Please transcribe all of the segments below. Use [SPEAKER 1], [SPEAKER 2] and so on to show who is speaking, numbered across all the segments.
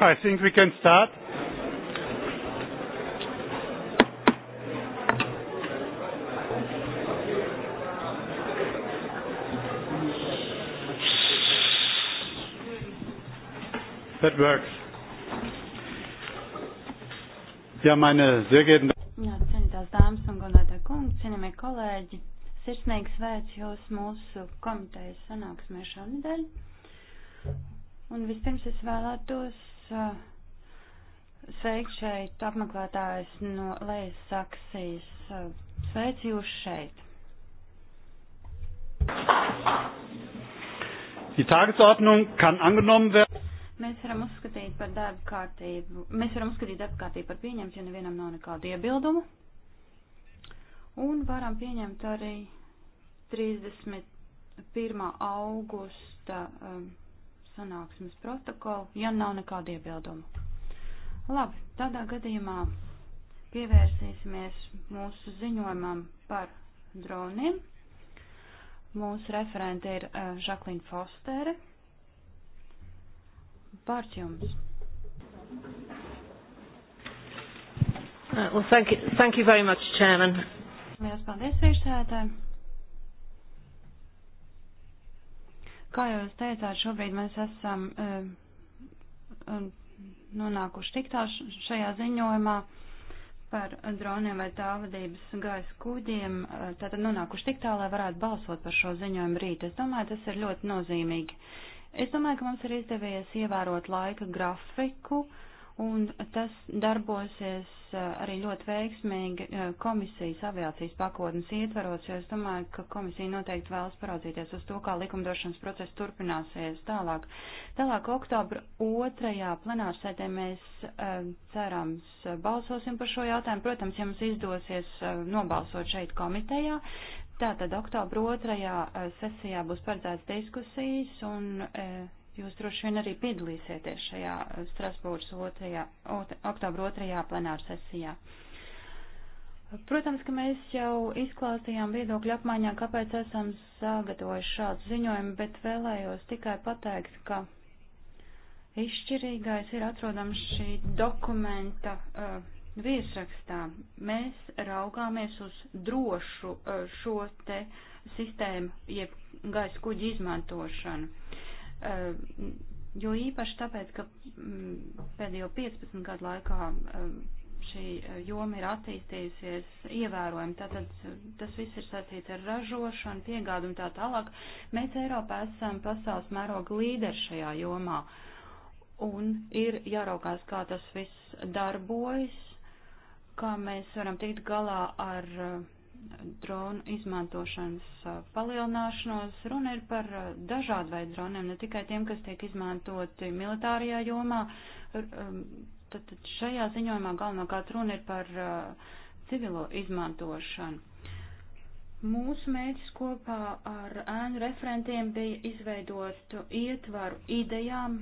[SPEAKER 1] I think we can start. That works. Ja, meine sehr geehrten Jā, cienītās dāmas un godātā kungi, cienījamie kolēģi, sirsnīgi sveicu jūs mūsu komitejas sanāksmē šonadēļ. Un vispirms es vēlētos sveikt šeit apmeklētājs no Lejas Saksijas. Sveicu jūs šeit. Die Tagesordnung kann angenommen werden. Mēs varam uzskatīt par darbu kārtību. Mēs varam uzskatīt darbu kārtību par pieņemtu, ja nevienam nav nekādu iebildumu. Un varam pieņemt arī 31. augusta um, sanāksmes protokolu, ja nav nekāda iebildumu. Labi, tādā gadījumā pievērsīsimies mūsu ziņojumam par droniem. Mūsu referente ir uh, Žaklīna Fostere. Vārds jums.
[SPEAKER 2] Uh, well, thank you,
[SPEAKER 1] thank you very much, Chairman. Lielas paldies, priekšsēdētāji. Kā jau jūs teicāt, šobrīd mēs esam eh, nonākuši tik tā šajā ziņojumā par droniem vai tālvadības gaisa kuģiem, eh, tātad nonākuši tik tā, lai varētu balsot par šo ziņojumu rīt. Es domāju, tas ir ļoti nozīmīgi. Es domāju, ka mums ir izdevies ievērot laika grafiku, uh, un tas darbosies eh, arī ļoti veiksmīgi eh, komisijas aviācijas pakotnes ietvaros, jo es domāju, ka komisija noteikti vēlas paraudzīties uz to, kā likumdošanas process turpināsies tālāk. Tālāk oktobra otrajā plenārsēdē mēs eh, cerams balsosim par šo jautājumu. Protams, ja mums izdosies nobalsot šeit komitejā, Tātad oktobra otrajā sesijā būs paredzēts diskusijas, un Jūs droši vien arī piedalīsieties šajā Strasbūras 2. oktobra 2. plenāra sesijā. Protams, ka mēs jau izklāstījām viedokļu apmaiņā, kāpēc esam sagatavojuši šādu ziņojumu, bet vēlējos tikai pateikt, ka izšķirīgais ir atrodams šī dokumenta uh, viesrakstā. Mēs raugāmies uz drošu uh, šo te sistēmu, jeb gaisa kuģi izmantošanu. Uh, Eh, jo īpaši tāpēc, ka mm, pēdējo 15 gadu laikā eh, šī eh, joma ir attīstījusies ievērojami. Tātad tas viss ir saistīts ar ražošanu, piegādu un tā tālāk. Mēs Eiropā esam pasaules mēroga līderi šajā jomā un ir jāraukās, kā tas viss darbojas, kā mēs varam tikt galā ar uh, dronu izmantošanas uh, palielināšanos. Runa ir par uh, dažādu veidu droniem, ne tikai tiem, kas tiek izmantoti militārajā jomā. Um, tad šajā ziņojumā galvenokārt runa ir par uh, civilo izmantošanu. Mūsu mērķis kopā ar ēnu referentiem bija izveidot ietvaru idejām,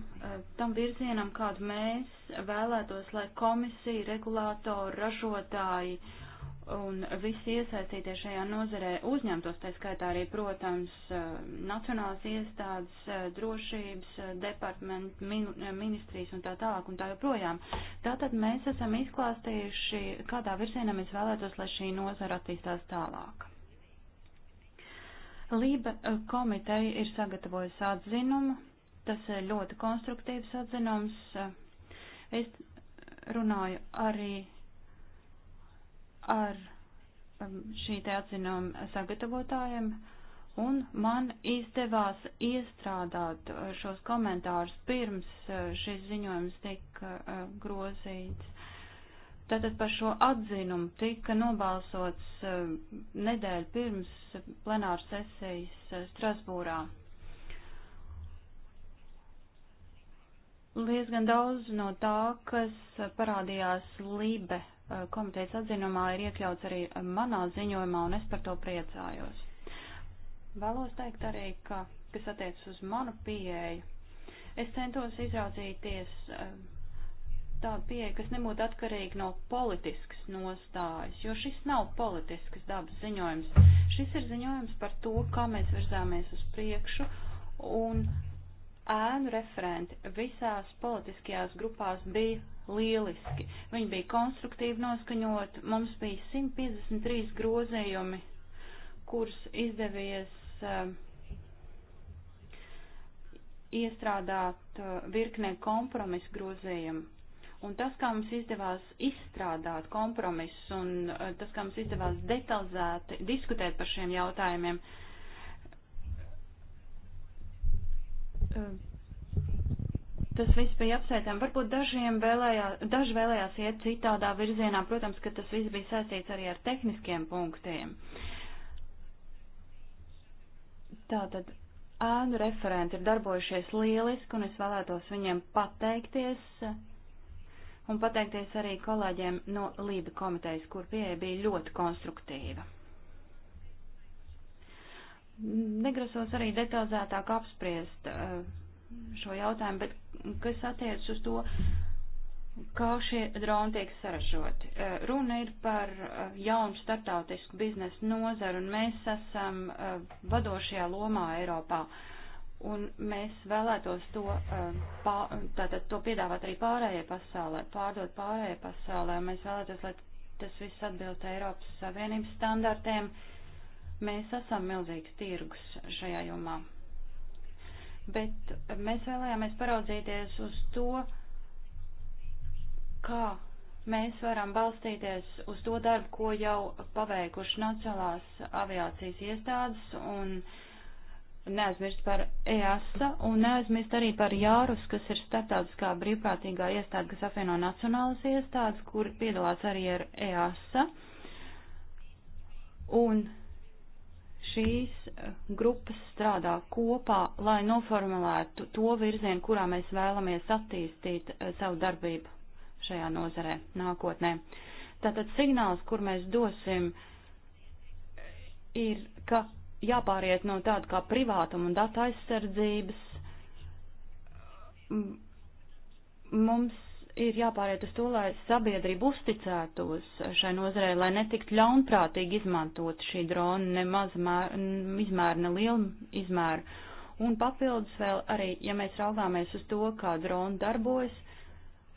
[SPEAKER 1] tam virzienam, kādu mēs vēlētos, lai komisija, regulātori, ražotāji, uh, un visi iesaistītie šajā nozarē uzņemtos, tā skaitā arī, protams, eh, nacionālas iestādes, eh, drošības eh, departament, min, ministrijas un tā tālāk un tā joprojām. Tātad mēs esam izklāstījuši, kādā virzienā mēs vēlētos, lai šī nozara attīstās tālāk. Lība komiteja ir sagatavojusi atzinumu, tas ir ļoti konstruktīvs atzinums. Es runāju arī ar um, šī te atzinuma sagatavotājiem, un man izdevās iestrādāt uh, šos komentārus pirms uh, šis ziņojums tika uh, grozīts. Tātad par šo atzinumu tika nobalsots nedēļu pirms plenāru sesijas Strasbūrā. Lies gan daudz no tā, kas parādījās Libe Eh, komitejas atzinumā ir iekļauts arī manā ziņojumā, un es par to priecājos. Vēlos teikt arī, ka, kas attiecas uz manu pieeju, es centos izraudzīties eh, tādu pieeju, kas nebūtu atkarīga no politiskas nostājas, jo šis nav politiskas dabas ziņojums. Šis ir ziņojums par to, kā mēs virzāmies uz priekšu, un ēnu referenti visās politiskajās grupās bija lieliski. Viņi bija konstruktīvi noskaņot, mums bija 153 grozējumi, kurus izdevies uh, iestrādāt uh, virknē kompromisu grozējumu. Un tas, kā mums izdevās izstrādāt kompromisus un uh, tas, kā mums izdevās detalizēti diskutēt par šiem jautājumiem, uh, tas viss bija apsveicami. Varbūt dažiem vēlējā, daži vēlējās iet citādā virzienā, protams, ka tas viss bija saistīts arī ar tehniskiem punktiem. Tātad ēnu referenti ir darbojušies lieliski, un es vēlētos viņiem pateikties, un pateikties arī kolēģiem no Lība komitejas, kur pieeja bija ļoti konstruktīva. Negrasos arī detalizētāk apspriest uh, šo jautājumu, bet kas attiec uz to, kā šie droni tiek saražoti. Eh, runa ir par eh, jaunu startautisku biznesu nozaru, un mēs esam eh, vadošajā lomā Eiropā. Un mēs vēlētos to, tātad, to piedāvāt arī pārējai pasaulē, pārdot pārējai pasaulē. Mēs vēlētos, lai tas viss atbilst Eiropas Savienības standartiem. Mēs esam milzīgs tirgus šajā jomā bet mēs vēlējāmies paraudzīties uz to, kā mēs varam balstīties uz to darbu, ko jau paveikuši nacionālās aviācijas iestādes un neaizmirst par EASA un neaizmirst arī par JARUS, kas ir starptautiskā brīvprātīgā iestāde, kas apvieno nacionālas iestādes, kur piedalās arī ar EASA. Un Šīs eh, grupas strādā kopā, lai noformulētu to virzienu, kurā mēs vēlamies attīstīt eh, savu darbību šajā nozarē nākotnē. Tātad signāls, kur mēs dosim, ir, ka jāpāriet no tāda kā privātuma un datu aizsardzības. Mums ir jāpāriet uz to, lai sabiedrība uzticētos šai nozarei, lai netikt ļaunprātīgi izmantot šī drona nemaz mēr, izmēra, ne liela izmēra. Un papildus vēl arī, ja mēs raugāmies uz to, kā drona darbojas,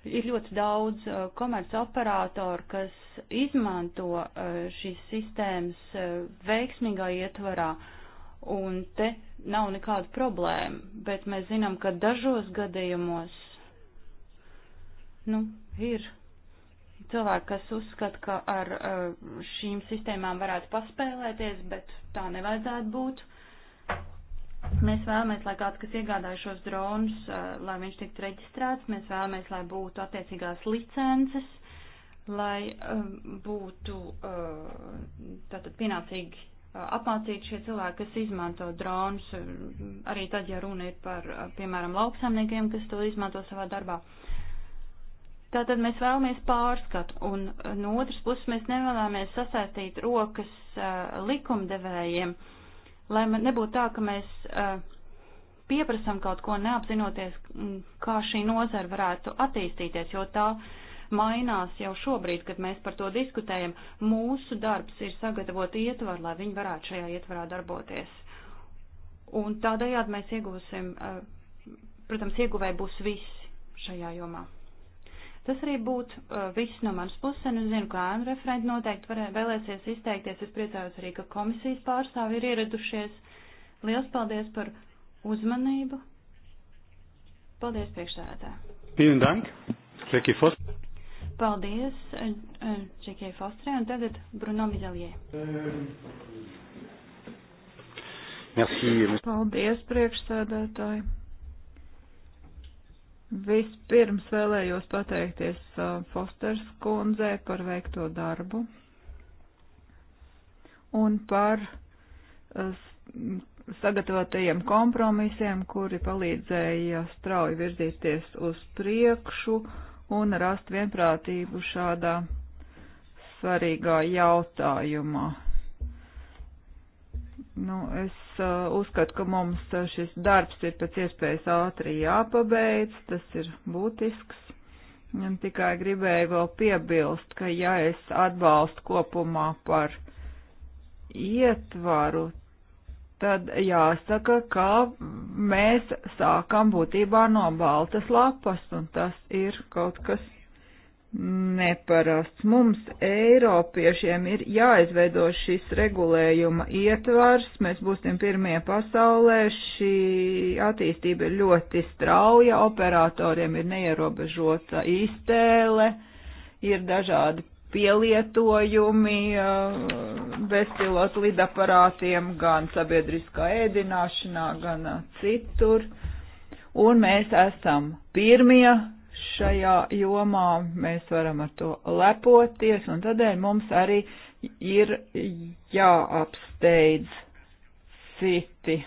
[SPEAKER 1] ir ļoti daudz uh, komerca operātoru, kas izmanto uh, šīs sistēmas uh, veiksmīgā ietvarā un te nav nekāda problēma, bet mēs zinām, ka dažos gadījumos Nu, ir cilvēki, kas uzskata, ka ar eh, šīm sistēmām varētu paspēlēties, bet tā nevajadzētu būt. Mēs vēlamies, lai kāds, kas iegādāja šos dronus, eh, lai viņš tiktu reģistrēts, mēs vēlamies, lai būtu attiecīgās licences, lai eh, būtu tātad pienācīgi apmācīt šie cilvēki, kas izmanto dronus, arī tad, ja runa ir par, piemēram, lauksaimniekiem, kas to izmanto savā darbā. Uh, Tātad mēs vēlamies pārskatu, un uh, no otras puses mēs nevēlamies sasaistīt rokas uh, likumdevējiem, lai nebūtu tā, ka mēs uh, pieprasam kaut ko neapzinoties, mm, kā šī nozara varētu attīstīties, jo tā mainās jau šobrīd, kad mēs par to diskutējam. Mūsu darbs ir sagatavot ietvaru, lai viņi varētu šajā ietvarā darboties. Un tādējādi mēs iegūsim, uh, protams, ieguvēji būs visi šajā jomā. Tas arī būtu uh, viss no manas puses, un es zinu, ka ēnu referenti noteikti varē, vēlēsies izteikties. Es priecājos arī, ka komisijas pārstāvi ir ieradušies. Liels paldies par uzmanību. Paldies priekšsēdētā. Pīvien dank. Čekie Foster. Paldies Čekie eh, eh, Fosterē, un tagad Bruno Mizelie. Merci.
[SPEAKER 3] Paldies priekšsēdētāji. Vispirms vēlējos pateikties uh, Fosters kundzē par veikto darbu un par uh, sagatavotajiem kompromisiem, kuri palīdzēja strauji virzīties uz priekšu un rast vienprātību šādā svarīgā jautājumā. Nu, es uh, uzskatu, ka mums uh, šis darbs ir pēc iespējas ātri jāpabeidz, tas ir būtisks. Un tikai gribēju vēl piebilst, ka ja es atbalstu kopumā par ietvaru, tad jāsaka, ka mēs sākam būtībā no baltas lapas, un tas ir kaut kas neparasts. Mums, Eiropiešiem, ir jāizveido šis regulējuma ietvars, mēs būsim pirmie pasaulē, šī attīstība ir ļoti strauja, operatoriem ir neierobežota iztēle, ir dažādi pielietojumi uh, bezpilotu lidaparātiem gan sabiedriskā ēdināšanā, gan uh, citur. Un mēs esam pirmie šajā jomā, mēs varam ar to lepoties, un tādēļ mums arī ir jāapsteidz citi.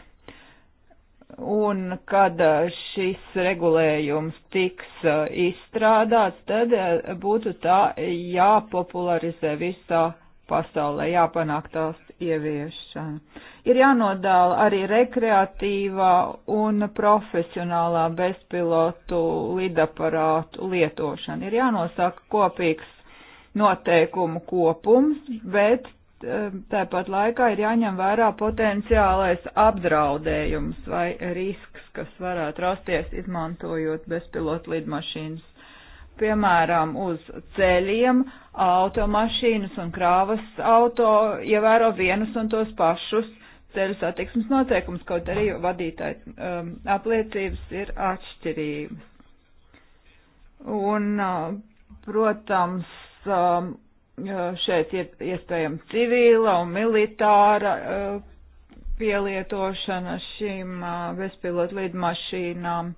[SPEAKER 3] Un kad šis regulējums tiks uh, izstrādāts, tad uh, būtu tā jāpopularizē visā pasaulē, jāpanāk tās ieviešana. Ir jānodala arī rekreatīvā un profesionālā bezpilotu lidaparātu lietošana. Ir jānosaka kopīgs noteikumu kopums, bet eh, tāpat laikā ir jāņem vērā potenciālais apdraudējums vai risks, kas varētu rasties izmantojot bezpilotu lidmašīnas. Piemēram, uz ceļiem automašīnas un krāvas auto ievēro vienus un tos pašus ceļu satiksmes noteikums, kaut arī vadītāju um, apliecības ir atšķirības. Un, uh, protams, um, uh, šeit ir iespējama civila un militāra uh, pielietošana šīm uh, bezpilotu lidmašīnām.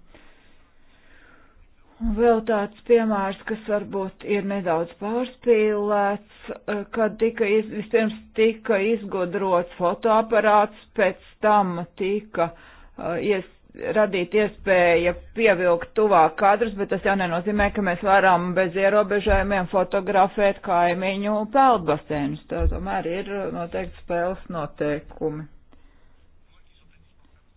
[SPEAKER 3] Vēl tāds piemērs, kas varbūt ir nedaudz pārspīlēts, eh, kad tika iz, vispirms tika izgudrots fotoaparāts, pēc tam tika uh, ies, radīt iespēja pievilkt tuvāk kadrus, bet tas jau nenozīmē, ka mēs varam bez ierobežojumiem fotografēt kaimiņu peldbasēnus. Tā tomēr ir eh, noteikti spēles noteikumi.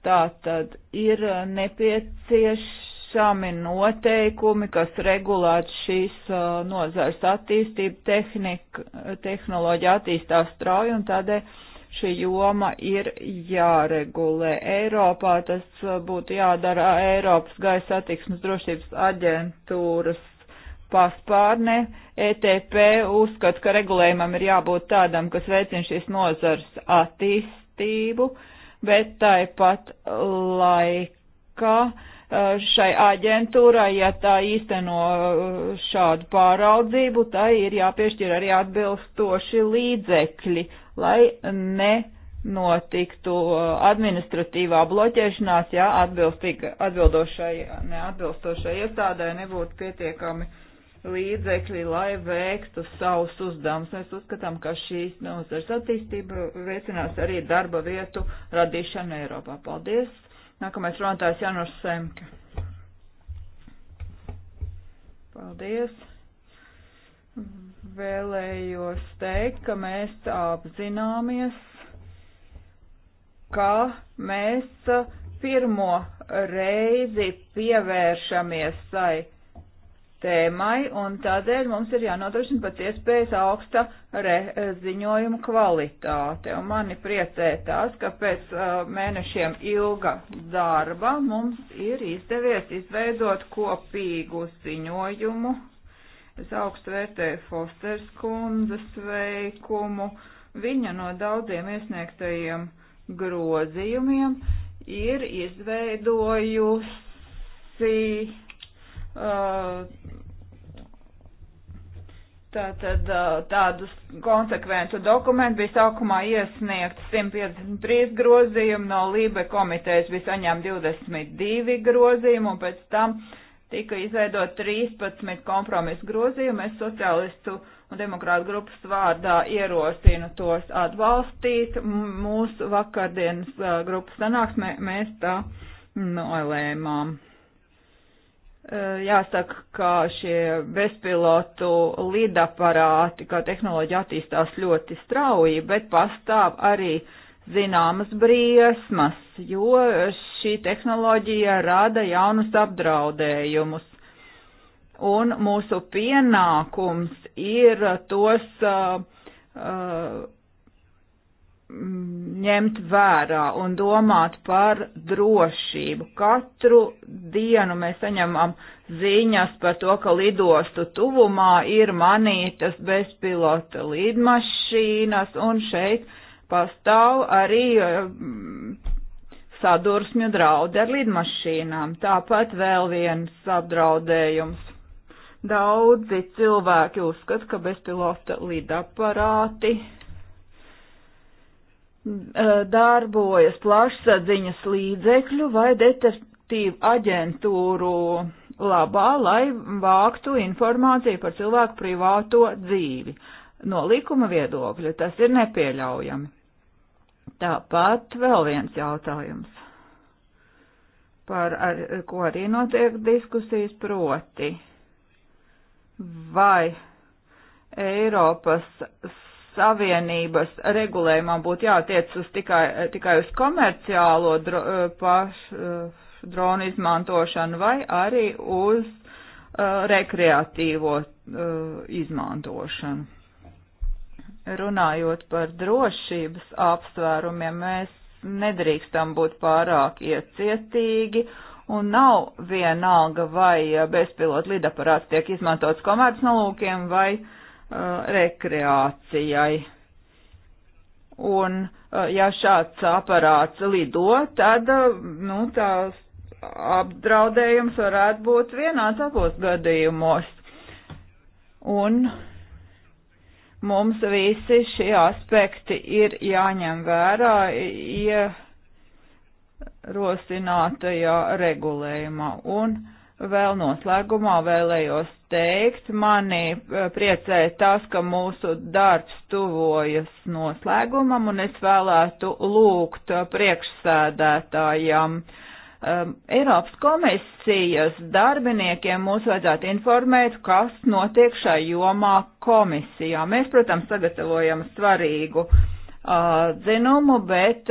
[SPEAKER 3] Tā tad ir nepieciešams nepieciešami noteikumi, kas regulētu šīs uh, nozars attīstību. Tehnika, tehnoloģija attīstās strauji un tādēļ šī joma ir jāregulē Eiropā. Tas uh, būtu jādara Eiropas gaisa attīksmes drošības aģentūras paspārnē. ETP uzskata, ka regulējumam ir jābūt tādam, kas veicina šīs nozars attīstību, bet tāpat laikā Eh, šai aģentūrai, ja tā īsteno eh, šādu pāraudzību, tai ir jāpiešķir arī atbilstoši līdzekļi, lai nenotiktu eh, administratīvā bloķēšanās, ja atbildošai, neatbilstošai iestādai nebūtu pietiekami līdzekļi, lai veiktu savus uzdevumus. Mēs uzskatām, ka šīs nozars attīstība veicinās arī darba vietu radīšanu Eiropā. Paldies! Nākamais runātājs Janus Semke. Paldies. Vēlējos teikt, ka mēs apzināmies, ka mēs pirmo reizi pievēršamies tai tēmai, un tādēļ mums ir jānodrošina pēc iespējas augsta re, e, ziņojuma kvalitāte. Un mani priecē tās, ka pēc uh, mēnešiem ilga darba mums ir izdevies izveidot kopīgu ziņojumu. Es augstu vērtēju Fosters kundzes veikumu. Viņa no daudziem iesniegtajiem grozījumiem ir izveidojusi Uh, tātad uh, tādus konsekventu dokumentu bija sākumā iesniegt 153 grozījumi, no Lībe komitejas bija saņem 22 grozījumi, un pēc tam tika izveidot 13 kompromisu grozījumi. Es sociālistu un demokrātu grupas vārdā ierosinu tos atbalstīt. Mūsu vakardienas uh, grupas sanāksmē mēs tā nolēmām. Eh, jāsaka, ka šie bezpilotu lidaparāti, kā tehnoloģija attīstās ļoti strauji, bet pastāv arī zināmas briesmas, jo šī tehnoloģija rada jaunus apdraudējumus. Un mūsu pienākums ir tos uh, uh, ņemt vērā un domāt par drošību. Katru dienu mēs saņemam ziņas par to, ka lidostu tuvumā ir manītas bezpilota lidmašīnas un šeit pastāv arī mm, sadursmju draudi ar lidmašīnām. Tāpat vēl viens apdraudējums. Daudzi cilvēki uzskata, ka bezpilota lidaparāti Eh, darbojas plašsaziņas līdzekļu vai detektīvu aģentūru labā, lai vāktu informāciju par cilvēku privāto dzīvi. No likuma viedokļa tas ir nepieļaujami. Tāpat vēl viens jautājums, par ar, ko arī notiek diskusijas proti. Vai Eiropas Savienības regulējumam būtu jātiec uz tikai, tikai uz komerciālo dro, eh, pašu eh, dronu izmantošanu vai arī uz uh, rekreatīvo uh, izmantošanu. Runājot par drošības apsvērumiem, mēs nedrīkstam būt pārāk iecietīgi un nav vienalga, vai bezpilota lidaparāts tiek izmantots komercnolūkiem vai uh, Uh, rekreācijai. Un, uh, ja šāds aparāts lido, tad, uh, nu, tās apdraudējums varētu būt vienāds abos gadījumos. Un mums visi šie aspekti ir jāņem vērā ierosinātajā regulējumā. Un, uh, Vēl noslēgumā vēlējos teikt, mani eh, priecē tas, ka mūsu darbs tuvojas noslēgumam, un es vēlētu lūgt eh, priekšsēdētājam. Um, eh, Eiropas komisijas darbiniekiem mūs vajadzētu informēt, kas notiek šai jomā komisijā. Mēs, protams, sagatavojam svarīgu uh, atzinumu, bet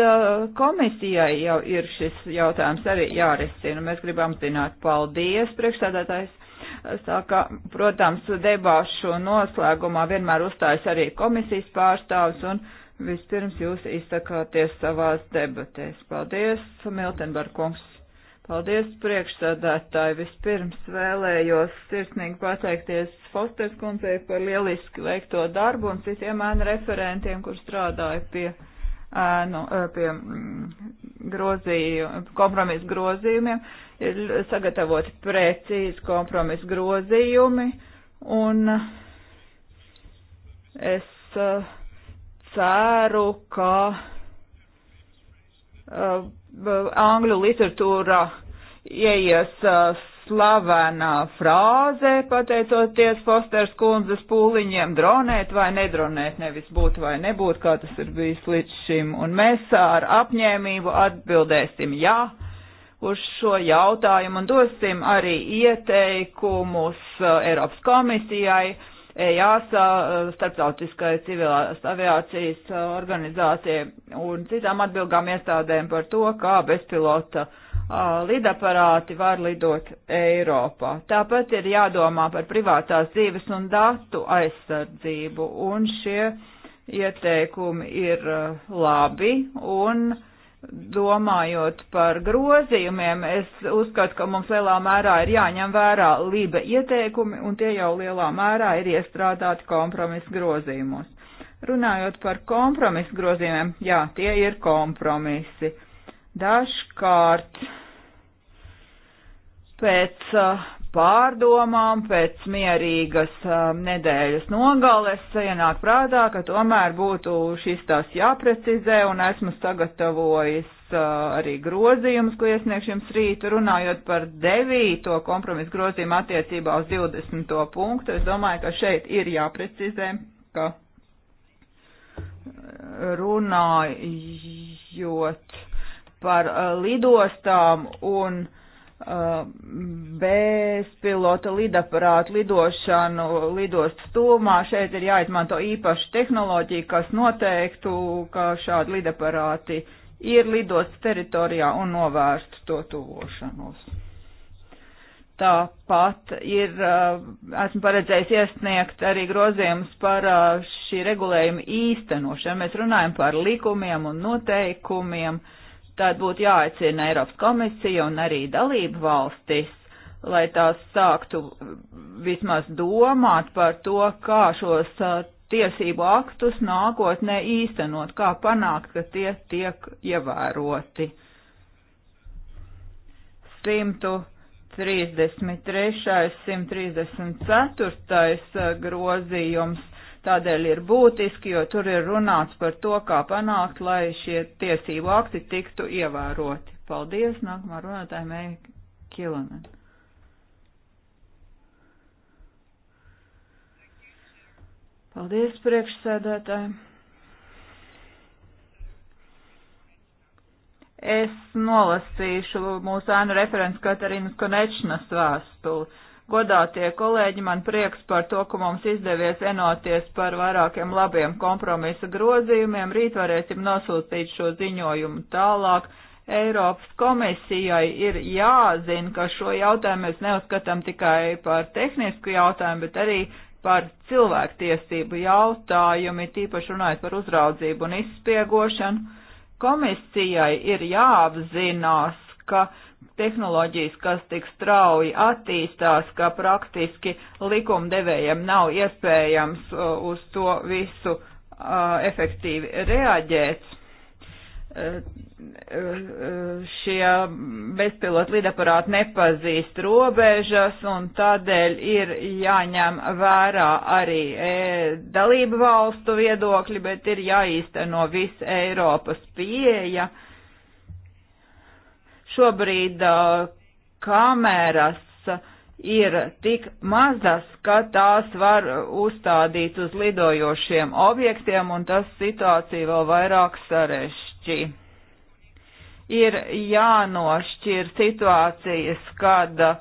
[SPEAKER 3] komisijai jau ir šis jautājums arī jārisina. Mēs gribam zināt, paldies, priekšstādātājs. Saka, protams, debāšu noslēgumā vienmēr uzstājas arī komisijas pārstāvs un vispirms jūs izsakāties savās debatēs. Paldies, Miltenberg kungs. Paldies priekšsādātāji. Vispirms vēlējos sirsnīgi pateikties Fosters kundzei par lieliski veikto darbu un citiem ēnu referentiem, kur strādāja pie, ēnu, eh, pie mm, grozīju, kompromisu grozījumiem. Ir sagatavoti precīzi kompromisu grozījumi un es eh, ceru, ka eh, angļu literatūrā ieies uh, slavenā frāzē, pateicoties Fosters kundzes pūliņiem, dronēt vai nedronēt, nevis būt vai nebūt, kā tas ir bijis līdz šim. Un mēs ar apņēmību atbildēsim jā uz šo jautājumu un dosim arī ieteikumus Eiropas komisijai EASA, e, starptautiskai civilās aviācijas e, organizācijai un citām atbildām iestādēm par to, kā bezpilota e, lidaparāti var lidot Eiropā. Tāpat ir jādomā par privātās dzīves un datu aizsardzību, un šie ieteikumi ir labi, un domājot par grozījumiem, es uzskatu, ka mums lielā mērā ir jāņem vērā lība ieteikumi, un tie jau lielā mērā ir iestrādāti kompromisu grozījumos. Runājot par kompromisu grozījumiem, jā, tie ir kompromisi. Dažkārt pēc uh, pārdomām pēc mierīgas um, nedēļas nogales ienāk prātā, ka tomēr būtu šis tās jāprecizē, un esmu sagatavojis uh, arī grozījumus, ko iesniegšu jums rīt, runājot par devīto kompromisu grozījumu attiecībā uz 20. punktu. Es domāju, ka šeit ir jāprecizē, ka uh, runājot par uh, lidostām un Uh, bezpilota lidaparātu lidošanu lidostas tūmā. Šeit ir jāizmanto īpaša tehnoloģija, kas noteiktu, ka šādi lidaparāti ir lidostas teritorijā un novērstu to tuvošanos. Tāpat ir, uh, esmu paredzējis iesniegt arī grozījumus par uh, šī regulējuma īstenošanu. Mēs runājam par likumiem un noteikumiem. Uh, Tad būtu jāaicina Eiropas komisija un arī dalību valstis, lai tās sāktu vismaz domāt par to, kā šos tiesību aktus nākotnē īstenot, kā panākt, ka tie tiek ievēroti. 133. 134. grozījums tādēļ ir būtiski, jo tur ir runāts par to, kā panākt, lai šie tiesību akti tiktu ievēroti. Paldies, nākamā runātāja Mēja Kilonen. Paldies, priekšsēdētāji. Es nolasīšu mūsu ēnu referents Katarīnas Konečnas vēstuli Godātie kolēģi, man prieks par to, ka mums izdevies vienoties par vairākiem labiem kompromisa grozījumiem. Rīt varēsim nosūtīt šo ziņojumu tālāk. Eiropas komisijai ir jāzina, ka šo jautājumu mēs neuzskatām tikai par tehnisku jautājumu, bet arī par cilvēktiesību jautājumi, tīpaši runājot par uzraudzību un izspiegošanu. Komisijai ir jāapzinās, ka uh, tehnoloģijas, kas tik strauji attīstās, ka praktiski likumdevējiem nav iespējams uh, uz to visu uh, efektīvi reaģēt. Uh, šie bezpilota lidaparāti nepazīst robežas un tādēļ ir jāņem vērā arī e, dalību valstu viedokļi, bet ir jāīsteno visa Eiropas pieeja. Uh, Šobrīd uh, kameras ir tik mazas, ka tās var uzstādīt uz lidojošiem objektiem, un tas situācija vēl vairāk sarešķi. Ir jānošķir situācijas, kad uh,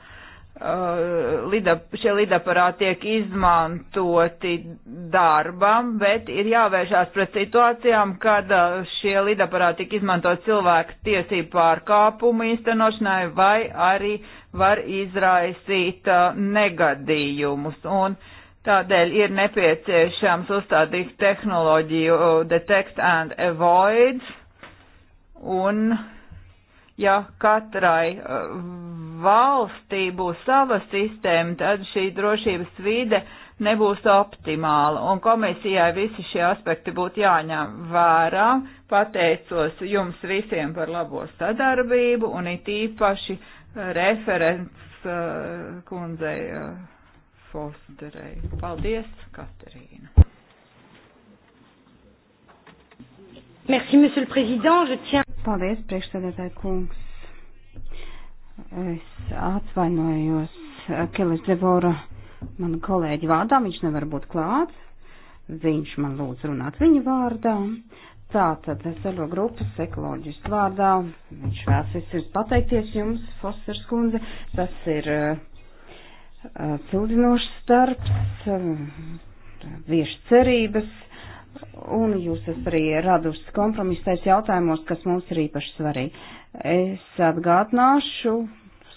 [SPEAKER 3] Uh, lidap, šie lidaparāti tiek izmantoti darbam, bet ir jāvēršās pret situācijām, kad uh, šie lidaparāti tiek izmantot cilvēku tiesību pārkāpumu īstenošanai vai arī var izraisīt uh, negadījumus. Un tādēļ ir nepieciešams uzstādīt tehnoloģiju detect and avoid un ja katrai uh, valstī būs sava sistēma, tad šī drošības vide nebūs optimāla, un komisijai visi šie aspekti būtu jāņem vērā. Pateicos jums visiem par labo sadarbību, un it īpaši referents uh, kundzei uh, Fosterei. Paldies, Katerīna! Merci, monsieur le président.
[SPEAKER 2] Je tiens. Paldies, priekšsēdētāji kungs. Es atvainojos Kelis Devora manu kolēģi vārdā, viņš nevar būt klāts. Viņš man lūdz runāt viņa vārdā. Tātad zaļo grupas ekoloģistu vārdā. Viņš vēlas vispirms pateikties jums, Fosters kundze. Tas ir uh, cildinošs darbs, uh, eh, viešas cerības un jūs esat arī radusi kompromisu tais jautājumos, kas mums ir īpaši svarīgi. Es atgādināšu,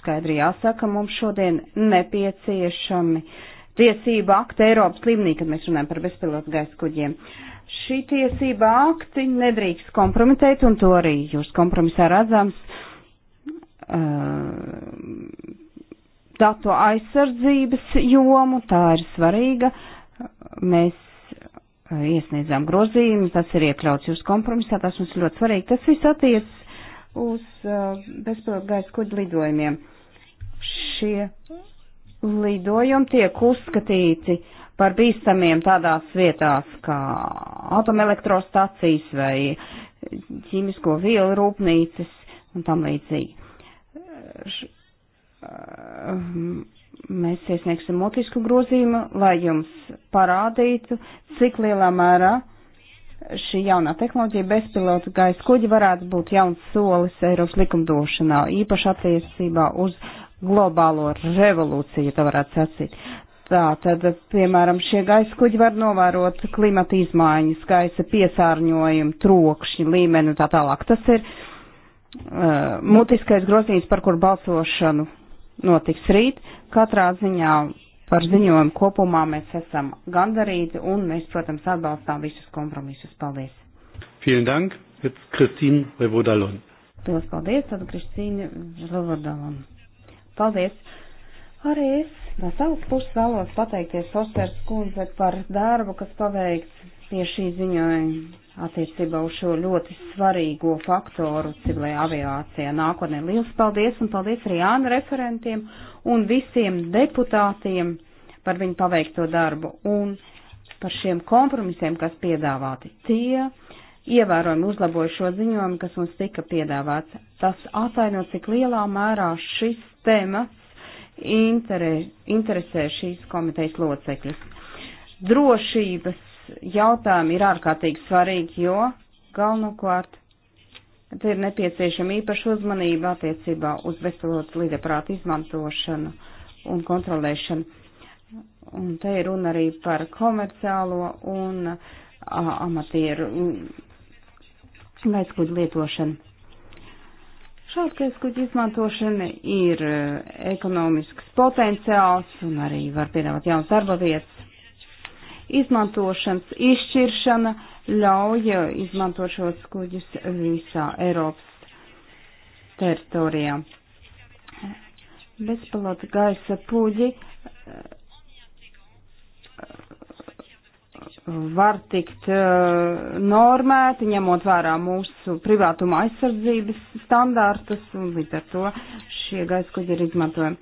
[SPEAKER 2] skaidri jāsaka, mums šodien nepieciešami tiesība akti Eiropas līmenī, kad mēs runājam par bezpilotu gaisa kuģiem. Šī tiesība akti nedrīkst kompromitēt, un to arī jūs kompromisā redzams. Uh, datu aizsardzības jomu, tā ir svarīga. Mēs iesniedzām grozījumus, tas ir iekļauts jūsu kompromisā, tas mums ļoti svarīgi. Tas viss attiec uz uh, bezpilotgaisa kuģu lidojumiem. Šie lidojumi tiek uzskatīti par bīstamiem tādās vietās kā atomelektrostacijas vai ķīmisko vielu rūpnīcas un tam līdzīgi. Uh, mēs iesniegsim motisku grozījumu, lai jums parādītu, cik lielā mērā šī jaunā tehnoloģija bezpilota gaisa kuģi varētu būt jauns solis Eiropas likumdošanā, īpaši attiecībā uz globālo revolūciju, tā varētu sacīt. Tā tad, piemēram, šie gaisa kuģi var novērot klimata izmaiņas, gaisa piesārņojumu, trokšņu līmeni un tā tālāk. Tas ir uh, mutiskais grozījums, par kur balsošanu notiks rīt. Katrā ziņā par ziņojumu kopumā mēs esam gandarīti un mēs, protams, atbalstām visus kompromisus. Paldies!
[SPEAKER 1] Vielen Dank! Jetzt Christine Revodalon.
[SPEAKER 2] Tos paldies, tad Kristīne Revodalon. Paldies! Arī es no savas puses vēlos pateikties Osters kundze par darbu, kas paveikts pie šī ziņojuma attiecībā uz šo ļoti svarīgo faktoru civilajā aviācijā nākotnē. Liels paldies un paldies arī Jāna referentiem un visiem deputātiem par viņu paveikto darbu un par šiem kompromisiem, kas piedāvāti. Tie ievērojami uzlaboja šo ziņojumu, kas mums tika piedāvāts. Tas ataino, cik lielā mērā šis temats interē, interesē šīs komitejas locekļus. Drošības jautājumi ir ārkārtīgi svarīgi, jo galvenokārt te ir nepieciešama īpaša uzmanība attiecībā uz veselotas līdeprāta izmantošanu un kontrolēšanu. Un te ir runa arī par komerciālo un a, amatieru gaiskuģu mm, lietošanu. Šāda gaiskuģa izmantošana ir e, ekonomisks potenciāls un arī var piedāvāt jaunas darba vietas Izmantošanas izšķiršana ļauj izmantot šos kuģus visā Eiropas teritorijā. Bezpilota gaisa kuģi eh, var tikt uh, normēti, ņemot vērā mūsu privātuma aizsardzības standārtus, un līdz ar to šie gaiskuģi ir izmantojami.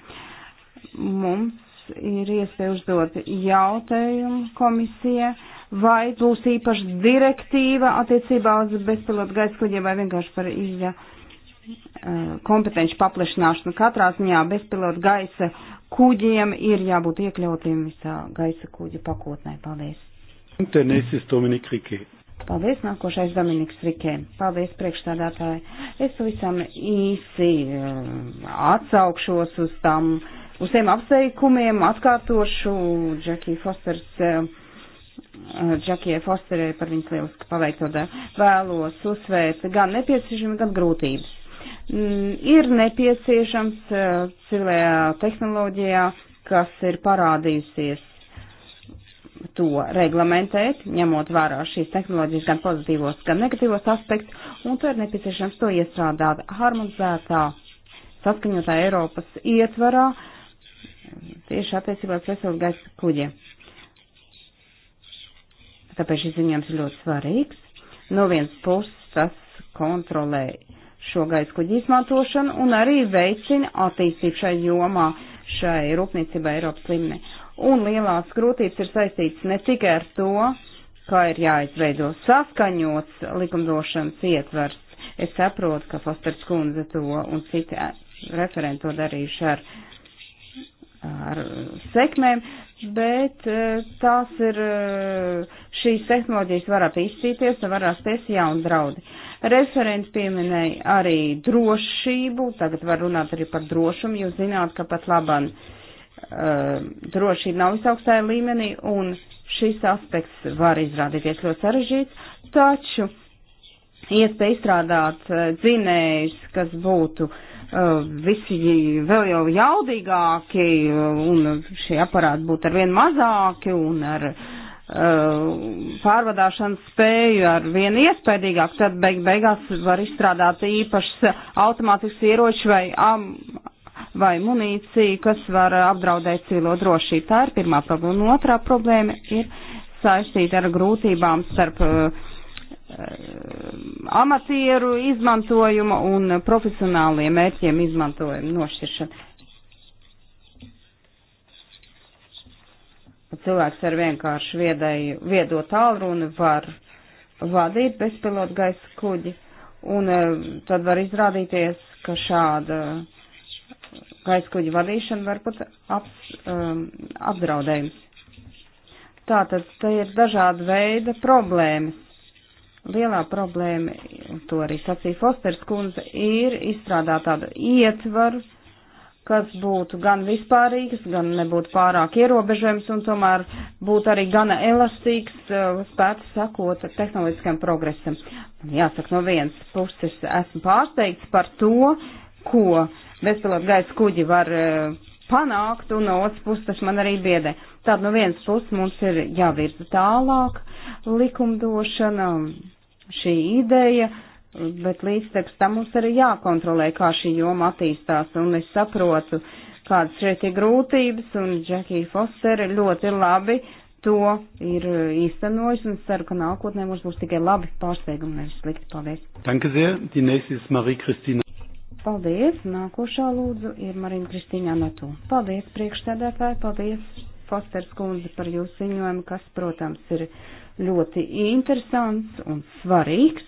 [SPEAKER 2] Mums ir iespēja uzdot jautājumu komisijai, vai būs īpaša direktīva attiecībā uz bezpilotu gaisa kuģiem vai vienkārši par izja eh, kompetenci paplašināšanu. Katrā ziņā bezpilotu gaisa kuģiem ir jābūt iekļautiem visā gaisa kuģu pakotnē. Paldies!
[SPEAKER 1] Tenesis Dominik Rikē.
[SPEAKER 2] Paldies, nākošais Dominiks Rikē. Paldies, priekšstādātāji. Es pavisam īsi eh, atsaukšos uz tam uh, uz tiem apsveikumiem atkārtošu Džekija Fosters. Eh, Džekijai Fosterei par viņas lielisku paveikto vēlos uzsvērt gan nepieciešami, gan grūtības. Mm, ir nepieciešams eh, civilajā tehnoloģijā, kas ir parādījusies to reglamentēt, ņemot vērā šīs tehnoloģijas gan pozitīvos, gan negatīvos aspektus, un to ir nepieciešams to iestrādāt harmonizētā, saskaņotā Eiropas ietvarā, uh, tieši attiecībā uz veselas gaisa kuģiem. Tāpēc šis ziņojums ir ļoti svarīgs. No vienas puses tas kontrolē šo gaisa kuģu izmantošanu un arī veicina attīstību šai jomā, šai rūpniecībai Eiropas līmenī. Un lielās grūtības ir saistītas ne tikai ar to, kā ir jāizveido saskaņots likumdošanas ietvers. Es saprotu, ka Fosters kundze to un citi referenti to darījuši ar uh, ar eh, sekmēm, bet eh, tās ir, eh, šīs tehnoloģijas var attīstīties un var rasties jauni draudi. Referents pieminēja arī drošību, tagad var runāt arī par drošumu, jūs zināt, ka pat laban uh, drošība nav visaugstāja līmenī un šis aspekts var izrādīties ļoti sarežģīts, taču iespēja izstrādāt dzinējus, kas būtu uh, Eh, visi vēl jau jaudīgāki eh, un šie aparāti būtu arvien mazāki un ar eh, pārvadāšanas spēju ar vienu iespējīgāk, tad beig beigās var izstrādāt īpašas automātisks ieroči vai, am, vai munīciju, kas var apdraudēt civilo drošību. Tā ir pirmā problēma. Un otrā problēma ir saistīta ar grūtībām starp uh, Eh, amatieru izmantojuma un profesionāliem mērķiem izmantojuma nošķiršana. Cilvēks ar vienkārši viedēju, viedo tālruni var vadīt bezpilotu gaisa kuģi, un eh, tad var izrādīties, ka šāda gaisa kuģi vadīšana var pat ap, um, apdraudējums. Tātad te ir dažāda veida problēmas lielā problēma, to arī sacīja Fosters kundze, ir izstrādāt tādu ietvaru, kas būtu gan vispārīgs, gan nebūtu pārāk ierobežojams un tomēr būtu arī gana elastīgs, eh, spētu sakot, tehnoloģiskam progresam. Jāsaka, no vienas puses esmu pārsteigts par to, ko bezpilota gaisa kuģi var eh, panākt, un no otras puses tas man arī biedē. Tātad no vienas puses mums ir jāvirza tālāk likumdošana, šī ideja, bet līdztekus tam mums arī jākontrolē, kā šī joma attīstās, un es saprotu, kādas šeit ir grūtības, un Džekija Fosteri ļoti labi to ir īstenojis, un es ceru, ka nākotnē mums būs tikai labi pārsteigumi, nevis slikti. Paldies!
[SPEAKER 1] Danke sehr, die nächste ist Marie-Christina.
[SPEAKER 2] Paldies, nākošā lūdzu ir Marina Kristīna Anatū. Paldies, priekšstādātāji, paldies, Fosters kundze, par jūsu ziņojumu, kas, protams, ir ļoti interesants un svarīgs,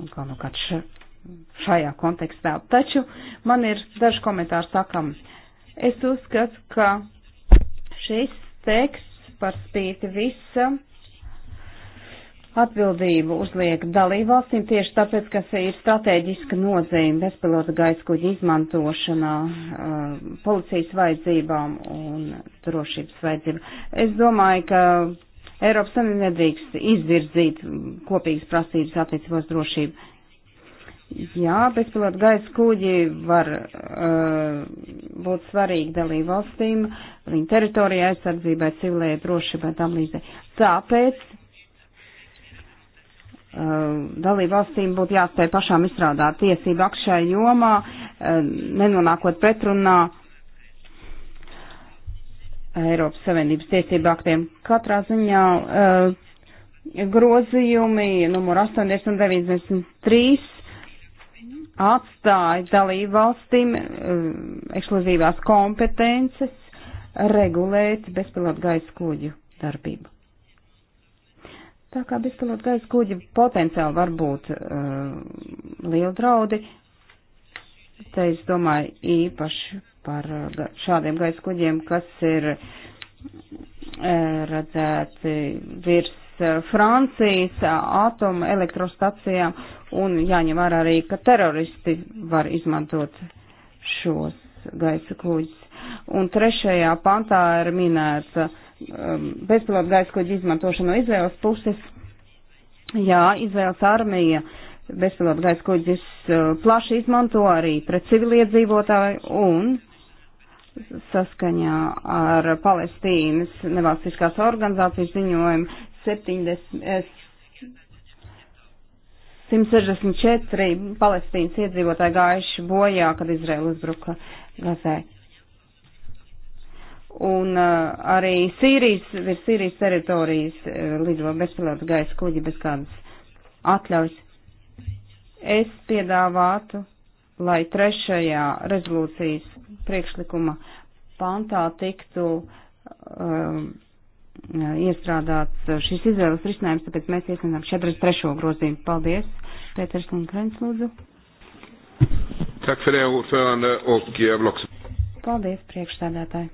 [SPEAKER 2] un galvenokārt nu šajā kontekstā. Taču man ir daži komentāri sakam. Es uzskatu, ka šis teksts par spīti visa atbildību uzliek dalībvalstīm tieši tāpēc, ka ir strateģiska nozīme bezpilota gaisa kuģa izmantošanā, eh, policijas vajadzībām un drošības vajadzībām. Es domāju, ka Eiropas Savienība nedrīkst izvirzīt kopīgas prasības attiecībā uz drošību. Jā, bezpilota gaisa kuģi var uh, būt svarīgi dalību valstīm, viņa teritorijā aizsardzībai, civilējai drošībai, tam līdzīgi. Tāpēc uh, dalību valstīm būtu jāspēj pašām izstrādāt tiesību akšai jomā, uh, nenonākot pretrunā uh, Eiropas Savienības tiesību aktiem. Katrā ziņā uh, grozījumi numur 80 un 93 atstāja dalību valstīm uh, ekskluzīvās kompetences regulēt bezpilotu gaisa kuģu darbību. Tā kā bezpilotu gaisa kuģi potenciāli var būt uh, liela draudi, te es domāju īpaši par uh, šādiem gaisa kuģiem, kas ir uh, redzēti virs uh, Francijas atoma elektrostacijām un jāņem vērā arī, ka teroristi var izmantot šos gaisa kuģus. Un trešajā pantā ir minēta um, bezpilota gaisa kuģa izmantošana no Izraels puses. Jā, Izraels armija bezpilota gaisa kuģis uh, plaši izmanto arī pret civiliedzīvotāju un saskaņā ar Palestīnas nevalstiskās organizācijas ziņojumu 70, 164 eh, palestīnas iedzīvotāji gājuši bojā, kad Izraela uzbruka Gazē. Un uh, arī Sīrijas, virs Sīrijas teritorijas uh, lido bezpilota gaisa kuģi bez kādas atļaujas. Es piedāvātu lai trešajā rezolūcijas priekšlikuma pantā tiktu um, iestrādāts šis izvēles risinājums, tāpēc mēs iesniedzam 43. grozījumu. Paldies, Pēters Lundgrens, lūdzu.
[SPEAKER 3] Tak för det, ordförande, och eh, jag vill också...
[SPEAKER 2] Paldies, priekšstādātāji.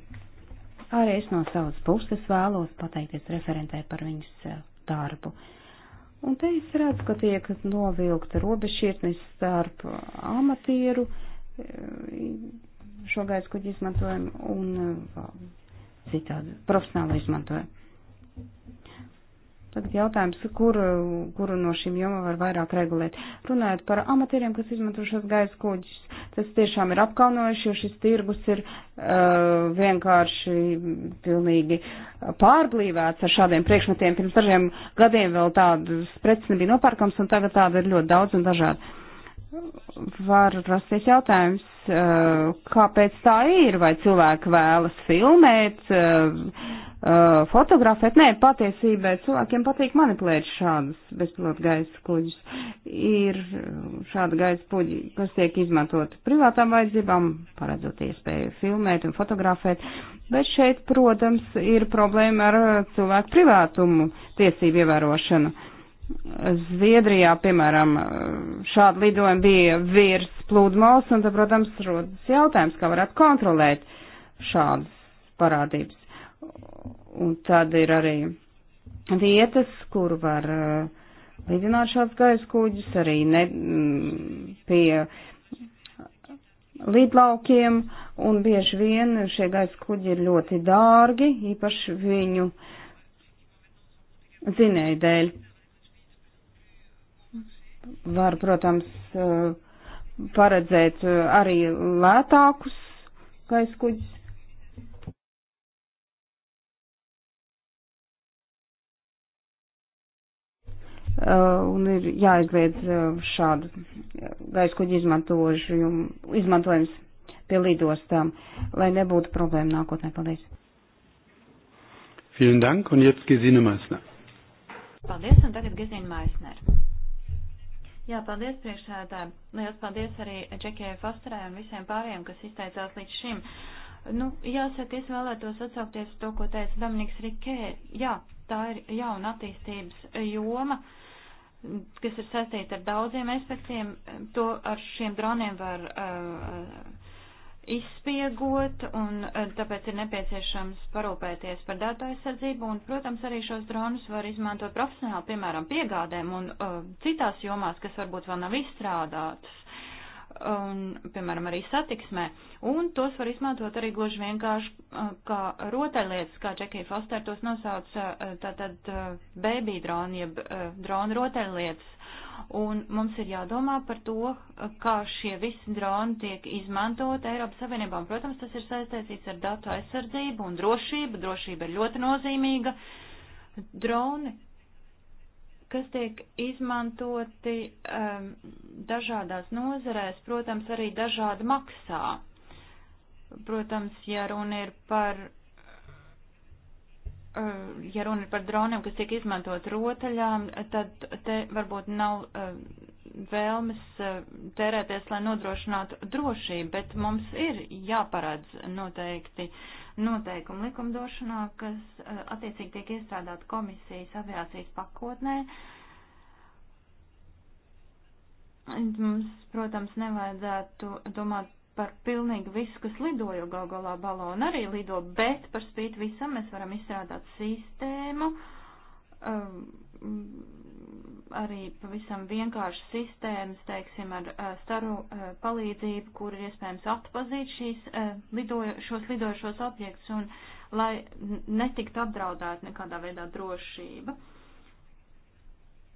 [SPEAKER 2] Arī es no savas puses vēlos pateikties referentē par viņas eh, darbu. Uh, Un te es redzu, ka tiek novilkta robežšķirtnis starp amatieru šo gaisa kuģu izmantojumu un citādi profesionālu izmantojumu. Tagad jautājums, kuru, kuru no šīm jomām var vairāk regulēt. Runājot par amatieriem, kas izmanto šos gaisa kuģus, tas tiešām ir apkaunojuši, jo šis tirgus ir uh, vienkārši pilnīgi pārblīvēts ar šādiem priekšmetiem. Pirms dažiem gadiem vēl tādas preces nebija nopērkams, un tagad tāda ir ļoti daudz un dažādi var rasties jautājums, eh, kāpēc tā ir, vai cilvēki vēlas filmēt, eh, eh, fotografēt. Nē, patiesībā cilvēkiem patīk manipulēt šādas bezpilota gaisa kuģus. Ir šāda gaisa kuģi, kas tiek izmantot privātām vajadzībām, paredzot iespēju filmēt un fotografēt. Bet šeit, protams, ir problēma ar cilvēku privātumu tiesību ievērošanu Zviedrijā, piemēram, šādi lidojumi bija virs plūdmals, un tad, protams, rodas jautājums, kā varētu kontrolēt šādas parādības. Un tad ir arī vietas, kur var uh, lidināt šāds gaisa kuģis, arī ne, mm, pie lidlaukiem, un bieži vien šie gaisa kuģi ir ļoti dārgi, īpaši viņu zinēju dēļ var, protams, paredzēt arī
[SPEAKER 3] lētākus gaisa kuģus. Un
[SPEAKER 2] ir jāizliedz šādu gaisa kuģu izmantojums pie lidostām, lai nebūtu problēma nākotnē. Paldies!
[SPEAKER 1] Vielen Dank, un jetzt Gesine Meissner. Paldies, un tagad Gesine Meissner. Jā, paldies priekšsēdētāji. Lielas paldies arī Džekijai Fosterai un visiem pārējiem, kas izteicās līdz šim. Nu, jāsaka, es vēlētos atsaukties to, ko teica Dominiks Rikē. Jā, tā ir jauna attīstības joma, kas ir saistīta ar daudziem aspektiem. To ar šiem droniem var uh, izspiegot, un eh, tāpēc ir nepieciešams parūpēties par datu aizsardzību, un, protams, arī šos dronus var izmantot profesionāli, piemēram, piegādēm un uh, citās jomās, kas varbūt vēl nav izstrādātas, un, piemēram, arī satiksmē, un tos var izmantot arī gluži vienkārši uh, kā rotaļlietas, kā Džekija Foster tos nosauca, uh, tātad uh, baby droni, jeb uh, droni rotaļlietas, un mums ir jādomā par to, kā šie visi droni tiek izmantot Eiropas Savienībā. Un, protams, tas ir saistīts ar datu aizsardzību un drošību. Drošība ir ļoti nozīmīga. Droni, kas tiek izmantoti um, dažādās nozarēs, protams, arī dažādi maksā. Protams, ja runa ir par Eh, ja runa par droniem, kas tiek izmantot rotaļām, tad te varbūt nav eh, vēlmes eh, tērēties, lai nodrošinātu drošību, bet mums ir jāparādz noteikti noteikumi likumdošanā, kas attiecīgi tiek iestrādāt komisijas aviācijas pakotnē. Mums, protams, nevajadzētu domāt par pilnīgi visu, kas lido, jo gal galā baloni arī lido, bet par spīti visam mēs varam izstrādāt sistēmu, um, arī pavisam vienkārši sistēmas, teiksim, ar uh, staru uh, palīdzību, kur ir iespējams atpazīt šīs, uh, lidojo, šos lidojošos objektus un lai netikt apdraudēt nekādā veidā drošība.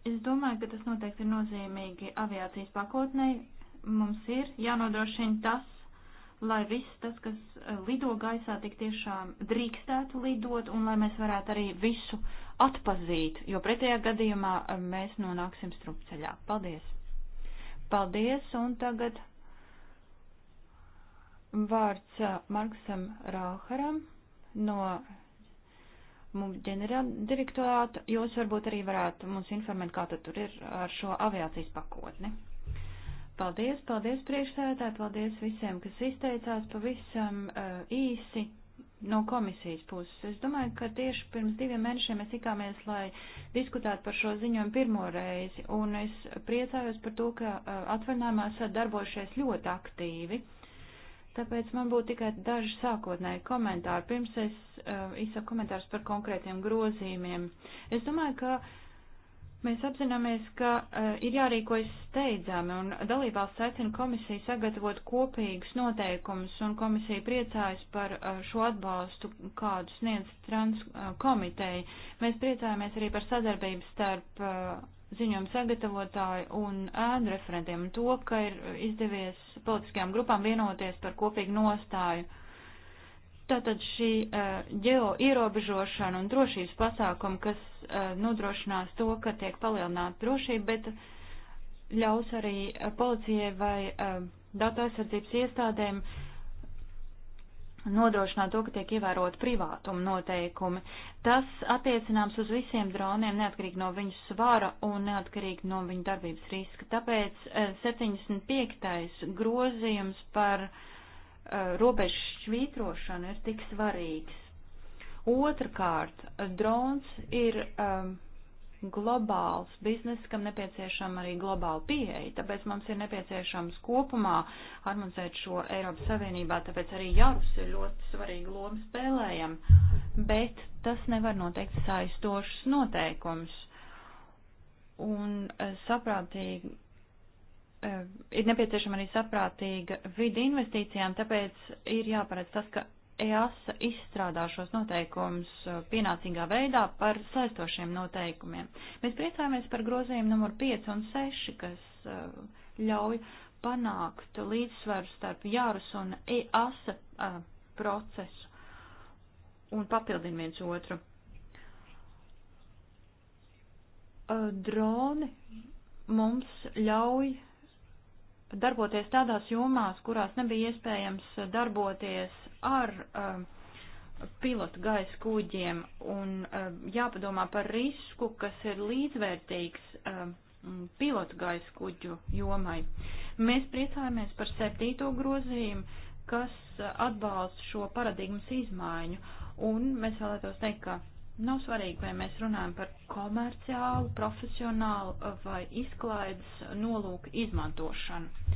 [SPEAKER 1] Es domāju, ka tas noteikti ir nozīmīgi aviācijas pakotnei, mums ir jānodrošina tas, lai viss tas, kas e, lido gaisā, tik tiešām drīkstētu lidot un lai mēs varētu arī visu atpazīt, jo pretējā gadījumā e, mēs nonāksim strupceļā. Paldies! Paldies un tagad vārds e, Marksam Rāharam no mums ģenerāldirektorāta. Jūs varbūt arī varētu mums informēt, kā tad tur ir ar šo aviācijas pakotni. Paldies, paldies priekšsēdētāji, paldies visiem, kas izteicās pavisam uh, īsi no komisijas puses. Es domāju, ka tieši pirms diviem mēnešiem mēs tikāmies, lai diskutētu par šo ziņojumu pirmo reizi, un es priecājos par to, ka eh, atvaļinājumā esat darbojušies ļoti aktīvi. Tāpēc man būtu tikai daži sākotnēji komentāri. Pirms es uh, izsaku komentārus par konkrētiem grozījumiem. Es domāju, ka uh, Mēs apzināmies, ka uh, ir jārīkojas steidzami, un dalībvalsts aicina komisiju sagatavot kopīgus noteikumus, un komisija priecājas par uh, šo atbalstu, kādu sniedz trans uh, komiteja. Mēs priecājamies arī par sadarbību starp uh, ziņojumu sagatavotāju un ēnu referentiem, un to, ka ir izdevies politiskajām grupām vienoties par kopīgu nostāju. Uh, Tātad šī uh, eh, ģeo ierobežošana un drošības pasākuma, kas uh, nodrošinās to, ka tiek palielināta drošība, bet ļaus arī uh, policijai vai uh, datu aizsardzības iestādēm nodrošināt to, ka tiek ievērot privātuma noteikumi. Tas attiecināms uz visiem droniem, neatkarīgi no viņu svara un neatkarīgi no viņu darbības riska. Tāpēc uh, 75. grozījums par uh, Eh, robežu švītrošana ir tik svarīgs. Otrakārt, drons ir um, globāls biznes, kam nepieciešama arī globāla pieeja, tāpēc mums ir nepieciešams kopumā harmonizēt šo Eiropas Savienībā, tāpēc arī jārus ir ļoti svarīga loma spēlējam, bet tas nevar noteikt saistošus noteikumus. Un eh, saprātīgi Eh, ir nepieciešama arī saprātīga vidi investīcijām, tāpēc ir jāparedz tas, ka EASA izstrādā šos noteikumus eh, pienācīgā veidā par saistošiem noteikumiem. Mēs priecājamies par grozījumu numur 5 un 6, kas eh, ļauj panākt līdzsvaru starp jārus un EASA procesu un papildina viens otru. Droni mums ļauj darboties tādās jomās, kurās nebija iespējams darboties ar um, pilotu gaisa kuģiem un um, jāpadomā par risku, kas ir līdzvērtīgs um, pilotu gaisa kuģu jomai. Mēs priecājamies par septīto grozījumu, kas uh, atbalsta šo paradigmas izmaiņu, un mēs vēlētos teikt, ka Nav svarīgi, vai mēs runājam par komerciālu, profesionālu uh, vai izklaides nolūku izmantošanu.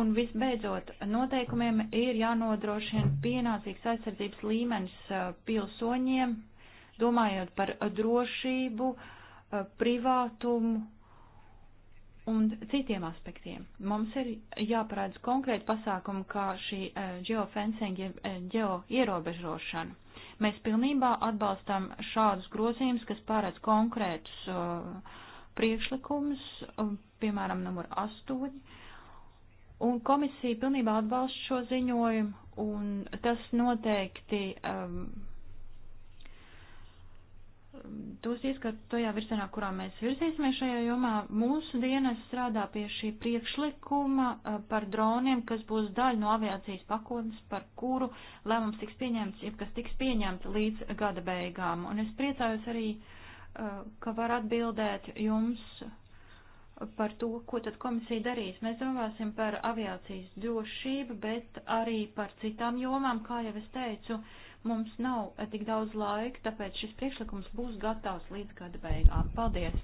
[SPEAKER 1] Un visbeidzot, noteikumiem ir jānodrošina pienācīgs aizsardzības līmenis uh, pilsoņiem, domājot par drošību, uh, privātumu un citiem aspektiem. Mums ir jāparādz konkrēti pasākumi, kā šī geofencing, geoierobežošana. Mēs pilnībā atbalstam šādus grozījumus, kas pārēc konkrētus uh, priekšlikumus, uh, piemēram, numur 8. Un komisija pilnībā atbalsta šo ziņojumu, un tas noteikti um, dosies, ka tajā virzienā, kurā mēs virzīsimies šajā jomā, mūsu dienas strādā pie šī priekšlikuma eh, par droniem, kas būs daļa no aviācijas pakotnes, par kuru lēmums tiks pieņemts, ja kas tiks pieņemts līdz gada beigām. Un es priecājos arī, eh, ka var atbildēt jums par to, ko tad komisija darīs. Mēs domāsim par aviācijas drošību, bet arī par citām jomām, kā jau es teicu Mums nav eh, tik daudz laika, tāpēc šis priekšlikums būs gatavs līdz gada beigām. Paldies!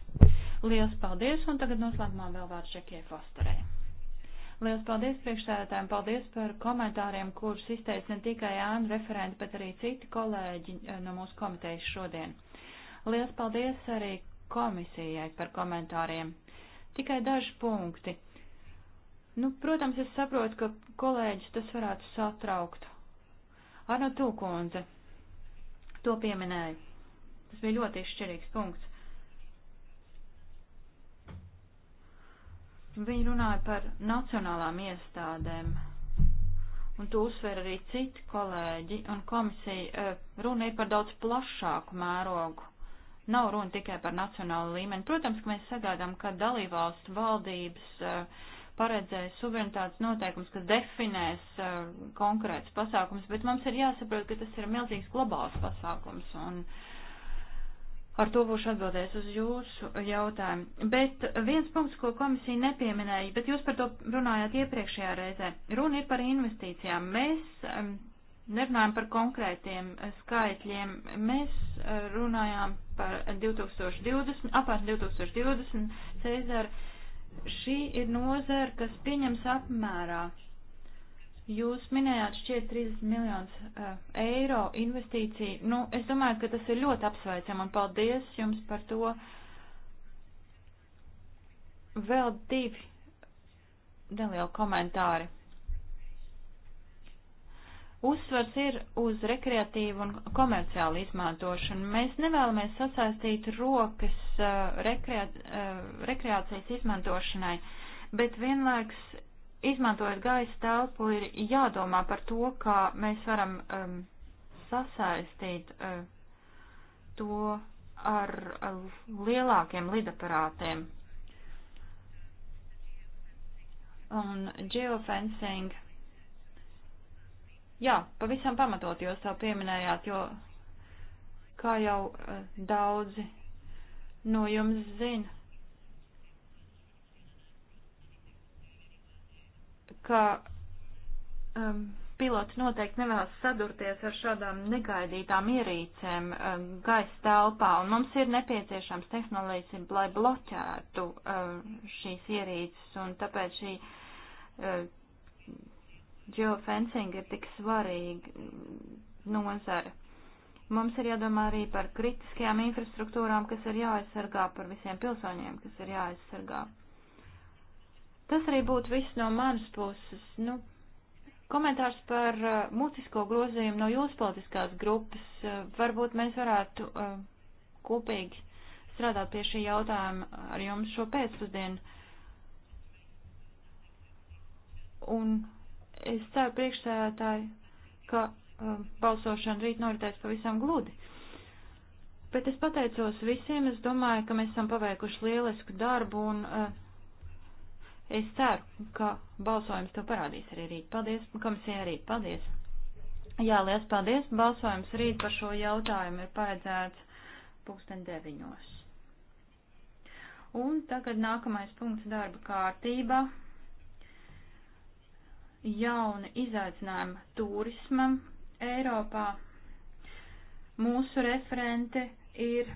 [SPEAKER 1] Lielas paldies! Un tagad noslēgumā vēl vārds Čekie Fosterē. Lielas paldies priekšsēdētājiem, paldies par komentāriem, kurus izteica ne tikai Jāna referenti, bet arī citi kolēģi eh, no mūsu komitejas šodien. Lielas paldies arī komisijai par komentāriem. Tikai daži punkti. Nu, protams, es saprotu, ka kolēģis tas varētu satraukt. Arno Tūkundze to pieminēja. Tas bija ļoti izšķirīgs punkts. Viņi runāja par nacionālām iestādēm, un to uzsver arī citi kolēģi, un komisija e, runa ir par daudz plašāku mērogu. Nav runa tikai par nacionālu līmeni. Protams, ka mēs sagaidām, ka dalībvalstu valdības uh, paredzēja suverenitātes noteikums, kas definēs uh, konkrēts pasākums, bet mums ir jāsaprot, ka tas ir milzīgs globāls pasākums. Un ar to būšu atbildējis uz jūsu jautājumu. Bet viens punkts, ko komisija nepieminēja, bet jūs par to runājāt iepriekšējā reizē. Runa ir par investīcijām. Mēs um, nerunājam par konkrētiem uh, skaitļiem. Mēs uh, runājām par 2020, apmēram 2020 Cezara Šī ir nozara, kas pieņems apmērā. Jūs minējāt šķiet 30 miljonus uh, eiro investīciju. Nu, es domāju, ka tas ir ļoti apsveicam un paldies jums par to. Vēl divi nelieli komentāri uzsvars ir uz rekreatīvu un komerciālu izmantošanu. Mēs nevēlamies sasaistīt rokas uh, eh, rekreā, uh, eh, rekreācijas izmantošanai, bet vienlaiks izmantojot gaisa telpu ir jādomā par to, kā mēs varam um, sasaistīt uh, to ar uh, lielākiem lidaparātiem. Un geofencing Jā, pavisam pamatot jūs to pieminējāt, jo, kā jau eh, daudzi no jums zina, ka um, pilots noteikti nevēlas sadurties ar šādām negaidītām ierīcēm um, gaisa telpā, un mums ir nepieciešams tehnoloģijas, lai bloķētu um, šīs ierīces, un tāpēc šī uh, geofencing ir tik svarīga nozara. Mums ir jādomā arī par kritiskajām infrastruktūrām, kas ir jāaizsargā, par visiem pilsoņiem, kas ir jāaizsargā. Tas arī būtu viss no manas puses. Nu, komentārs par uh, mutisko grozījumu no jūsu politiskās grupas. Uh, varbūt mēs varētu uh, kopīgi strādāt pie šī jautājuma ar jums šo pēcpusdienu. Un Es ceru priekšsēdētāji, ka um, balsošana rīt noritēs pavisam gludi. Bet es pateicos visiem, es domāju, ka mēs esam paveikuši lielisku darbu un uh, es ceru, ka balsojums to parādīs arī rīt. Paldies, komisija arī paldies. Jā, liels paldies. Balsojums rīt par šo jautājumu ir paredzēts pulksten deviņos. Un tagad nākamais punkts darba kārtībā jauni izaicinājumi turismam Eiropā. Mūsu referente ir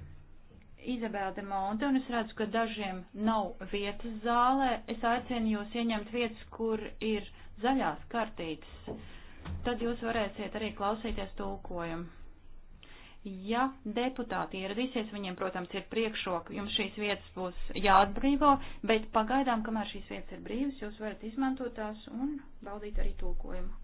[SPEAKER 1] Izabela de Monte, un es redzu, ka dažiem nav vietas zālē. Es aicinu jūs ieņemt vietas, kur ir zaļās kartītes. Tad jūs varēsiet arī klausīties tulkojumu. Ja deputāti ieradīsies, viņiem, protams, ir priekšroka, jums šīs vietas būs jāatbrīvo, bet pagaidām, kamēr šīs vietas ir brīvas, jūs varat izmantot tās un baudīt arī tulkojumu.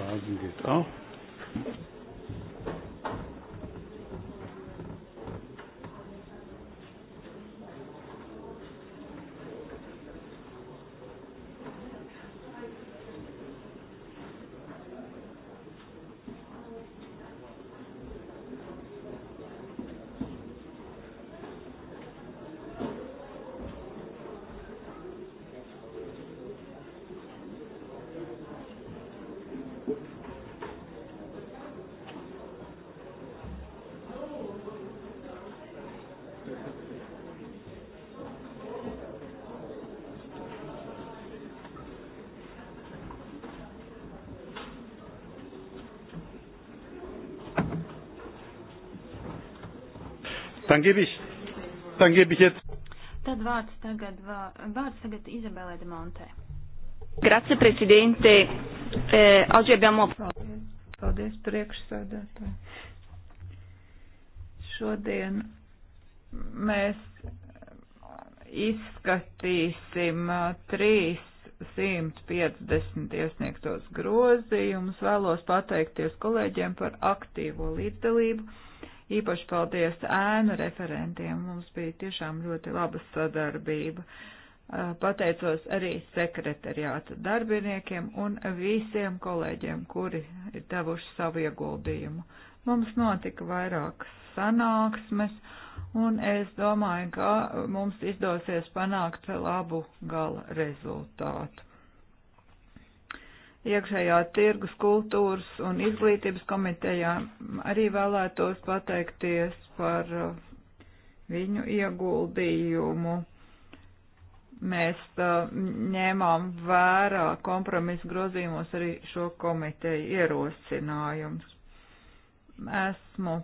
[SPEAKER 1] Basen geht auch. Oh. Dann gebe ich, dann gebe ich jetzt. Tad vārds tagad, vārds tagad Izabelē de Monte.
[SPEAKER 3] Grazie, Presidente. Eh, oggi abbiamo... Paldies, paldies priekšsēdētāji. Šodien mēs izskatīsim eh, trīs 150 iesniegtos grozījumus. Vēlos pateikties kolēģiem par aktīvo līdzdalību Īpaši paldies ēnu referentiem. Mums bija tiešām ļoti laba sadarbība. Pateicos arī sekretariāta darbiniekiem un visiem kolēģiem, kuri ir devuši savu ieguldījumu. Mums notika vairākas sanāksmes, un es domāju, ka mums izdosies panākt labu gala rezultātu iekšējā tirgus kultūras un izglītības komitejā arī vēlētos pateikties par uh, viņu ieguldījumu. Mēs uh, ņēmām vērā kompromisu grozījumos arī šo komiteju ierosinājums. Esmu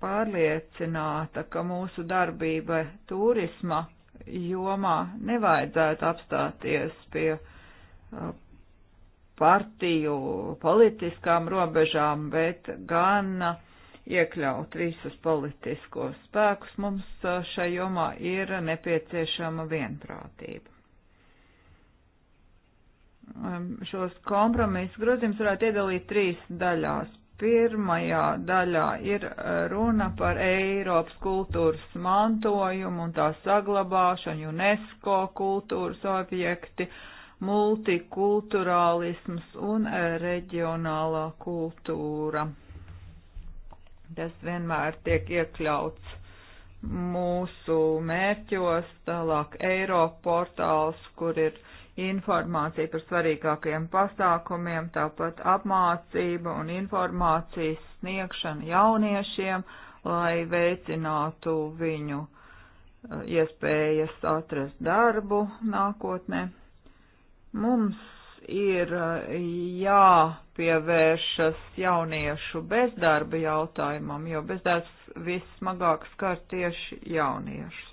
[SPEAKER 3] pārliecināta, ka mūsu darbība turisma jomā nevajadzētu apstāties pie uh, partiju politiskām robežām, bet gan uh, iekļaut visus politiskos spēkus, mums uh, šai jomā ir nepieciešama vienprātība. Um, šos kompromisu grozījums varētu iedalīt trīs daļās. Pirmajā daļā ir uh, runa par Eiropas kultūras mantojumu un tā saglabāšanu, UNESCO kultūras objekti, uh, multikulturālisms un e, reģionālā kultūra. Tas vienmēr tiek iekļauts mūsu mērķos, tālāk Eiroportāls, kur ir informācija par svarīgākajiem pasākumiem, tāpat apmācība un informācijas sniegšana jauniešiem, lai veicinātu viņu e, iespējas atrast darbu nākotnē. Mums ir eh, jāpievēršas jauniešu bezdarba jautājumam, jo bezdarbs vissmagāk skar tieši jauniešus.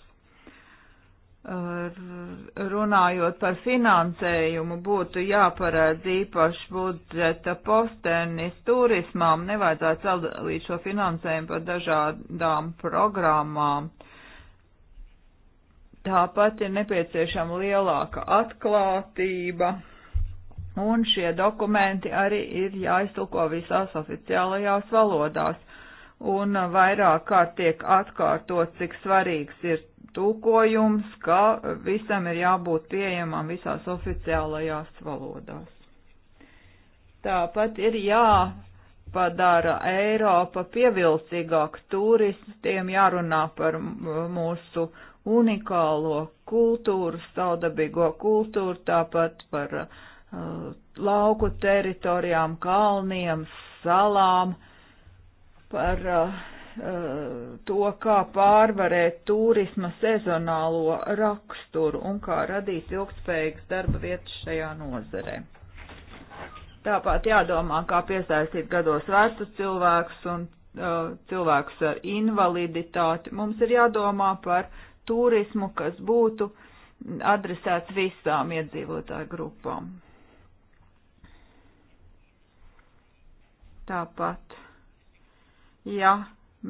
[SPEAKER 3] Runājot par finansējumu, būtu jāparādz īpaši budžeta postenis turismām, nevajadzētu sadalīt šo finansējumu par dažādām programmām. Uh, Tāpat ir nepieciešama lielāka atklātība, un šie dokumenti arī ir jāiztulko visās oficiālajās valodās. Un uh, vairāk kārt tiek atkārtot, cik svarīgs ir tulkojums, ka uh, visam ir jābūt pieejamam visās oficiālajās valodās. Tāpat ir jā padara Eiropa pievilcīgāku turistiem, jārunā par mūsu unikālo kultūru, staudabīgo kultūru, tāpat par uh, lauku teritorijām, kalniem, salām, par uh, uh, to, kā pārvarēt turisma sezonālo raksturu un kā radīt ilgspējīgas darba vietas šajā nozarē. Tāpat jādomā, kā piesaistīt gados vecus cilvēkus un uh, cilvēkus ar invaliditāti. Mums ir jādomā par turismu, kas būtu adresēts visām iedzīvotāju grupām. Tāpat, ja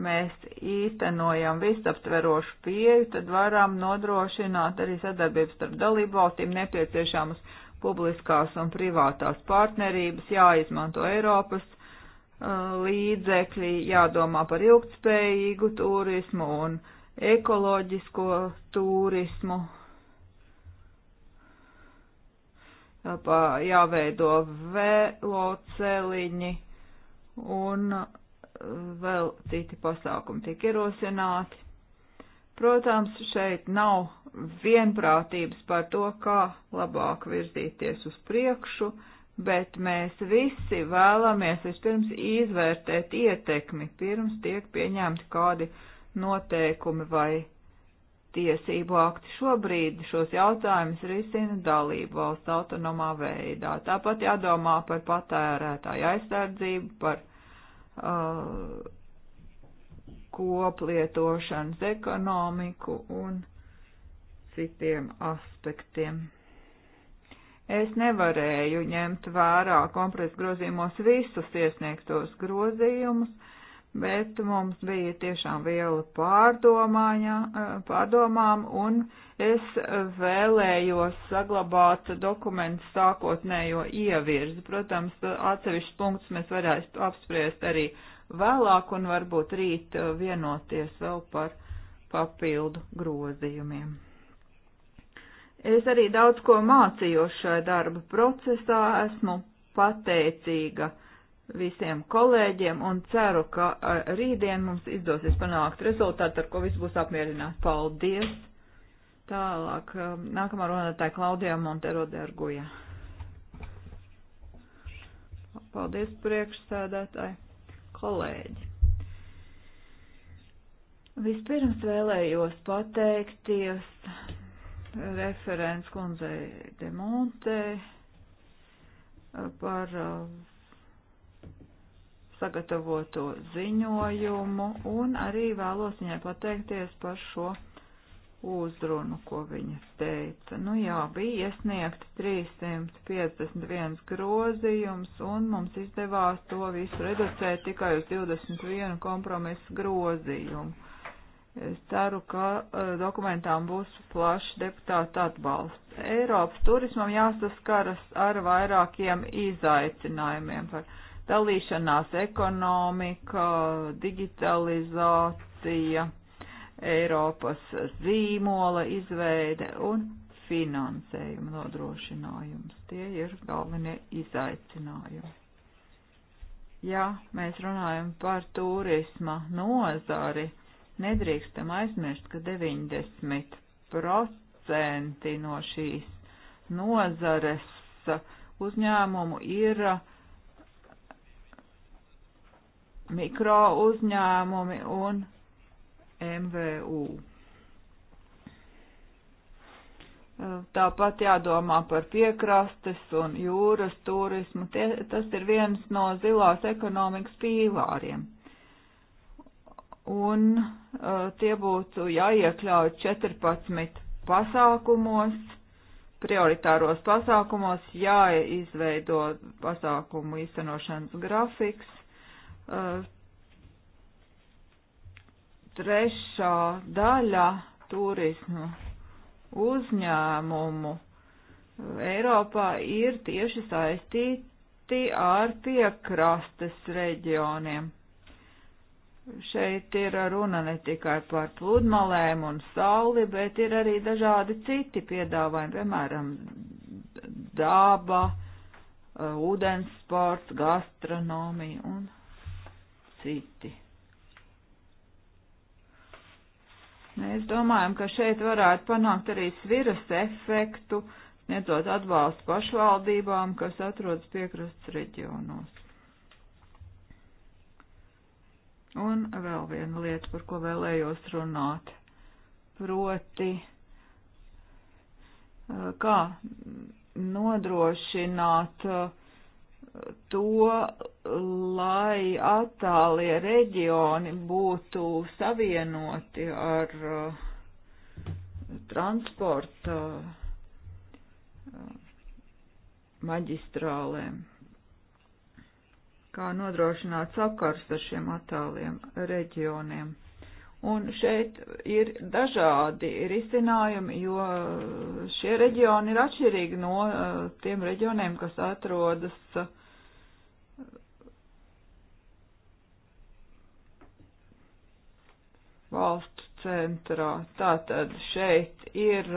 [SPEAKER 3] mēs īstenojam visaptverošu pieeju, tad varam nodrošināt arī sadarbības starp dalību valstīm nepieciešamas publiskās un privātās partnerības, jāizmanto Eiropas uh, līdzekļi, jādomā par ilgtspējīgu turismu un uh, ekoloģisko turismu, Tāpā jāveido veloceliņi un vēl citi pasākumi tiek ierosināti. Protams, šeit nav vienprātības par to, kā labāk virzīties uz priekšu, bet mēs visi vēlamies vispirms izvērtēt ietekmi, pirms tiek pieņemti kādi uh, noteikumi vai tiesību akti. Šobrīd šos jautājumus risina dalību valsts autonomā veidā. Tāpat jādomā par patērētāju aizsardzību, par uh, koplietošanas ekonomiku un citiem aspektiem. Es nevarēju ņemt vērā kompresa grozījumos visus iesniegtos grozījumus, bet mums bija tiešām viela eh, pārdomām, un es vēlējos saglabāt dokumentu sākotnējo ievirzi. Protams, atsevišķus punktus mēs varētu apspriest arī vēlāk un varbūt rīt eh, vienoties vēl par papildu grozījumiem. Es arī daudz ko mācījos šai darba procesā, esmu pateicīga visiem kolēģiem un ceru, ka rītdien mums izdosies panākt rezultātu, ar ko viss būs apmierināts. Paldies! Tālāk, nākamā runātāja Klaudijā Montero Derguja. Paldies priekšsēdētāji, kolēģi! Vispirms vēlējos pateikties referents kundzei Demontei par uh, sagatavoto ziņojumu un arī vēlos viņai pateikties par šo uzrunu, ko viņa teica. Nu jā, bija iesniegts 351 grozījums un mums izdevās to visu reducēt tikai uz 21 kompromisu grozījumu. Es ceru, ka eh, dokumentām būs plašs deputāta atbalsts. Eiropas turismam jāsaskaras ar vairākiem izaicinājumiem par dalīšanās ekonomika, digitalizācija, Eiropas zīmola izveide un finansējuma nodrošinājums. Tie ir galvenie izaicinājumi. Ja mēs runājam par turisma nozari, nedrīkstam aizmirst, ka 90% no šīs nozares uzņēmumu ir uh, mikro uzņēmumi un MVU. Tāpat jādomā par piekrastes un jūras turismu. Tie, tas ir viens no zilās ekonomikas pīlāriem. Un uh, tie būtu jāiekļauj 14 pasākumos, prioritāros pasākumos, jāizveido pasākumu īstenošanas grafiks, Uh, trešā daļa turismu uzņēmumu Eiropā ir tieši saistīti ar piekrastes reģioniem. Šeit ir runa ne tikai par pludmalēm un sauli, bet ir arī dažādi citi piedāvājumi, piemēram, daba, uh, ūdens sports, gastronomija un citi. Mēs domājam, ka šeit varētu panākt arī sviras efektu, sniedzot atbalstu pašvaldībām, kas atrodas piekrastes reģionos. Un vēl viena lieta, par ko vēlējos runāt, proti, kā nodrošināt uh, to, lai attālie reģioni būtu savienoti ar uh, transporta uh, maģistrālēm. Kā nodrošināt sakars ar šiem attāliem reģioniem. Un šeit ir dažādi risinājumi, jo šie reģioni ir atšķirīgi no uh, tiem reģioniem, kas atrodas uh, valstu centrā. Tātad šeit ir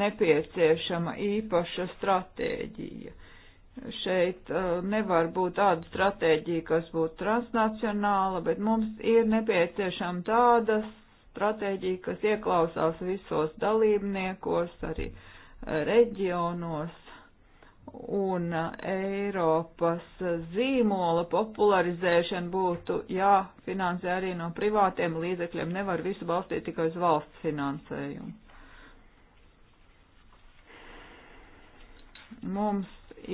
[SPEAKER 3] nepieciešama īpaša stratēģija. Šeit uh, nevar būt tāda stratēģija, kas būtu transnacionāla, bet mums ir nepieciešama tāda stratēģija, kas ieklausās visos dalībniekos, arī reģionos un uh, Eiropas zīmola popularizēšana būtu jāfinansē arī no privātiem līdzekļiem. Nevar visu balstīt tikai uz valsts finansējumu. Mums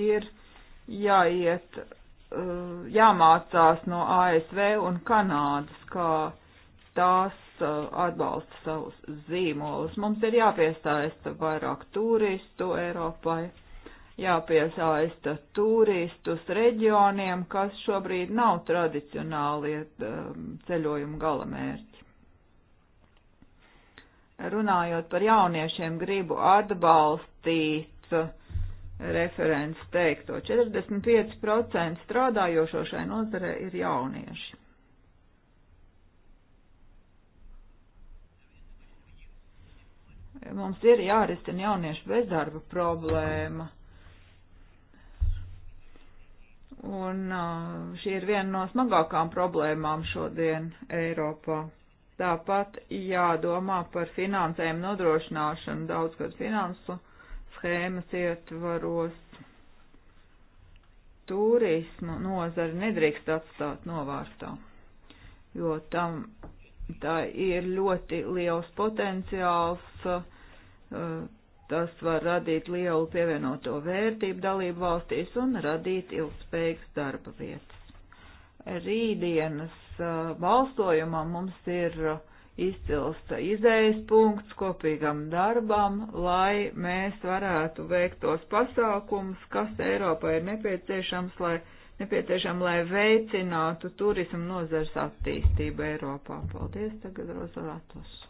[SPEAKER 3] ir jāiet, uh, jāmācās no ASV un Kanādas, kā tās uh, atbalsta savus zīmolus. Mums ir jāpiestaista vairāk turistu Eiropai jāpiesaista turistus reģioniem, kas šobrīd nav tradicionālie um, ceļojuma galamērķi. Runājot par jauniešiem, gribu atbalstīt uh, referents teikto. 45% strādājošo šai nozarē ir jaunieši. Mums ir jārisina jauniešu bezdarba problēma Un uh, šī ir viena no smagākām problēmām šodien Eiropā. Tāpat jādomā par finansējumu nodrošināšanu daudzgad finansu schēmas ietvaros. Turismu nozari nedrīkst atstāt novārstā, jo tam tā ir ļoti liels potenciāls uh, Tas var radīt lielu pievienoto vērtību dalību valstīs un radīt ilgspējīgas darba vietas. Rītdienas balsojumam mums ir izcils izējas punkts kopīgam darbam, lai mēs varētu veikt tos pasākums, kas Eiropai ir nepieciešams, lai, nepieciešam, lai veicinātu turismu nozars attīstību Eiropā. Paldies, tagad Rozalatos.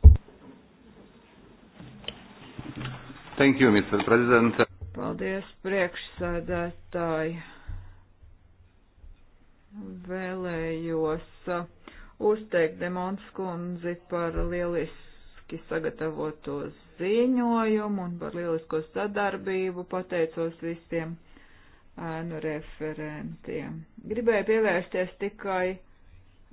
[SPEAKER 2] Thank you. Thank you, Mr. President.
[SPEAKER 3] Paldies, priekšsēdētāji. Vēlējos uh, uzteikt Demons kundzi par lieliski sagatavoto ziņojumu un par lielisko sadarbību. Pateicos visiem ēnu referentiem. Gribēju pievērsties tikai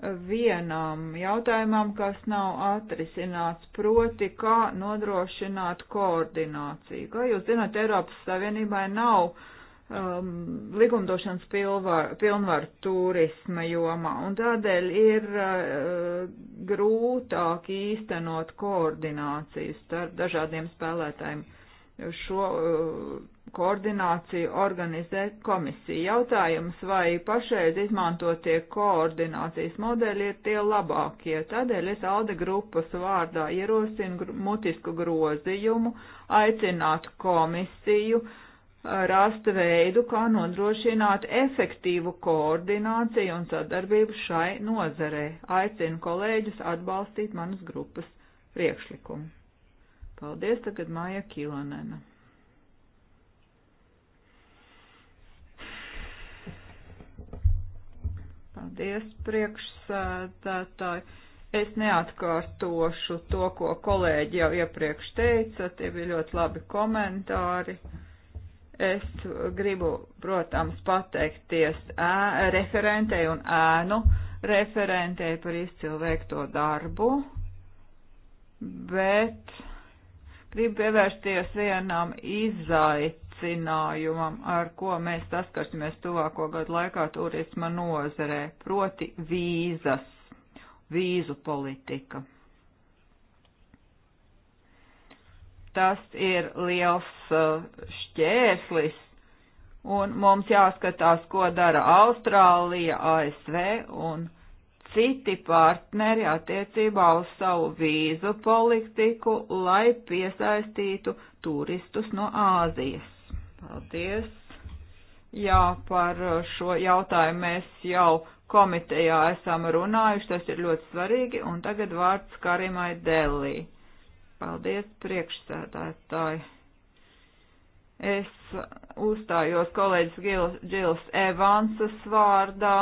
[SPEAKER 3] vienam jautājumam, kas nav atrisināts, proti, kā nodrošināt koordināciju. Kā jūs zināt, Eiropas Savienībai nav um, likumdošanas pilvar, pilnvaru turisma jomā, un tādēļ ir uh, grūtāk īstenot koordināciju starp dažādiem spēlētājiem. Šo uh, koordināciju organizē komisija. Jautājums, vai pašreiz izmantotie koordinācijas modeļi ir tie labākie. Tādēļ es Alde grupas vārdā ierosinu mutisku grozījumu, aicināt komisiju eh, rast veidu, kā nodrošināt efektīvu koordināciju un sadarbību šai nozarē. Aicinu kolēģus atbalstīt manas grupas priekšlikumu. Paldies tagad Māja Kilonena. Paldies, priekšsēdētāji. Es neatkārtošu to, ko kolēģi jau iepriekš teica, tie bija ļoti labi komentāri. Es gribu, protams, pateikties ē, referentei un ēnu referentei par izcilu veikto darbu, bet gribu pievērsties vienam izaicinājumam izaicinājumam, ar ko mēs saskarsimies tuvāko gadu laikā turisma nozerē, proti vīzas, vīzu politika. Tas ir liels uh, šķērslis, un mums jāskatās, ko dara Austrālija, ASV un citi partneri attiecībā uz savu vīzu politiku, lai piesaistītu turistus no Āzijas. Paldies. Jā, par šo jautājumu mēs jau komitejā esam runājuši, tas ir ļoti svarīgi, un tagad vārds Karimai Delī. Paldies, priekšsēdētāji. Es uzstājos kolēģis Džils Evansas vārdā,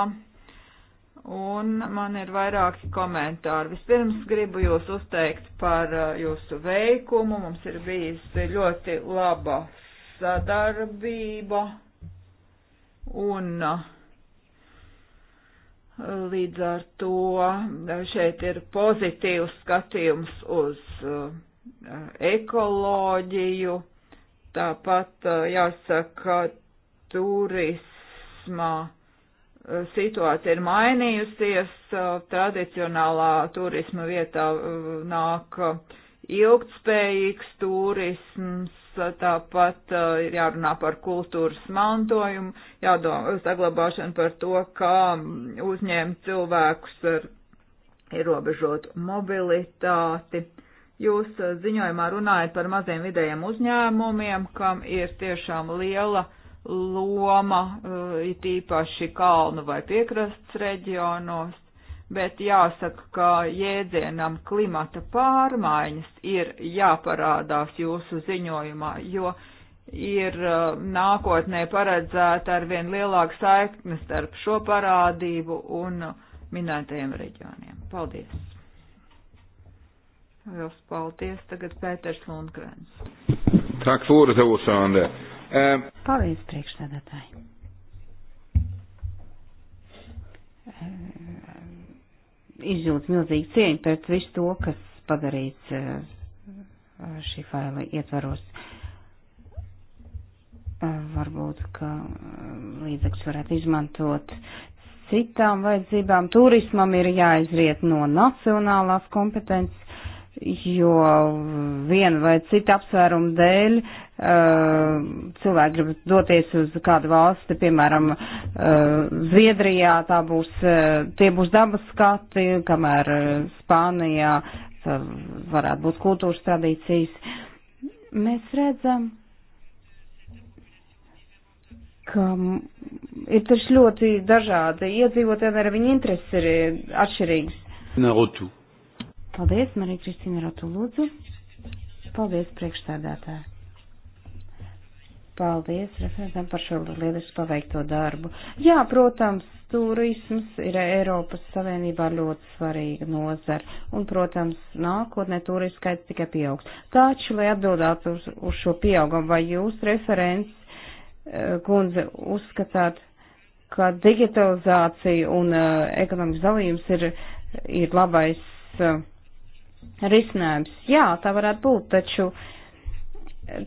[SPEAKER 3] un man ir vairāki komentāri. Vispirms gribu jūs uzteikt par jūsu veikumu. Mums ir bijis ļoti laba sadarbība un uh, līdz ar to uh, šeit ir pozitīvs skatījums uz uh, ekoloģiju, tāpat jāsaka, turisma situācija ir mainījusies, tradicionālā turisma vietā nāk ilgtspējīgs turisms, Uh, tāpat uh, ir jārunā par kultūras mantojumu, jādomā saglabāšanu par to, kā uzņēmt cilvēkus ar ierobežotu mobilitāti. Jūs uh, ziņojumā runājat par maziem vidējiem uzņēmumiem, kam ir tiešām liela loma, it īpaši kalnu vai piekrasts reģionos bet jāsaka, ka jēdzienam klimata pārmaiņas ir jāparādās jūsu ziņojumā, jo ir uh, nākotnē paredzēta arvien lielāka saikne starp šo parādību un minētajiem reģioniem. Paldies! Liels paldies! Tagad Pēters Lundgrens.
[SPEAKER 2] Tak for det, Åsande. Um...
[SPEAKER 3] Paldies, priekšsēdētāji
[SPEAKER 2] izjūt milzīgu cieņu pret visu to, kas padarīts eh, šī faila ietvaros. Eh, varbūt, ka eh, līdzekļus varētu izmantot citām vajadzībām. Turismam ir jāizriet no nacionālās kompetences jo viena vai cita apsvēruma dēļ uh, cilvēki grib doties uz kādu valsti, piemēram, uh, Zviedrijā, tā būs, uh, tie būs dabas skati, kamēr Spānijā varētu būt kultūras tradīcijas. Mēs redzam, ka ir taču ļoti dažādi iedzīvotāji, arī viņa intereses ir atšķirīgas. Nav no, tu. Paldies, Marija Kristīna Rotu Lūdzu. Paldies, priekšstādātāji. Paldies referentam par šo lielisku paveikto darbu. Jā, protams, turisms ir Eiropas Savienībā ļoti svarīga nozara, un, protams, nākotnē turistu skaits tikai pieaugs. Taču, lai atbildētu uz, uz šo pieaugumu, vai jūs, referents, eh, kundze, uzskatāt, ka digitalizācija un uh, ekonomikas dalījums ir, ir labais. Uh, risinājums. Jā, tā varētu būt, taču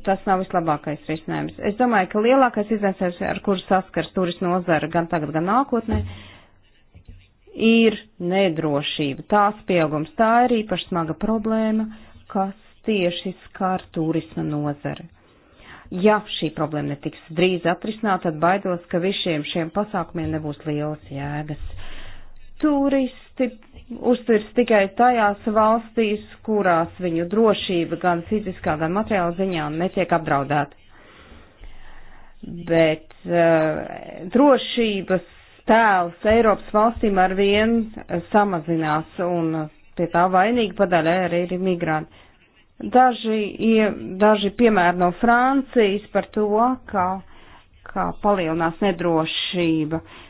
[SPEAKER 2] tas nav vislabākais risinājums. Es domāju, ka lielākais izaicinājums, ar kuru saskars turis nozara gan tagad, gan nākotnē, ir nedrošība. Tās pieaugums tā ir īpaši smaga problēma, kas tieši skar turisma nozari. Ja šī problēma netiks drīz atrisināta, tad baidos, ka visiem šiem pasākumiem nebūs lielas jēgas. Turisti uzturs tikai tajās valstīs, kurās viņu drošība gan fiziskā, gan materiāla ziņā netiek apdraudēta. Bet uh, drošības tēls Eiropas valstīm ar vien samazinās, un pie tā vainīgi padaļai arī ir migranti. Daži, daži piemēri no Francijas par to, ka, ka palielinās nedrošība. Uh,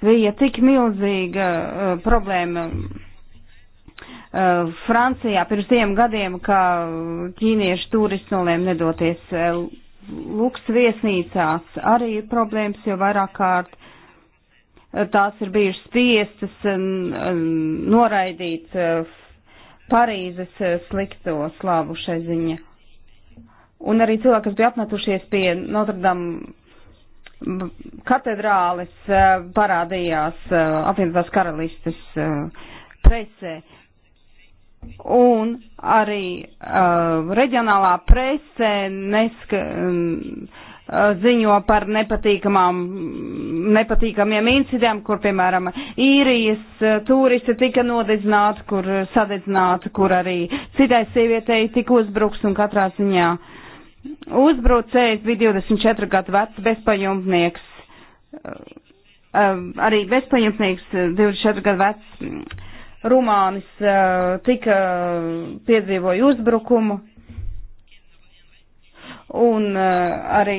[SPEAKER 2] bija tik milzīga uh, problēma uh, Francijā pirms diviem gadiem, ka ķīniešu turisti nolēma nedoties uh, luks viesnīcās. Arī ir problēmas, jo vairāk kārt uh, tās ir bijušas spiestas noraidīt uh, Parīzes uh, slikto slavu šai ziņa. Un arī cilvēki, kas bija apmetušies pie Notre Dame katedrālis eh, parādījās eh, apvienotās karalistes eh, presē. Un arī uh, reģionālā presē neska, uh, ziņo par nepatīkamām, nepatīkamiem incidiem, kur, piemēram, īrijas uh, turisti tika nodedzināti, kur sadedzināti, kur arī citai sievietei tika uzbruks un katrā ziņā uh, Uzbrucējs bija 24 gadu vecs bezpajumtnieks, arī bezpajumtnieks 24 gadu vecs Rumānis tika piedzīvoja uzbrukumu. Un arī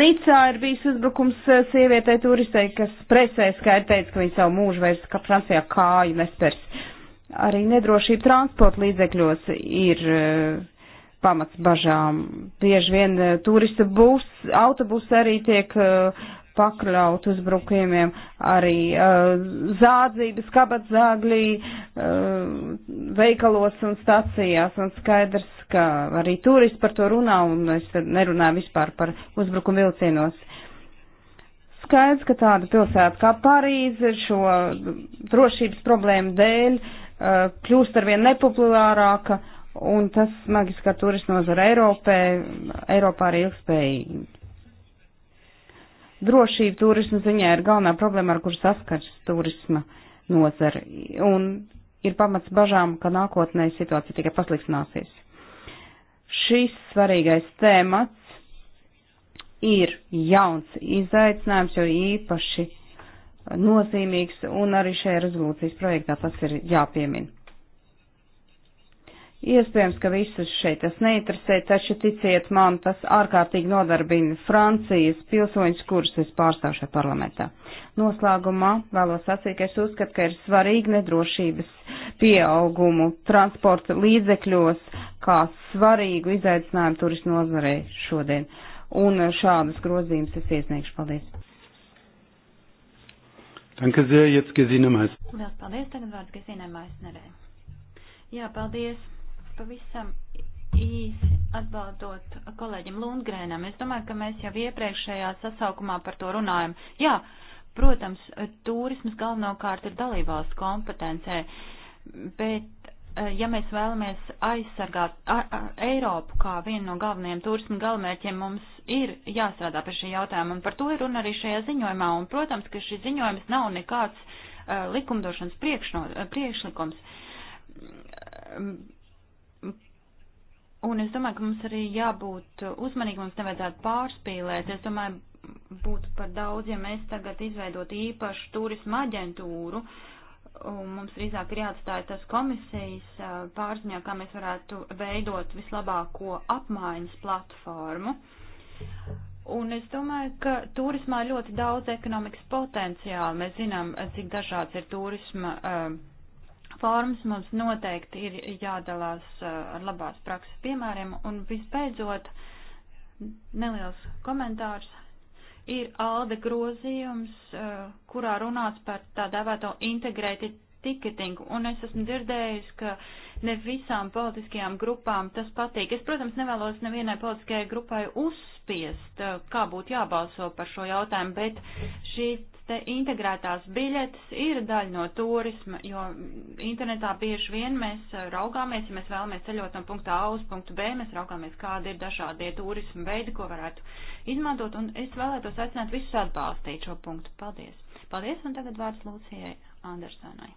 [SPEAKER 2] Nicā ir bijis uzbrukums sievietei turistei, kas presēs, kā ir teica, ka viņa savu mūžu vairs kā Francijā kāju nespers. Arī nedrošība transporta līdzekļos ir uh, pamats bažām. Bieži vien e, turista būs, autobus arī tiek e, pakļaut uzbrukumiem, arī e, zādzības, kabatzāgļi veikalos un stacijās, un skaidrs, ka arī turisti par to runā, un es nerunāju vispār par uzbrukumu vilcienos skaidrs, ka tāda pilsēta kā Parīze šo drošības problēmu dēļ kļūst arvien nepopulārāka un tas smagi skar turismu nozara Eiropē, Eiropā arī ilgspējīgi. Drošība turismu ziņā ir galvenā problēma, ar kur saskars turisma nozara, un ir pamats bažām, ka nākotnē situācija tikai pasliktināsies. Šis svarīgais tēmats ir jauns izaicinājums, jo īpaši nozīmīgs, un arī šajā rezolūcijas projektā tas ir jāpiemina. Iespējams, ka visus šeit tas neinteresē, taču ticiet man, tas ārkārtīgi nodarbina Francijas pilsoņus, kurus es pārstāvu šajā parlamentā. Noslēgumā vēlos sacīt, ka es uzskatu, ka ir svarīgi nedrošības pieaugumu transporta līdzekļos kā svarīgu izaicinājumu turistu nozarē šodien. Un šādas grozījumus es iesniegšu. Paldies!
[SPEAKER 1] Danke sehr, jetzt Gesine Meissner. Paldies, tagad vārds Gesine Meissnerē. Jā, paldies! pavisam īsi atbildot kolēģim Lundgrēnam. Es domāju, ka mēs jau iepriekšējā sasaukumā par to runājam. Jā, protams, turismas galvenokārt ir dalībvalsts kompetencē, bet eh, ja mēs vēlamies aizsargāt a, a, Eiropu kā vienu no galvenajiem turismu galvenmērķiem, mums ir jāstrādā pie šī jautājuma, un par to ir runa arī šajā ziņojumā, un, protams, ka šis ziņojums nav nekāds a, eh, likumdošanas priekšno, priekšlikums Un es domāju, ka mums arī jābūt uzmanīgi, mums nevajadzētu pārspīlēt. Es domāju, būtu par daudz, ja mēs tagad izveidot īpašu turismu aģentūru. Un mums drīzāk ir jāatstāj tas komisijas pārziņā, kā mēs varētu veidot vislabāko apmaiņas platformu. Un es domāju, ka turismā ļoti daudz ekonomikas potenciāla. Mēs zinām, cik dažāds ir turisma. Uh, formas mums noteikti ir jādalās eh, ar labās prakses piemēriem. Un visbeidzot, neliels komentārs. Ir ALDE grozījums, eh, kurā runāts par tā dēvēto integrēti tiketingu, un es esmu dzirdējis, ka ne visām politiskajām grupām tas patīk. Es, protams, nevēlos nevienai politiskajai grupai uzspiest, eh, kā būtu jābalso par šo jautājumu, bet šī te integrētās biļetes ir daļa no turisma, jo internetā bieži vien mēs raugāmies, ja mēs vēlamies ceļot no punkta A uz punktu B, mēs raugāmies, kādi ir dažādie turisma veidi, ko varētu izmantot, un es vēlētos aicināt visus atbalstīt šo punktu. Paldies! Paldies, un tagad vārds Lūcijai Andersonai.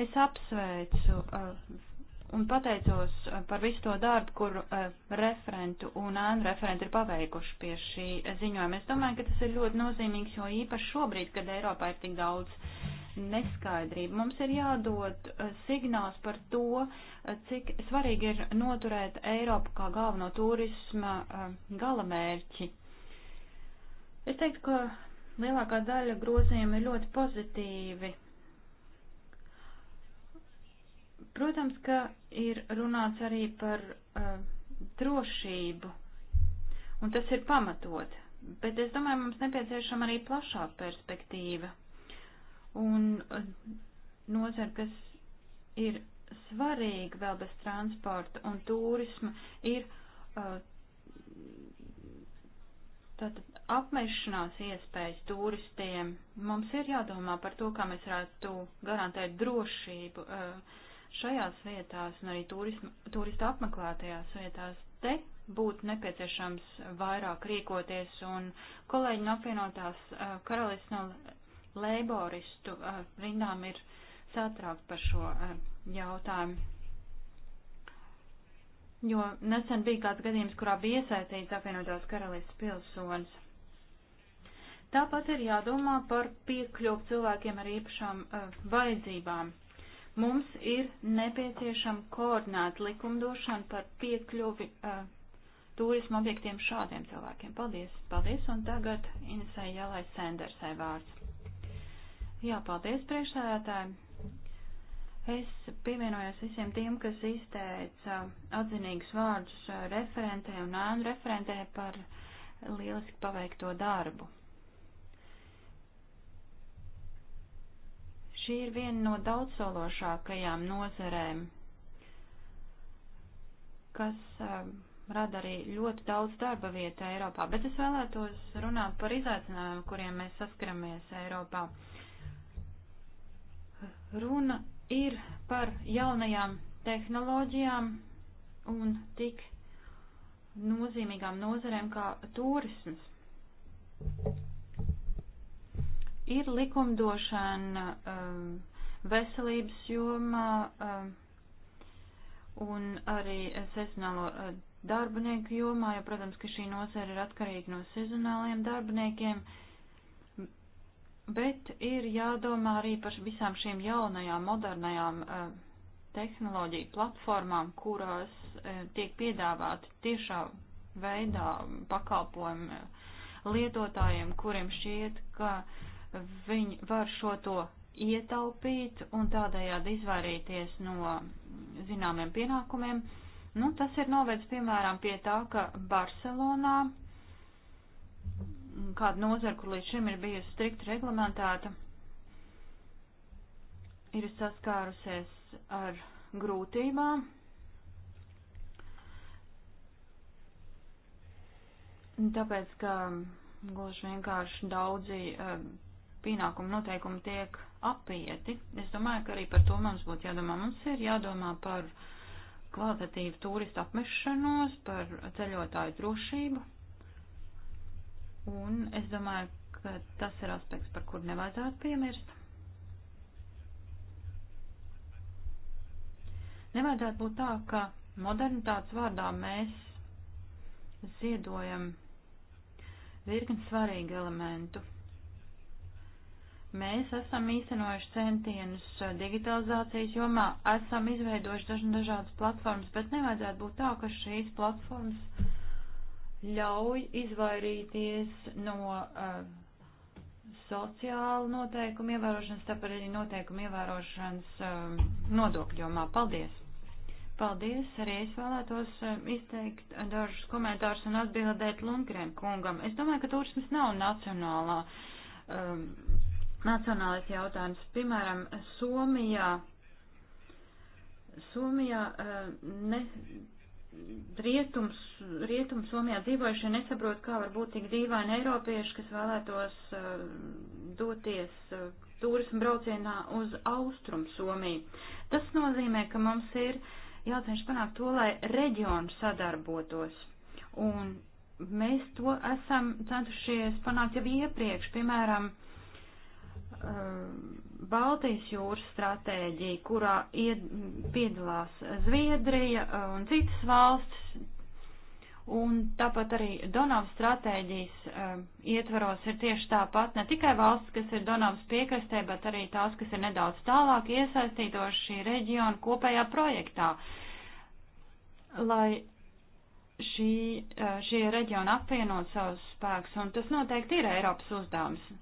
[SPEAKER 1] Es apsveicu uh, un pateicos eh, par visu to darbu, kur uh, eh, referentu un ēnu referenti ir paveikuši pie šī ziņojuma. Es domāju, ka tas ir ļoti nozīmīgs, jo īpaši šobrīd, kad Eiropā ir tik daudz neskaidrību, mums ir jādod uh, signāls par to, uh, cik svarīgi ir noturēt Eiropu kā galveno turisma galamērķi. Es teiktu, ka lielākā daļa grozījumu ir ļoti pozitīvi Protams, ka ir runāts arī par uh, drošību, un tas ir pamatot, bet es domāju, mums nepieciešama arī plašāka perspektīva. Un uh, nozara, kas ir svarīga vēl bez transporta un turisma, ir uh, tātad apmešanās iespējas turistiem. Mums ir jādomā par to, kā mēs varētu garantēt drošību. Uh, šajās vietās un arī turisma, turista apmeklētajās vietās, te būtu nepieciešams vairāk rīkoties un kolēģi no apvienotās eh, karalists no leiboristu eh, rindām ir satraukt par šo eh, jautājumu. Jo nesen bija kāds gadījums, kurā bija iesaistīts apvienotās karalists pilsonis. Tāpat ir jādomā par piekļuvu cilvēkiem ar īpašām uh, vajadzībām. Mums ir nepieciešama koordinēta likumdošana par piekļuvi uh, turismu objektiem šādiem cilvēkiem. Paldies! Paldies! Un tagad Inesai Jālai Sendersai vārds. Jā, paldies priekšsēdētāji! Es pievienojos visiem tiem, kas izteica atzinīgus vārdus referentē un ēnu referentē par lieliski paveikto darbu. Šī ir viena no daudzsološākajām nozerēm, kas eh, rada arī ļoti daudz darba vieta Eiropā, bet es vēlētos runāt par izaicinājumiem, kuriem mēs saskaramies Eiropā. Runa ir par jaunajām tehnoloģijām un tik nozīmīgām nozarēm kā turisms. Ir likumdošana um, veselības jomā um, un arī sezonālo uh, darbinieku jomā, jo, protams, ka šī nozara ir atkarīga no sezonāliem darbiniekiem, bet ir jādomā arī par visām šīm jaunajām, modernajām uh, tehnoloģiju platformām, kurās uh, tiek piedāvāti tiešā veidā pakalpojumi lietotājiem, kuriem šķiet, ka uh, viņi var šo to ietaupīt un tādējādi izvairīties no zināmiem pienākumiem. Nu, tas ir novedis, piemēram, pie tā, ka Barcelonā kāda nozara, kur līdz šim ir bijusi strikti reglamentēta, ir saskārusies ar grūtībām. Tāpēc, ka gluži vienkārši daudzi eh, pienākumu noteikumi tiek apieti. Es domāju, ka arī par to mums būtu jādomā. Mums ir jādomā par kvalitatīvu turistu apmešanos, par ceļotāju drošību. Un es domāju, ka tas ir aspekts, par kur nevajadzētu piemirst. Nevajadzētu būt tā, ka modernitātes vārdā mēs ziedojam virkni svarīgu elementu Mēs esam īstenojuši centienus digitalizācijas jomā, esam izveidojuši dažna, dažādas platformas, bet nevajadzētu būt tā, ka šīs platformas ļauj izvairīties no uh, eh, sociālu noteikumu ievērošanas, tāpēc arī noteikumu ievērošanas um, nodokļu jomā. Paldies! Paldies! Arī es vēlētos eh, izteikt dažus komentārus un atbildēt Lundgren kungam. Es domāju, ka turismas nav nacionālā um, nacionālais jautājums. Piemēram, Somijā, Somijā eh, ne, rietums, rietums Somijā dzīvojušie nesaprot, kā var būt tik dīvaini eiropieši, kas vēlētos eh, doties eh, turismu braucienā uz austrumu Somiju. Tas nozīmē, ka mums ir jācenš panākt to, lai reģionu sadarbotos. Un mēs to esam centušies panākt jau iepriekš, piemēram, Um, Baltijas jūras stratēģija, kurā ied, piedalās Zviedrija un citas valstis, un tāpat arī Donavas stratēģijas um, ietvaros ir tieši tāpat ne tikai valsts, kas ir Donavas piekrastē, bet arī tās, kas ir nedaudz tālāk iesaistītos šī reģiona kopējā projektā, lai šī, uh, šie reģioni apvienot savus spēkus, un tas noteikti ir Eiropas uzdevums.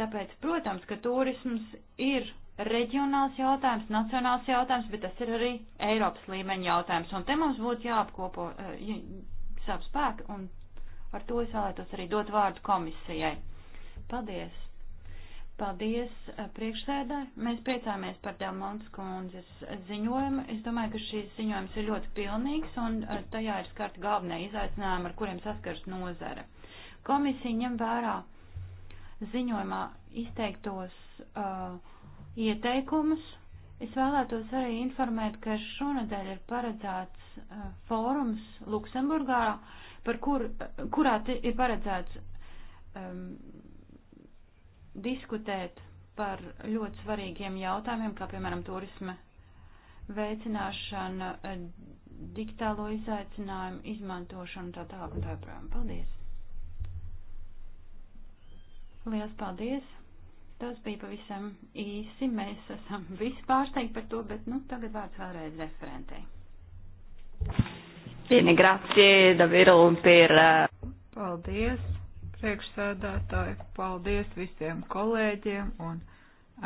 [SPEAKER 1] Tāpēc, protams, ka turisms ir reģionāls jautājums, nacionāls jautājums, bet tas ir arī Eiropas līmeņa jautājums. Un te mums būtu jāapkopo eh, jā, savu spēku, un ar to es vēlētos arī dot vārdu komisijai. Paldies! Paldies eh, priekšsēdē. Mēs priecāmies par Delmonts kundzes ziņojumu. Es domāju, ka šīs ziņojums ir ļoti pilnīgs un eh, tajā ir skarta galvenie izaicinājumi, ar kuriem saskars nozara. Komisija ņem vērā ziņojumā izteiktos uh, ieteikumus. Es vēlētos arī informēt, ka šonadēļ ir paredzēts uh, fórums Luksemburgā, par kur, uh, kurā ir paredzēts um, diskutēt par ļoti svarīgiem jautājumiem, kā piemēram turisma veicināšana, uh, digitālo izaicinājumu, izmantošanu tā tālāk un tā joprojām. Paldies! Lielas paldies! Tas bija pavisam īsi. Mēs esam visi pārsteigti par to, bet nu, tagad vārds vēlreiz
[SPEAKER 3] referentei.
[SPEAKER 1] Bene, grazie davvero per.
[SPEAKER 3] Eh, paldies, priekšsēdētāji. Paldies visiem kolēģiem un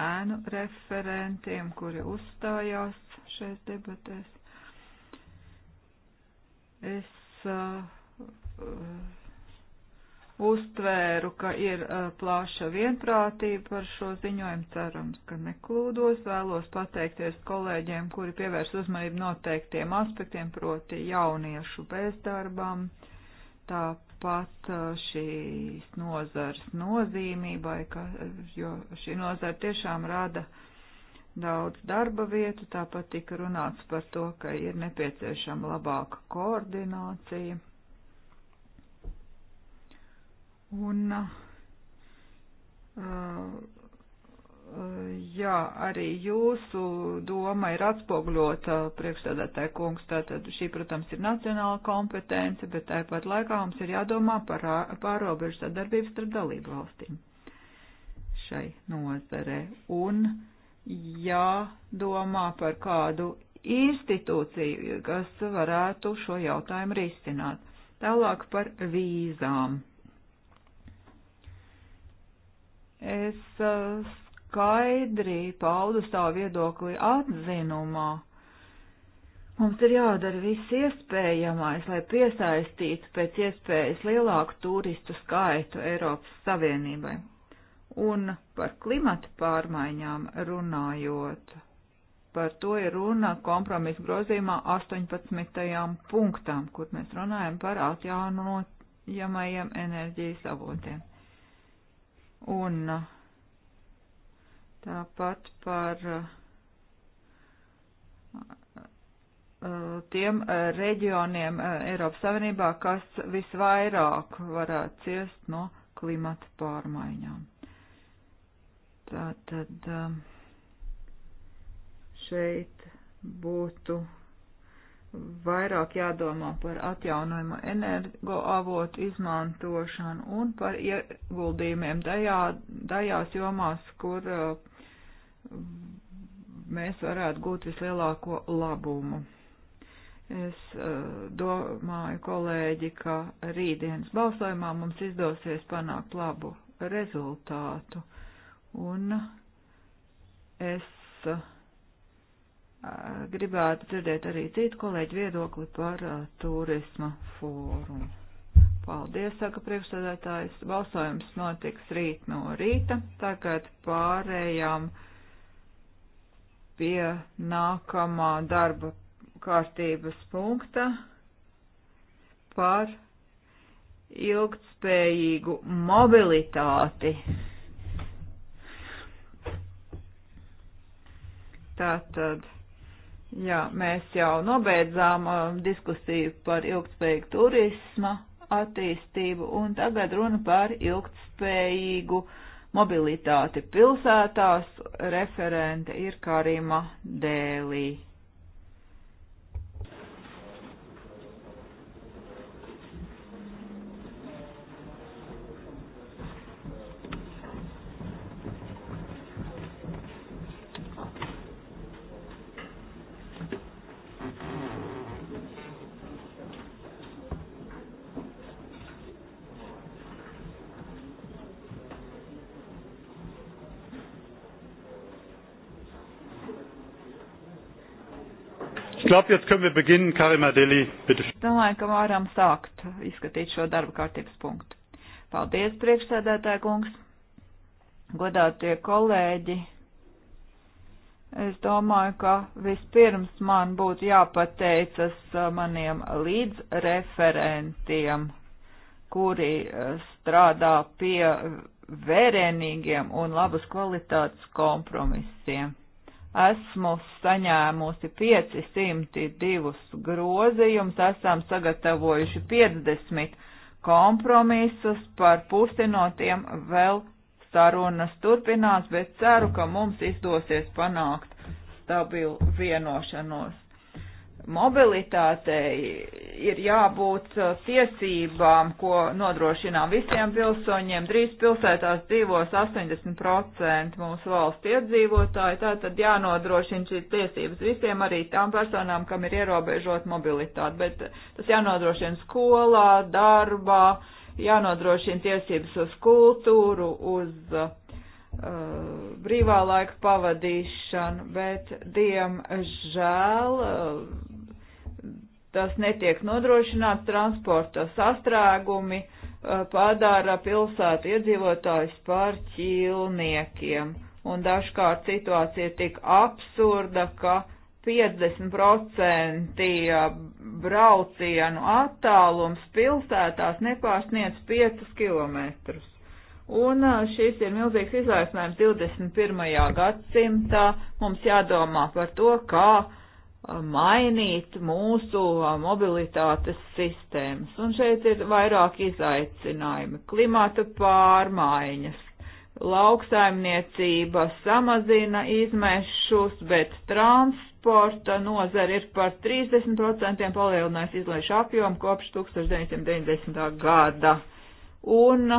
[SPEAKER 3] ēnu referentiem, kuri uzstājās šeit debatēs. Es uh, uh, uztvēru, ka ir uh, plāša vienprātība par šo ziņojumu. Cerams, ka neklūdos. Vēlos pateikties kolēģiem, kuri pievērs uzmanību noteiktiem aspektiem, proti jauniešu bezdarbam, tāpat uh, šīs nozars nozīmībai, ka, jo šī nozara tiešām rada daudz darba vietu, tāpat tika runāts par to, ka ir nepieciešama labāka koordinācija Un, uh, uh, jā, arī jūsu doma ir atspoguļota uh, priekšstādātāja kungs, tātad šī, protams, ir nacionāla kompetence, bet tāpat laikā mums ir jādomā par pārobežu sadarbību starp dalību valstīm šai nozarē. Un jādomā par kādu institūciju, kas varētu šo jautājumu risināt. Tālāk par vīzām Es eh, skaidri paudu savu viedokli atzinumā. Mums ir jādara viss iespējamais, lai piesaistītu pēc iespējas lielāku turistu skaitu Eiropas Savienībai. Un par klimatu pārmaiņām runājot, par to ir runa kompromisa grozījumā 18. punktām, kur mēs runājam par atjaunojamajiem enerģijas avotiem. Un tāpat par uh, tiem uh, reģioniem uh, Eiropas Savienībā, kas visvairāk varētu ciest no klimata pārmaiņām. Tātad um, šeit būtu vairāk jādomā par atjaunojumu energoavotu izmantošanu un par ieguldījumiem tajā, tajās jomās, kur uh, mēs varētu gūt vislielāko labumu. Es uh, domāju, kolēģi, ka rītdienas balsojumā mums izdosies panākt labu rezultātu. Un es uh, gribētu dzirdēt arī citu kolēģu viedokli par uh, turisma fórumu. Paldies, saka priekšsēdētājs. Balsojums notiks rīt no rīta. Tagad pārējām pie nākamā darba kārtības punkta par ilgtspējīgu mobilitāti. Tātad. Jā, mēs jau nobeidzām um, diskusiju par ilgspējīgu turisma attīstību, un tagad runa par ilgspējīgu mobilitāti pilsētās. Referente ir Karima Dēlī.
[SPEAKER 1] glaube, jetzt können wir beginnen. Karima Deli, bitte.
[SPEAKER 3] Domāju, ka varam sākt izskatīt šo darba kārtības punktu. Paldies, priekšsēdētāja kungs, godātie kolēģi. Es domāju, ka vispirms man būtu jāpateicas uh, maniem līdzreferentiem, kuri uh, strādā pie vērienīgiem un labas kvalitātes kompromisiem Esmu saņēmusi 502 grozījumus, esam sagatavojuši 50 kompromisus, par pusi no tiem vēl sarunas turpinās, bet ceru, ka mums izdosies panākt stabilu vienošanos mobilitātei ir jābūt uh, tiesībām, ko nodrošinām visiem pilsoņiem. Drīz pilsētās dzīvos 80% mūsu valsts iedzīvotāji, tā tad jānodrošina šīs tiesības visiem, arī tām personām, kam ir ierobežot mobilitāti, bet uh, tas jānodrošina skolā, darbā, jānodrošina tiesības uz kultūru, uz uh, brīvā laika pavadīšanu, bet diemžēl uh, tas netiek nodrošināts, transporta sastrēgumi padara pilsētu iedzīvotājus par ķīlniekiem. Un dažkārt situācija ir tik absurda, ka 50% braucienu attālums pilsētās nepārsniec 5 kilometrus. Un šis ir milzīgs izaicinājums 21. gadsimtā. Mums jādomā par to, kā mainīt mūsu mobilitātes sistēmas. Un šeit ir vairāk izaicinājumi. Klimata pārmaiņas, lauksaimniecība samazina izmešus, bet transporta nozara ir par 30% palielinājusi izlaišu apjomu kopš 1990. gada. Un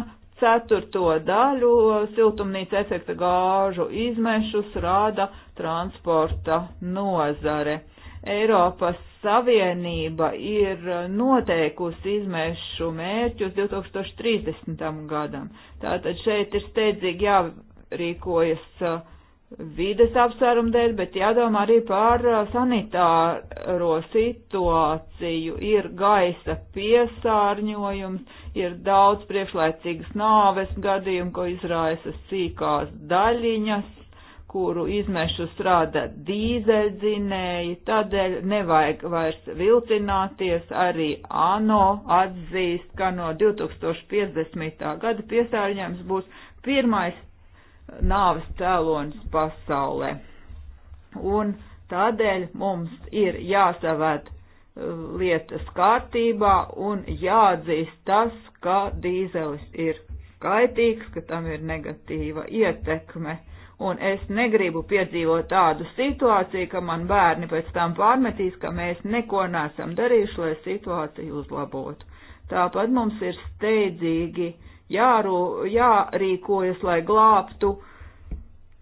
[SPEAKER 3] ceturto daļu siltumnīca efekta gāžu izmešus rāda transporta nozare. Eiropas Savienība ir noteikusi izmēšu mērķus 2030. gadam. Tātad šeit ir steidzīgi jārīkojas uh, vides apsvērumu dēļ, bet jādomā arī par uh, sanitāro situāciju. Ir gaisa piesārņojums, ir daudz priekšlaicīgas nāves gadījumu, ko izraisa sīkās daļiņas kuru izmešus rada dīzeļdzinēji, tādēļ nevajag vairs vilcināties, arī ANO atzīst, ka no 2050. gada piesārņojums būs pirmais nāves cēlonis pasaulē. Un tādēļ mums ir jāsavēt uh, lietas kārtībā un jāatzīst tas, ka dīzelis ir kaitīgs, ka tam ir negatīva ietekme un es negribu piedzīvot tādu situāciju, ka man bērni pēc tam pārmetīs, ka mēs neko nesam darījuši, lai situāciju uzlabotu. Tāpat mums ir steidzīgi jāru, jārīkojas, lai glābtu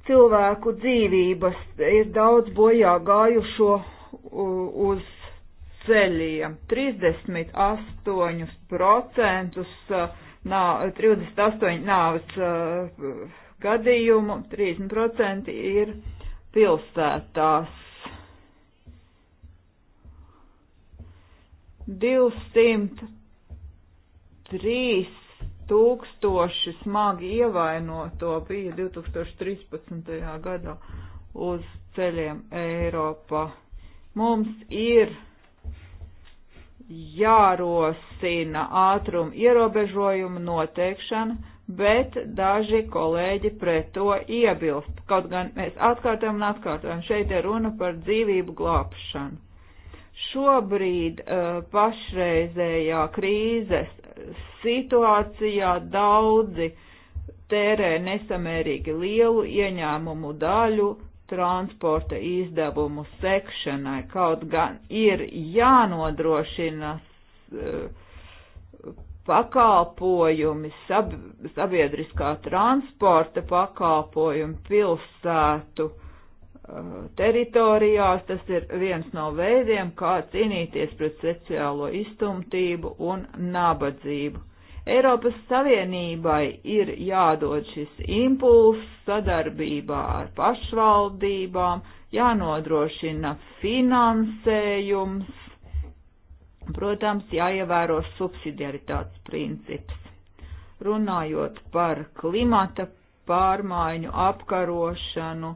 [SPEAKER 3] cilvēku dzīvības. Ir daudz bojā gājušo uz ceļiem. 38% nav, 38 nāves uh, gadījumu, 30% ir pilsētās. 203 tūkstoši smagi ievainoto bija 2013. gadā uz ceļiem Eiropā. Mums ir jārosina ātruma ierobežojuma noteikšana, bet daži kolēģi pret to iebilst. Kaut gan mēs atkārtojam un atkārtojam, šeit ir runa par dzīvību glābšanu. Šobrīd uh, pašreizējā krīzes situācijā daudzi tērē nesamērīgi lielu ieņēmumu daļu transporta izdevumu sekšanai, kaut gan ir jānodrošina uh, pakalpojumi, sab, sabiedriskā transporta pakalpojumi pilsētu uh, teritorijās, tas ir viens no veidiem, kā cīnīties pret sociālo iztumtību un nabadzību. Eiropas Savienībai ir jādod šis impulss sadarbībā ar pašvaldībām, jānodrošina finansējums Protams, jāievēro subsidiaritātes princips. Runājot par klimata pārmaiņu apkarošanu,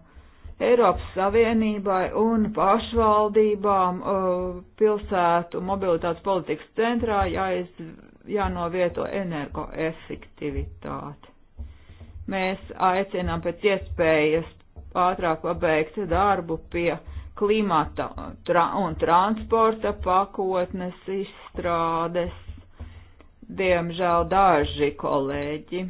[SPEAKER 3] Eiropas Savienībai un pašvaldībām uh, pilsētu mobilitātes politikas centrā jāiz, jānovieto energoefektivitāte. Mēs aicinām pēc iespējas ātrāk pabeigt darbu pie klimata tra un transporta pakotnes izstrādes. Diemžēl daži kolēģi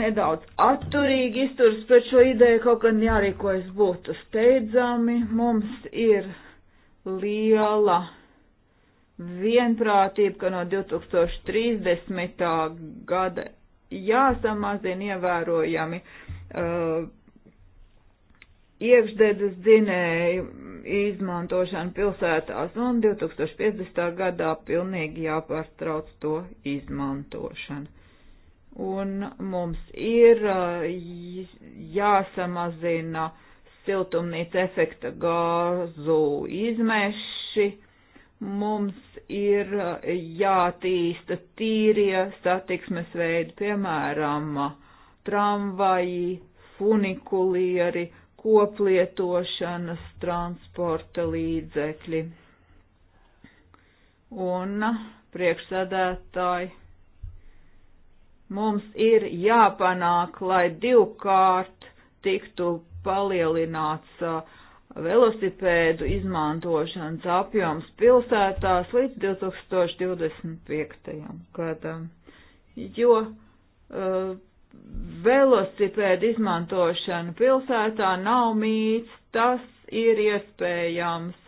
[SPEAKER 3] nedaudz atturīgi izturas pret šo ideju, kaut gan jārīkojas būtu steidzami. Mums ir liela vienprātība, ka no 2030. gada jāsamazina ievērojami uh, iekšdedzes dzinēju izmantošanu pilsētās un 2050. gadā pilnīgi jāpārstrauc to izmantošanu. Un mums ir jāsamazina siltumnīca efekta gāzu izmeši, mums ir jātīsta tīrie satiksmes veidi, piemēram, tramvaji, funikulieri, koplietošanas transporta līdzekļi. Un priekšsēdētāji, mums ir jāpanāk, lai divkārt tiktu palielināts uh, velosipēdu izmantošanas apjoms pilsētās līdz 2025. gadam, jo uh, velosipēdu izmantošana pilsētā nav mīts, tas ir iespējams.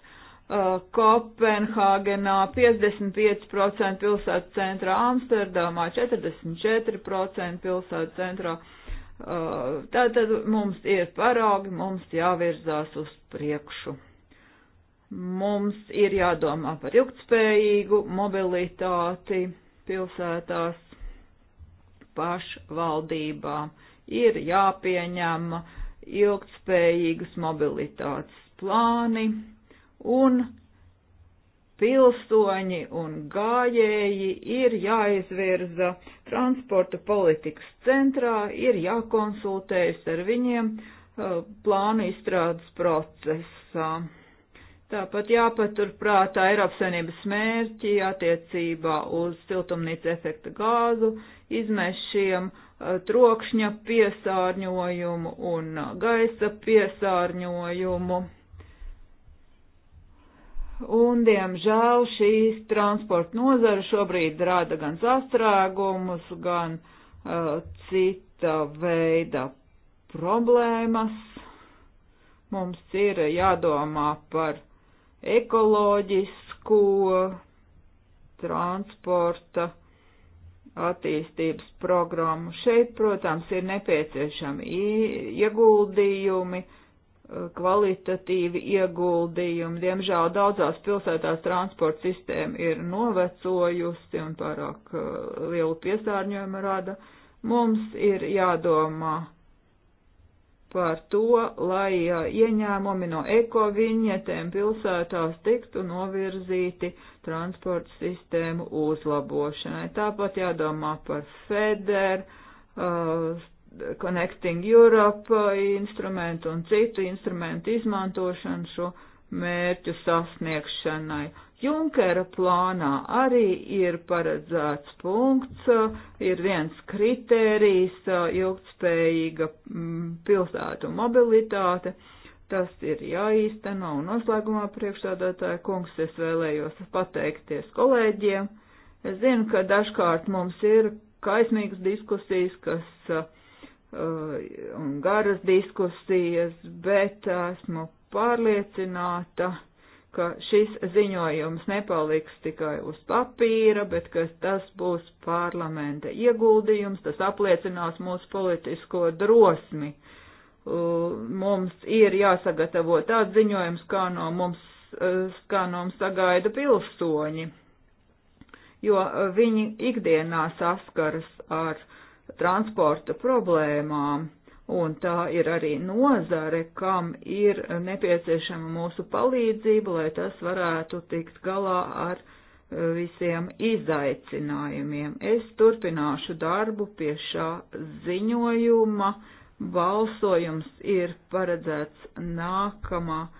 [SPEAKER 3] Uh, Kopenhāgenā 55% pilsētas centrā, Amsterdamā 44% pilsētas centrā. Tātad uh, mums ir paraugi, mums jāvirzās uz priekšu. Mums ir jādomā par ilgtspējīgu mobilitāti pilsētās pašvaldībām. Ir jāpieņem ilgtspējīgas mobilitātes plāni un pilsoņi un gājēji ir jāizvirza transporta politikas centrā, ir jākonsultējas ar viņiem uh, plānu izstrādes procesā. Tāpat jāpaturprāt Eiropas Savienības mērķi attiecībā uz siltumnīca efekta gāzu, izmešiem, eh, trokšņa piesārņojumu un eh, gaisa piesārņojumu. Un, diemžēl, šīs transporta nozara šobrīd rada gan sastrēgumus, gan uh, cita veida problēmas. Mums ir jādomā par ekoloģisku transporta attīstības programmu. Šeit, protams, ir nepieciešami ieguldījumi, eh, kvalitatīvi ieguldījumi. Diemžēl daudzās pilsētās transporta sistēma ir novecojusi un pārāk eh, lielu piesārņojumu rada. Mums ir jādomā par to, lai ieņēmumi no ekoviņetēm pilsētās tiktu novirzīti transporta sistēmu uzlabošanai. Tāpat jādomā par FEDER, uh, Connecting Europe instrumentu un citu instrumentu izmantošanu šo mērķu sasniegšanai Junkera plānā arī ir paredzēts punkts, ir viens kritērijs ilgtspējīga mm, pilsētu mobilitāte. Tas ir jāīsteno un noslēgumā priekšsādātāja kungs es vēlējos pateikties kolēģiem. Es zinu, ka dažkārt mums ir kaismīgas diskusijas, kas uh, un garas diskusijas, bet esmu pārliecināta, ka šis ziņojums nepaliks tikai uz papīra, bet ka tas būs parlamenta ieguldījums, tas apliecinās mūsu politisko drosmi. Mums ir jāsagatavo tāds ziņojums, kā no mums, kā no mums sagaida pilsoņi, jo viņi ikdienā saskaras ar transporta problēmām un tā ir arī nozare, kam ir nepieciešama mūsu palīdzība, lai tas varētu tikt galā ar e, visiem izaicinājumiem. Es turpināšu darbu pie šā ziņojuma. Balsojums ir paredzēts nākamā e,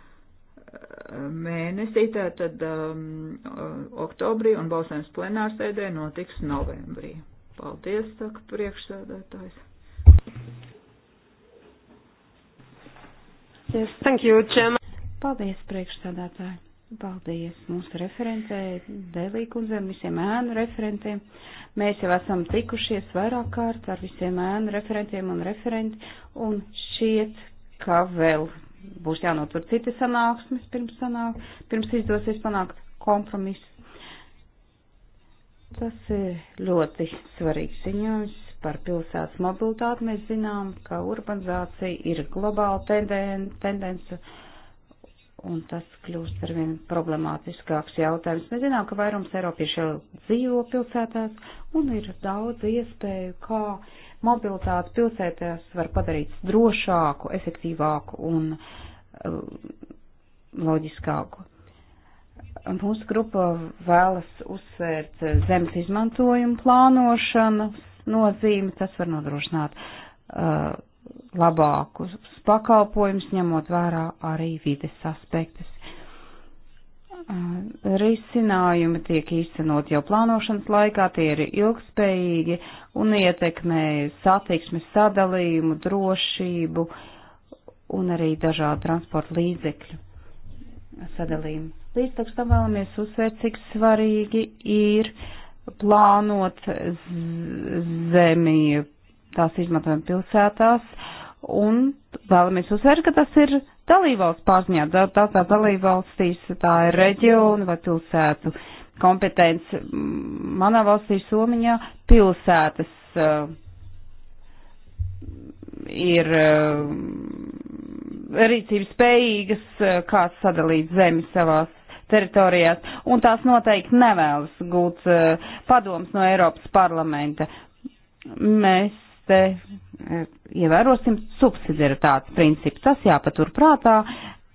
[SPEAKER 3] mēnesī, tātad um, oktobrī, un balsojums plenārsēdē notiks novembrī. Paldies, saka priekšsēdētājs.
[SPEAKER 2] Yes, thank you, Chairman. Paldies, priekšsādātāji. Paldies mūsu referentei, Delī kundzēm, visiem ēnu referentiem. Mēs jau esam tikušies vairāk kārt ar visiem ēnu referentiem un referenti, un šiet, ka vēl būs jānotur citi sanāksmes pirms, sanāk, pirms izdosies panākt kompromisu. Tas ir ļoti svarīgs ziņojums par pilsētas mobilitāti, mēs zinām, ka urbanizācija ir globāla tenden, tendence, un tas kļūst ar vien problemātiskāks jautājums. Mēs zinām, ka vairums Eiropiešu jau dzīvo pilsētās, un ir daudz iespēju, kā mobilitāti pilsētās var padarīt drošāku, efektīvāku un eh, loģiskāku. Mūsu grupa vēlas uzsvērt zemes izmantojumu plānošanu, nozīmi, tas var nodrošināt uh, labākus pakalpojumus, ņemot vērā arī vides aspektus. Uh, risinājumi tiek īstenot jau plānošanas laikā, tie ir ilgspējīgi un ietekmē satiksmes sadalījumu, drošību un arī dažādu transporta līdzekļu sadalījumu. Līdz tam vēlamies uzsvērt, cik svarīgi ir uh, plānot zemi tās izmantojam pilsētās, un vēlamies uzsvērt, ka tas ir dalībvalsts pārziņā, tā kā dalībvalstīs tā ir reģionu vai pilsētu kompetence. Manā valstī Somiņā pilsētas uh, ir uh, rīcības spējīgas, uh, eh, kāds sadalīt zemi savās teritorijās, un tās noteikti nevēlas gūt uh, eh, padoms no Eiropas parlamenta. Mēs te uh, ievērosim subsidiaritātes principu. Tas jāpatur prātā,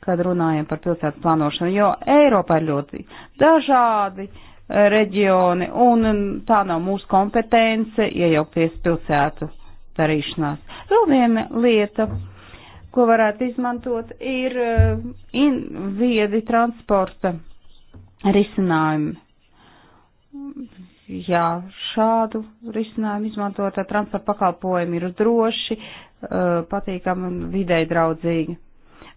[SPEAKER 2] kad runājam par pilsētas plānošanu, jo Eiropā ir ļoti dažādi eh, reģioni, un tā nav mūsu kompetence iejaukties pilsētu darīšanās. Vēl viena lieta. Mm ko varētu izmantot, ir eh, in, viedi transporta risinājumi. Jā, šādu risinājumu izmantot transporta pakalpojumi ir droši, eh, patīkami un videi draudzīgi.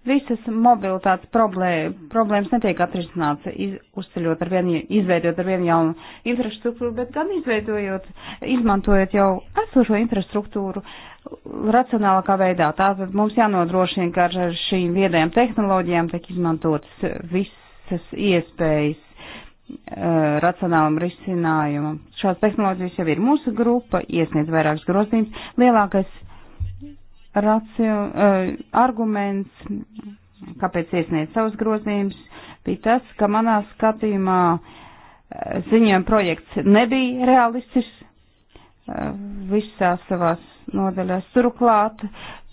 [SPEAKER 2] Visas mobilitātes problēma, problēmas netiek atrisināts iz, uzceļot ar vienu, izveidot ar vienu jaunu infrastruktūru, bet gan izveidojot, izmantojot jau esošo infrastruktūru, uh, racionālākā veidā. Tātad mums jānodrošina, ka ar šīm viedajām tehnoloģijām tiek izmantotas visas iespējas uh, racionālam risinājumam. Šādas tehnoloģijas jau ir mūsu grupa, iesniedz vairākas grozījumus. Lielākais racio, uh, arguments, kāpēc iesniedz savus grozījumus, bija tas, ka manā skatījumā eh, ziņojuma projekts nebija realistisks uh, visā savās nodaļās. Turklāt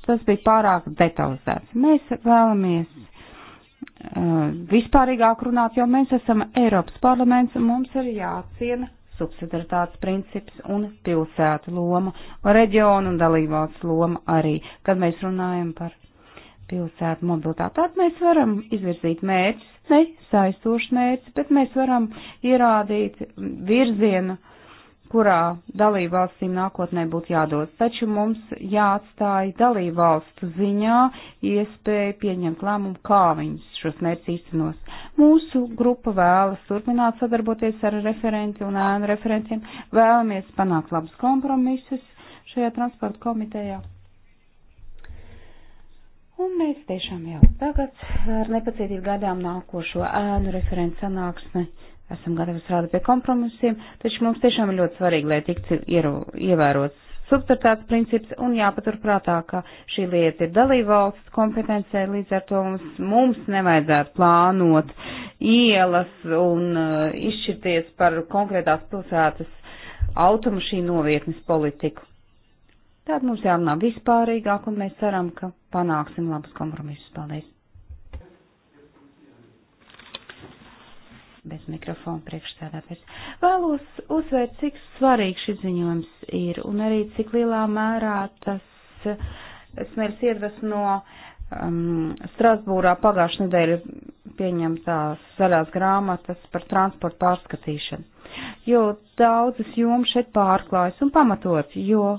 [SPEAKER 2] tas bija pārāk detalizēts. Mēs vēlamies uh, vispārīgāk runāt, jo mēs esam Eiropas parlaments un mums ir jāciena subsidaritātes princips un pilsētu loma, reģionu un dalībvalsts loma arī, kad mēs runājam par pilsētu mobilitāti. Tad mēs varam izvirzīt mērķus, ne saistošs mērķis, bet mēs varam ierādīt virzienu uh, kurā dalībvalstīm nākotnē būtu jādod. Taču mums jāatstāja dalībvalstu ziņā iespēja pieņemt lēmumu, kā viņas šos mērķus īstenos. Mūsu grupa vēlas turpināt sadarboties ar referenti un ēnu referentiem, vēlamies panākt labus kompromisus šajā transporta komitejā. Un mēs tiešām jau tagad ar nepacietību gaidām nākošo ēnu referents sanāksmi esam gatavi strādāt pie kompromisiem, taču mums tiešām ir ļoti svarīgi, lai tiktu ievērots subsidiaritātes princips un jāpaturprātā, ka šī lieta ir dalībvalsts kompetencē, līdz ar to mums, mums nevajadzētu plānot ielas un uh, izšķirties par konkrētās pilsētas automašīnu novietnes politiku. Tātad mums jārunā vispārīgāk un mēs ceram, ka panāksim labus kompromisus. Paldies! bez mikrofona priekšstādātais. Vēlos uzsvērt, cik svarīgs šis ziņojums ir un arī cik lielā mērā tas smērs iedvesmo no um, Strasbūrā pagājušā nedēļa pieņemtās zaļās grāmatas par transportu pārskatīšanu. Jo daudzas jomas šeit pārklājas un pamatot, jo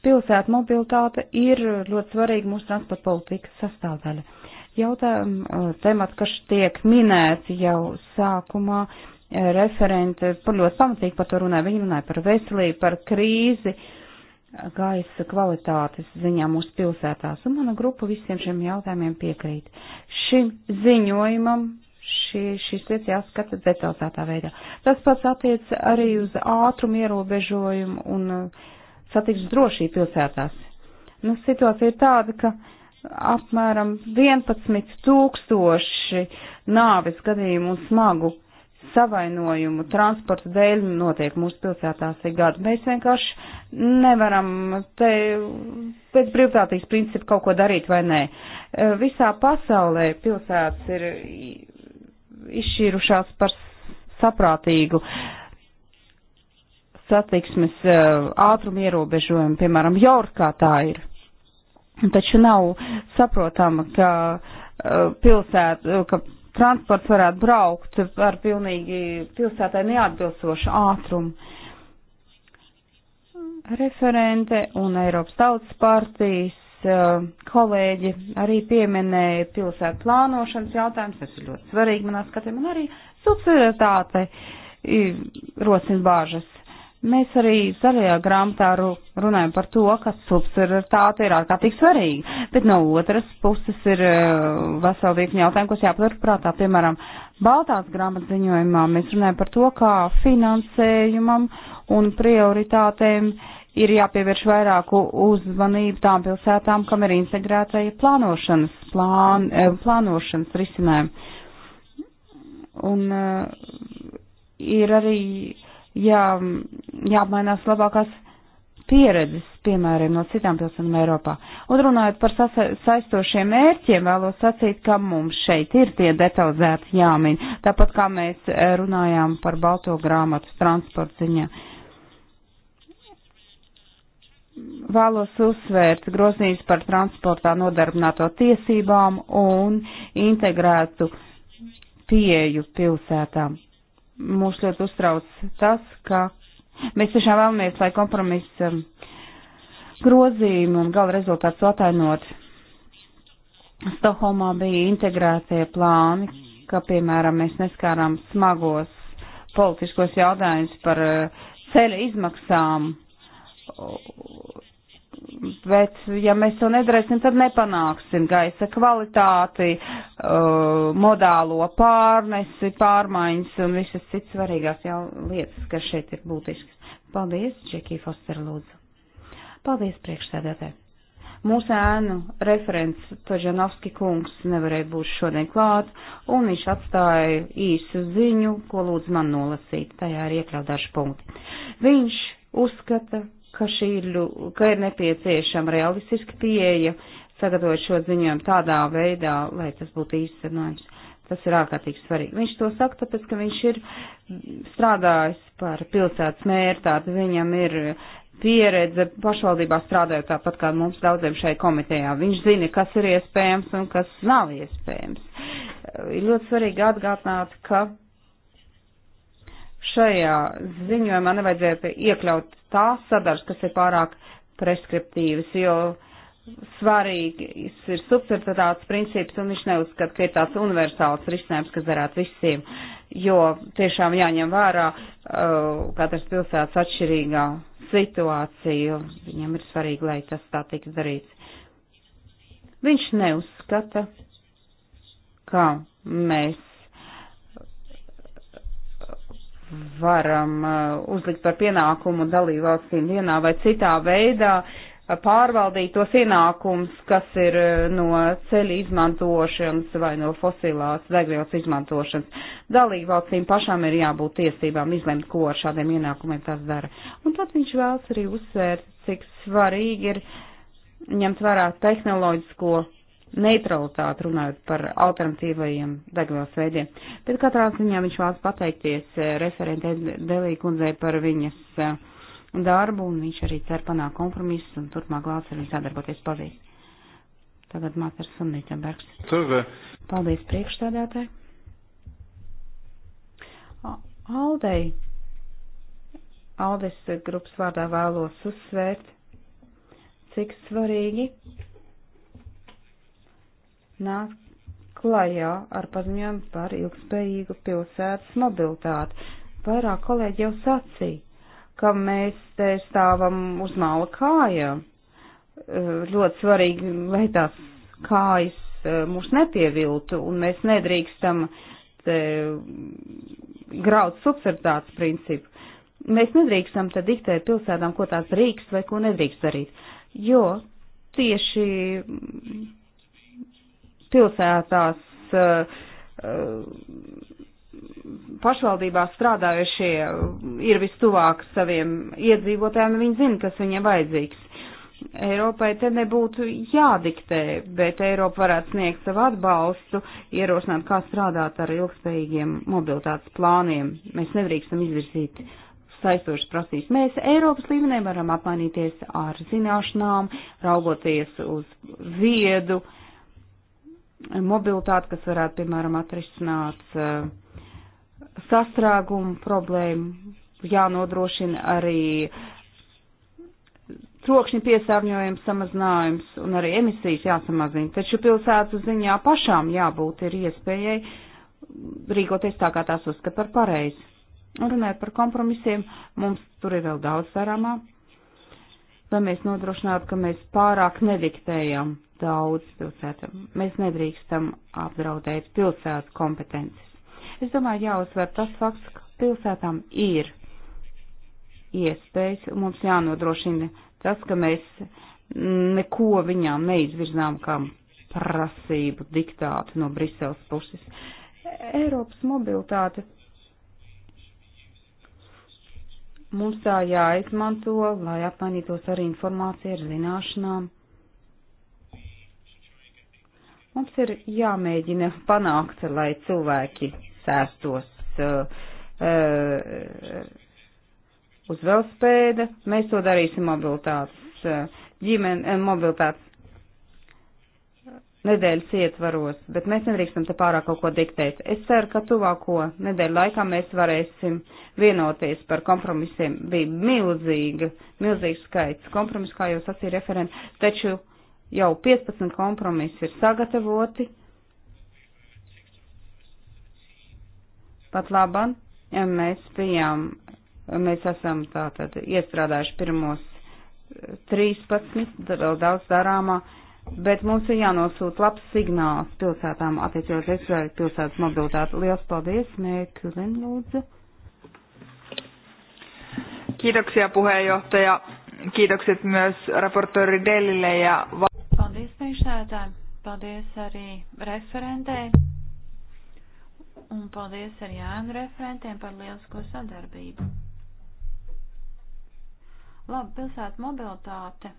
[SPEAKER 2] pilsētu mobilitāte ir ļoti svarīga mūsu transporta politikas sastāvdaļa jautājumu, tematu, kas tiek minēti jau sākumā. Referenti ļoti pamatīgi par to runāja. Viņi runāja par veselību, par krīzi, gaisa kvalitātes ziņā mūsu pilsētās. Un mana grupa visiem šiem jautājumiem piekrīt. Šim ziņojumam šī, šīs lietas jāskata detalizētā veidā. Tas pats attiec arī uz ātrumu ierobežojumu un satiksmes drošību pilsētās. Nu, situācija ir tāda, ka apmēram 11 tūkstoši nāvis gadījumu un smagu savainojumu transporta dēļ notiek mūsu pilsētās ik gadu. Mēs vienkārši nevaram te pēc brīvprātīs principu kaut ko darīt vai nē. E, visā pasaulē pilsētas ir izšķīrušās par saprātīgu satiksmes e, ātrumu ierobežojumu, piemēram, Jorkā tā ir. Taču nav saprotama, ka eh, pilsēta, eh, ka transports varētu braukt ar pilnīgi pilsētai neatbilstošu ātrumu. Referente un Eiropas tautas partijas eh, kolēģi arī pieminēja pilsētu plānošanas jautājumus, tas ir ļoti svarīgi manā skatījumā, un arī subsidiatāte rosina bāžas. Mēs arī zaļajā grāmatā runājam par to, ka subsidiaritāte ir ārkārtīgi svarīga, bet no otras puses ir eh, vesela virkni jautājumu, kas jāpatur prātā. Piemēram, Baltās grāmatas ziņojumā mēs runājam par to, kā finansējumam un prioritātēm ir jāpievērš vairāku uzmanību tām pilsētām, kam ir integrētai plānošanas, plān, eh, plānošanas risinājumi. Un uh, ir arī jā, jāapmainās labākās pieredzes, piemēram, no citām pilsētām Eiropā. Un runājot par saistošiem mērķiem, vēlos sacīt, ka mums šeit ir tie detalizēti jāmin, tāpat kā mēs e, runājām par balto grāmatu transporta ziņā. Vēlos uzsvērt grozījums par transportā nodarbināto tiesībām un integrētu pieju pilsētām. Mūs ļoti uztrauc tas, ka Mēs tiešām vēlamies, lai kompromiss um, grozījumi un gala rezultāts atainot. Stokholmā bija integrētie plāni, ka, piemēram, mēs neskārām smagos politiskos jautājumus par uh, ceļa izmaksām bet ja mēs to nedarīsim, tad nepanāksim gaisa kvalitāti, uh, modālo pārnesi, pārmaiņas un visas citas svarīgās jau lietas, kas šeit ir būtiskas. Paldies, Džekija Foster lūdzu. Paldies, priekšsēdētē. Mūsu ēnu referents Tožanovski kungs nevarēja būt šodien klāt, un viņš atstāja īsu ziņu, ko lūdz man nolasīt. Tajā ir iekļaut daži punkti. Viņš uzskata, ka, šī, ka ir nepieciešama realistiska pieeja, sagatavot šo ziņojumu tādā veidā, lai tas būtu īstenojams. Tas ir ārkārtīgi svarīgi. Viņš to saka, tāpēc, ka viņš ir strādājis par pilsētas mēru, tātad viņam ir pieredze pašvaldībā strādājot tāpat kā mums daudziem šai komitejā. Viņš zina, kas ir iespējams un kas nav iespējams. Ir ļoti svarīgi atgādināt, ka šajā ziņojumā nevajadzētu iekļaut tās sadaļas, kas ir pārāk preskriptīvas, jo svarīgs ir subsidiaritātes princips, un viņš neuzskata, ka ir tāds universāls risinājums, kas darētu visiem, jo tiešām jāņem vērā uh, katras pilsētas atšķirīgā situācija, viņam ir svarīgi, lai tas tā tiks darīts. Viņš neuzskata, ka mēs varam uh, uzlikt par pienākumu dalībvalstīm vienā vai citā veidā uh, pārvaldīt tos ienākums, kas ir uh, no ceļa izmantošanas vai no fosilās degvielas izmantošanas. Dalībvalstīm pašām ir jābūt tiesībām izlemt, ko ar šādiem ienākumiem tas dara. Un tad viņš vēlas arī uzsvērt, cik svarīgi ir ņemt vērā tehnoloģisko neutralitāti runājot par alternatīvajiem degvielas veidiem. Bet katrā ziņā viņš vēlas pateikties eh, referentē Delī kundzei par viņas eh, darbu, un viņš arī cer panākt kompromisus un turpmāk vēlas ar viņu sadarboties pazīst. Tagad Māters un Nītenbergs. Paldies priekšstādātāji. Aldei. Aldes grupas vārdā vēlos uzsvērt, cik svarīgi nāk klajā ar paziņojumu par ilgspējīgu pilsētas mobilitāti. Vairāk kolēģi jau sacīja, ka mēs te stāvam uz māla kājām. Eh, ļoti svarīgi, lai tās kājas eh, mūs nepieviltu, un mēs nedrīkstam te graut subsidāts principu. Mēs nedrīkstam tad diktēt pilsētām, ko tās drīkst vai ko nedrīkst darīt, jo tieši pilsētās eh, pašvaldībās strādājušie ir vistuvāk saviem iedzīvotājiem, viņi zina, kas viņiem vajadzīgs. Eiropai te nebūtu jādiktē, bet Eiropa varētu sniegt savu atbalstu, ierosināt, kā strādāt ar ilgspējīgiem mobilitātes plāniem. Mēs nedrīkstam izvirzīt saistošas prasīs. Mēs Eiropas līmenī varam apmainīties ar zināšanām, raugoties uz viedu uh, mobilitāti, kas varētu, piemēram, atrisināt eh, sastrēgumu problēmu, jānodrošina arī trokšņa piesārņojuma samazinājums un arī emisijas jāsamazina. Taču pilsētu ziņā pašām jābūt ir iespējai rīkoties tā, kā tās uzskata par pareizi. Un runājot par kompromisiem, mums tur ir vēl daudz darāmā, lai mēs nodrošinātu, ka mēs pārāk nediktējam daudz pilsētu. Mēs nedrīkstam apdraudēt pilsētu kompetences. Es domāju, jāuzsver tas fakts, ka pilsētām ir iespējas, un mums jānodrošina tas, ka mēs neko viņām neizvirzām kā prasību diktātu no Briseles puses. Eiropas mobilitāte mums tā jāizmanto, lai apmainītos ar informāciju, ar zināšanām Mums ir jāmēģina panākt, lai cilvēki sēstos uh, uh, uz velospēda. Mēs to darīsim mobilitātes, uh, ģimene, uh, mobilitātes nedēļas ietvaros, bet mēs nedrīkstam te pārāk kaut ko diktēt. Es ceru, ka tuvāko nedēļu laikā mēs varēsim vienoties par kompromisiem. Bija milzīga, milzīgs skaits kompromisu, kā jau sacīja referenti, taču jau 15 kompromisi ir sagatavoti. Pat labam, ja mēs bijām, mēs esam tātad iestrādājuši pirmos 13, vēl daudz darāmā, bet mums ir jānosūta labs signāls pilsētām attiecībā uz Izraēļu pilsētas mobilitāti. Liels paldies, Mēkulin lūdzu.
[SPEAKER 3] Kiitoksia puheenjohtaja. Kiitokset myös raportööri Dellille ja
[SPEAKER 1] Paldies, priekšsēdētāji. Paldies arī referentei. Un paldies arī Jānu referentiem par lielisko sadarbību. Labi, pilsētu mobilitāte.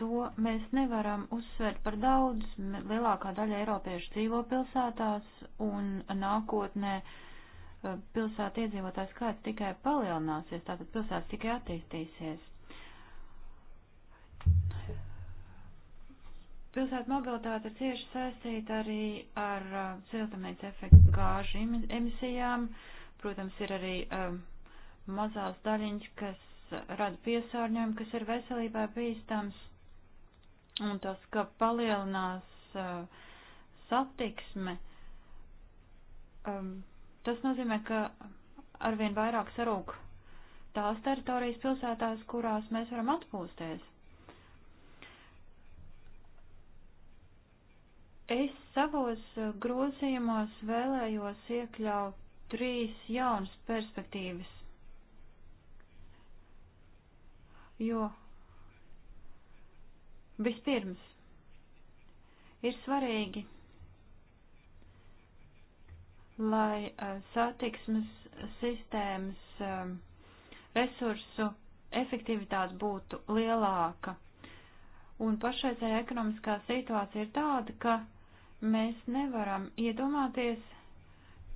[SPEAKER 1] To mēs nevaram uzsvērt par daudz. Lielākā daļa eiropiešu dzīvo pilsētās un nākotnē eh, pilsētu iedzīvotāju skaits tikai palielināsies, tātad pilsētas tikai attīstīsies. Pilsētu mobilitāte ir cieši saistīta arī ar uh, siltumnīca efektu gāžu emisijām. Protams, ir arī um, mazās daļiņas, kas uh, rada piesārņojumu, kas ir veselībā bīstams. Un tas, ka palielinās uh, satiksme, um, tas nozīmē, ka arvien vairāk sarūk tās teritorijas pilsētās, kurās mēs varam atpūsties. Es savos eh, grozījumos vēlējos iekļaut trīs jaunas perspektīvas, jo vispirms ir svarīgi, lai eh, satiksmes sistēmas eh, resursu efektivitāte būtu lielāka. Un pašreizējā ekonomiskā situācija ir tāda, ka Mēs nevaram iedomāties,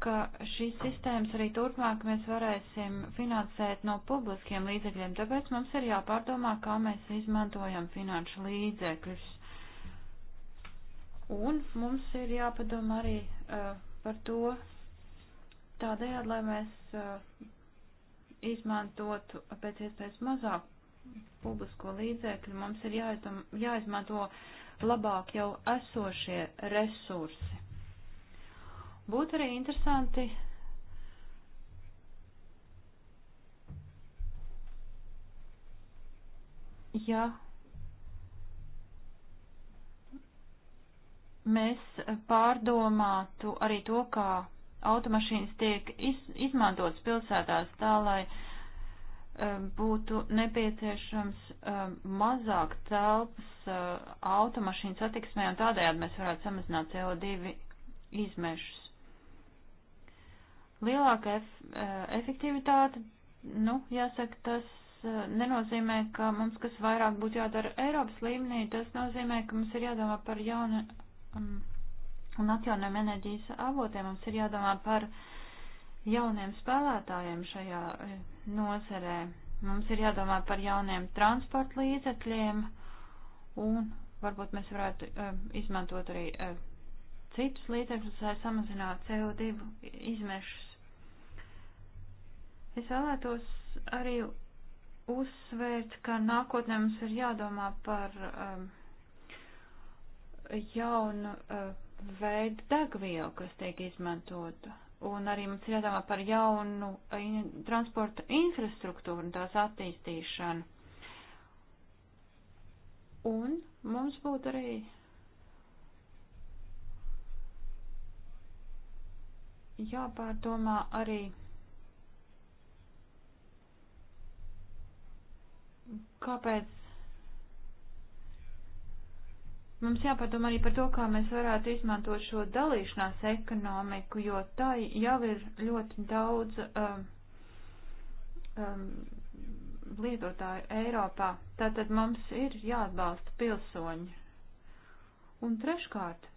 [SPEAKER 1] ka šīs sistēmas arī turpmāk mēs varēsim finansēt no publiskiem līdzekļiem, tāpēc mums ir jāpārdomā, kā mēs izmantojam finanšu līdzekļus. Un mums ir jāpadomā arī uh, par to tādējādi, lai mēs uh, izmantotu pēc iespējas mazāk publisko līdzēkļu, mums ir jāizm jāizmanto labāk jau esošie resursi. Būtu arī interesanti ja mēs pārdomātu arī to, kā automašīnas tiek iz, izmantotas pilsētās tā, lai Um, būtu nepieciešams um, mazāk telpas uh, automašīnu satiksmē, un tādējādi mēs varētu samazināt CO2 izmešus. Lielāka ef uh, efektivitāte, nu, jāsaka, tas uh, nenozīmē, ka mums kas vairāk būtu jādara Eiropas līmenī, tas nozīmē, ka mums ir jādomā par jaunu um, un atjaunojumu enerģijas avotiem, mums ir jādomā par uh, jauniem spēlētājiem šajā e, nozarē. Mums ir jādomā par jauniem transporta līdzekļiem un varbūt mēs varētu uh, izmantot arī uh, citus līdzekļus, lai samazinātu CO2 izmešus. Es vēlētos arī uzsvērt, ka nākotnē mums ir jādomā par um, jaunu uh, veidu degvielu, kas tiek izmantota un arī mums ir jādomā par jaunu eh, transporta infrastruktūru un tās attīstīšanu. Un mums būtu arī jāpārdomā arī, kāpēc Mums jāpadomā arī par to, kā mēs varētu izmantot šo dalīšanās ekonomiku, jo tā jau ir ļoti daudz um, um, lietotāju Eiropā. Tātad mums ir jāatbalsta pilsoņi. Un treškārt,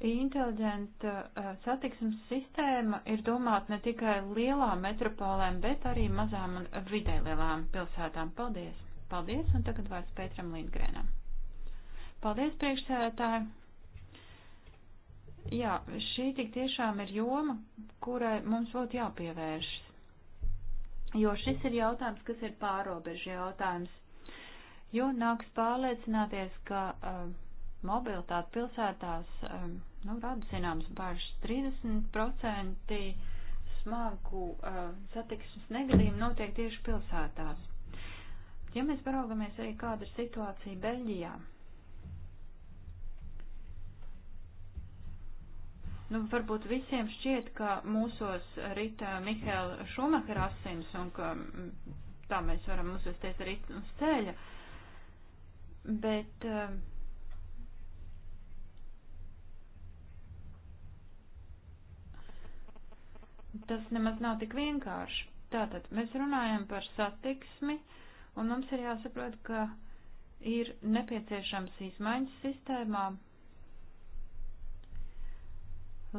[SPEAKER 1] Inteliģenta uh, satiksmes sistēma ir domāta ne tikai lielām metropolēm, bet arī mazām un vidē lielām pilsētām. Paldies! Paldies! Un tagad vairs Pētram Lindgrēnam. Paldies, priekšsēdētāji! Jā, šī tik tiešām ir joma, kurai mums būtu jāpievēršas. Jo šis ir jautājums, kas ir pārobežu jautājums. Jo nāks pārliecināties, ka uh, mobilitāte pilsētās. Uh, nu, rada zināmas bažas. 30% smagu uh, satiksmes negadījumu notiek tieši pilsētās. Ja mēs paraugamies arī kāda ir situācija Beļģijā, nu, varbūt visiem šķiet, ka mūsos rita Mihēla Šumahera asins un ka mm, tā mēs varam uzvesties arī uz ceļa, bet uh, tas nemaz nav tik vienkārši. Tātad mēs runājam par satiksmi, un mums ir jāsaprot, ka ir nepieciešams izmaiņas sistēmā,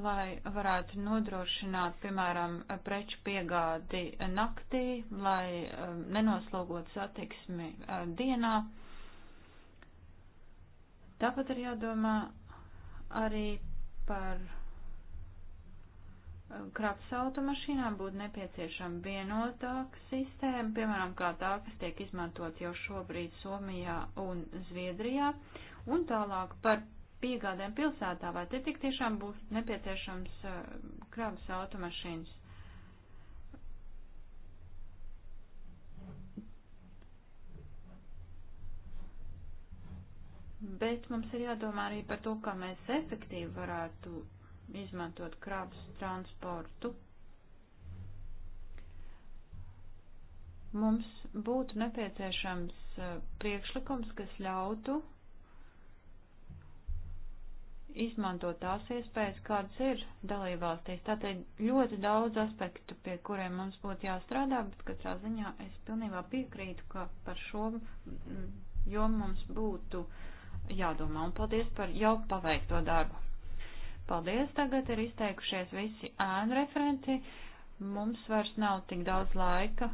[SPEAKER 1] lai varētu nodrošināt, piemēram, preču piegādi naktī, lai um, nenoslogot satiksmi uh, dienā. Tāpat ir jādomā arī par Kratas automašīnām būtu nepieciešama vienotāka sistēma, piemēram, kā tā, kas tiek izmantot jau šobrīd Somijā un Zviedrijā, un tālāk par piegādēm pilsētā, vai te tik tiešām būs nepieciešams eh, kravas automašīnas. Bet mums ir jādomā arī par to, kā mēs efektīvi varētu izmantot kravas transportu. Mums būtu nepieciešams eh, priekšlikums, kas ļautu izmantot tās iespējas, kādas ir dalībvalstīs. Tātad ļoti daudz aspektu, pie kuriem mums būtu jāstrādā, bet katrā ziņā es pilnībā piekrītu, ka par šo mm, jomu mums būtu jādomā. Un paldies par jau paveikto darbu. Paldies, tagad ir izteikušies visi ēnu referenti. Mums vairs nav tik daudz laika,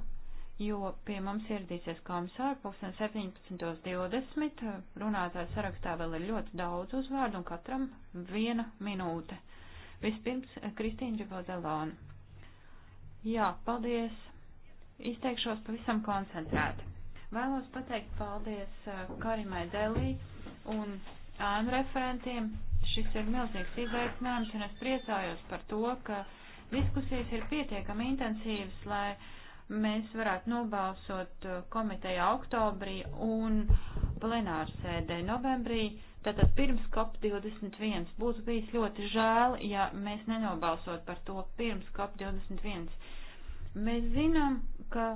[SPEAKER 1] jo pie mums ieradīsies komisāri pulksten 17.20. Runātāju sarakstā vēl ir ļoti daudz uzvārdu un katram viena minūte. Vispirms Kristīna Ribozelona. Jā, paldies. Izteikšos pavisam koncentrēti. Vēlos pateikt paldies eh, Karimai Delī un ēnu referentiem Šis ir milzīgs izaicinājums, un es priecājos par to, ka diskusijas ir pietiekami intensīvas, lai mēs varētu nobalsot uh, komiteja oktobrī un plenārsēdē novembrī. Tātad pirms COP21 būtu bijis ļoti žēl, ja mēs nenobalsot par to pirms COP21. Mēs zinām, ka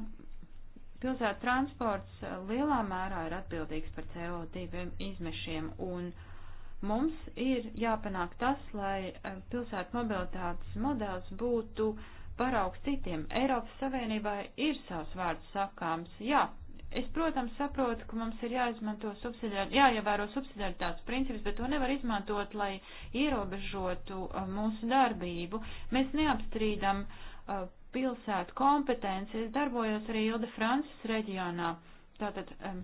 [SPEAKER 1] pilsētu transports uh, lielā mērā ir atbildīgs par CO2 izmešiem un uh, Mums ir jāpanāk tas, lai eh, pilsētu mobilitātes modelis būtu paraugs citiem. Eiropas Savienībai ir savs vārds sakāms. Jā, es, protams, saprotu, ka mums ir jāizmanto subsidiāri, jāievēro subsidiaritātes princips, bet to nevar izmantot, lai ierobežotu eh, mūsu darbību. Mēs neapstrīdam uh, pilsētu kompetenci. Es darbojos arī Ilda Frances reģionā, tātad um,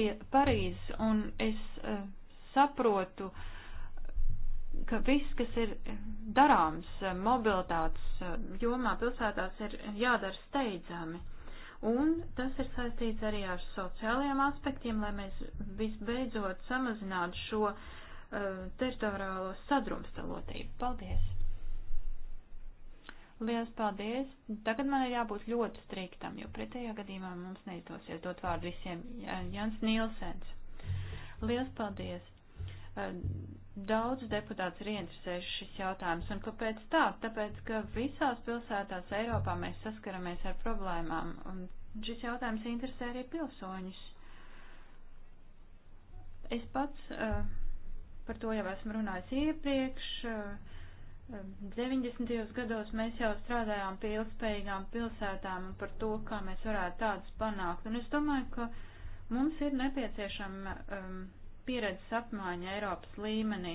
[SPEAKER 1] pie Parīzes, un es. Uh, saprotu, ka viss, kas ir darāms mobilitātes jomā pilsētās, ir jādara steidzami. Un tas ir saistīts arī ar sociālajiem aspektiem, lai mēs visbeidzot samazinātu šo uh, teritoriālo sadrumstalotību. Paldies! Lielas paldies! Tagad man ir jābūt ļoti striktam, jo pretējā gadījumā mums neizdosies dot vārdus visiem eh, Jans Nielsens. Lielas paldies! Ehm, daudz deputāts ir interesējuši šis jautājums. Un kāpēc tā? Tāpēc, ka visās pilsētās Eiropā mēs saskaramies ar problēmām. Un šis jautājums interesē arī pilsoņus. Es pats uh, par to jau esmu runājis iepriekš. Uh, ehm, 90. gados mēs jau strādājām pie ilgspējīgām pilsētām un par to, kā mēs varētu tādas panākt. Un es domāju, ka mums ir nepieciešama um, pieredzes apmaiņa Eiropas līmenī.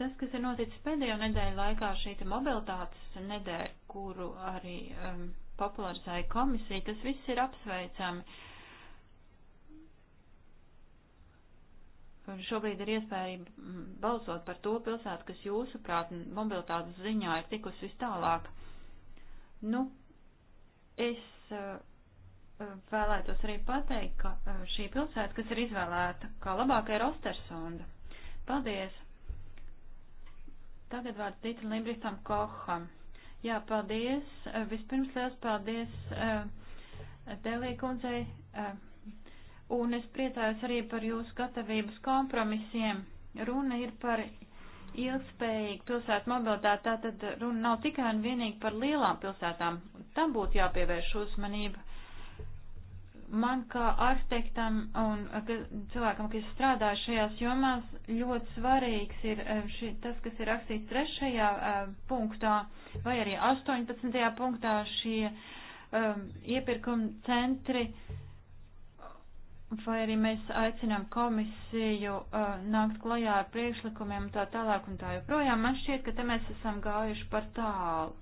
[SPEAKER 1] Tas, kas ir noticis pēdējo nedēļu laikā, šī mobilitātes nedēļa, kuru arī um, popularizēja komisija, tas viss ir apsveicami. Šobrīd ir iespēja mm, balsot par to pilsētu, kas jūsuprāt mobilitātes ziņā ir tikusi vis tālāk. Nu, es uh, vēlētos arī pateikt, ka e, šī pilsēta, kas ir izvēlēta kā labākā, ir Ostersunda. Paldies! Tagad vārds Dītam Limbristam Koham. Jā, paldies. E, vispirms liels paldies e, Delī kundzei. Un es priecājos arī par jūsu gatavības kompromisiem. Runa ir par ilgspējīgu pilsētu mobilitāti, tātad runa nav tikai un vienīgi par lielām pilsētām. Tam būtu jāpievērš uzmanība man kā arhitektam un cilvēkam, kas strādā šajās jomās, ļoti svarīgs ir ši, tas, kas ir rakstīts trešajā punktā vai arī 18. punktā šie um, iepirkuma centri, vai arī mēs aicinām komisiju uh, nākt klajā ar priekšlikumiem un tā tālāk un tā joprojām. Man šķiet, ka te mēs esam gājuši par tālu.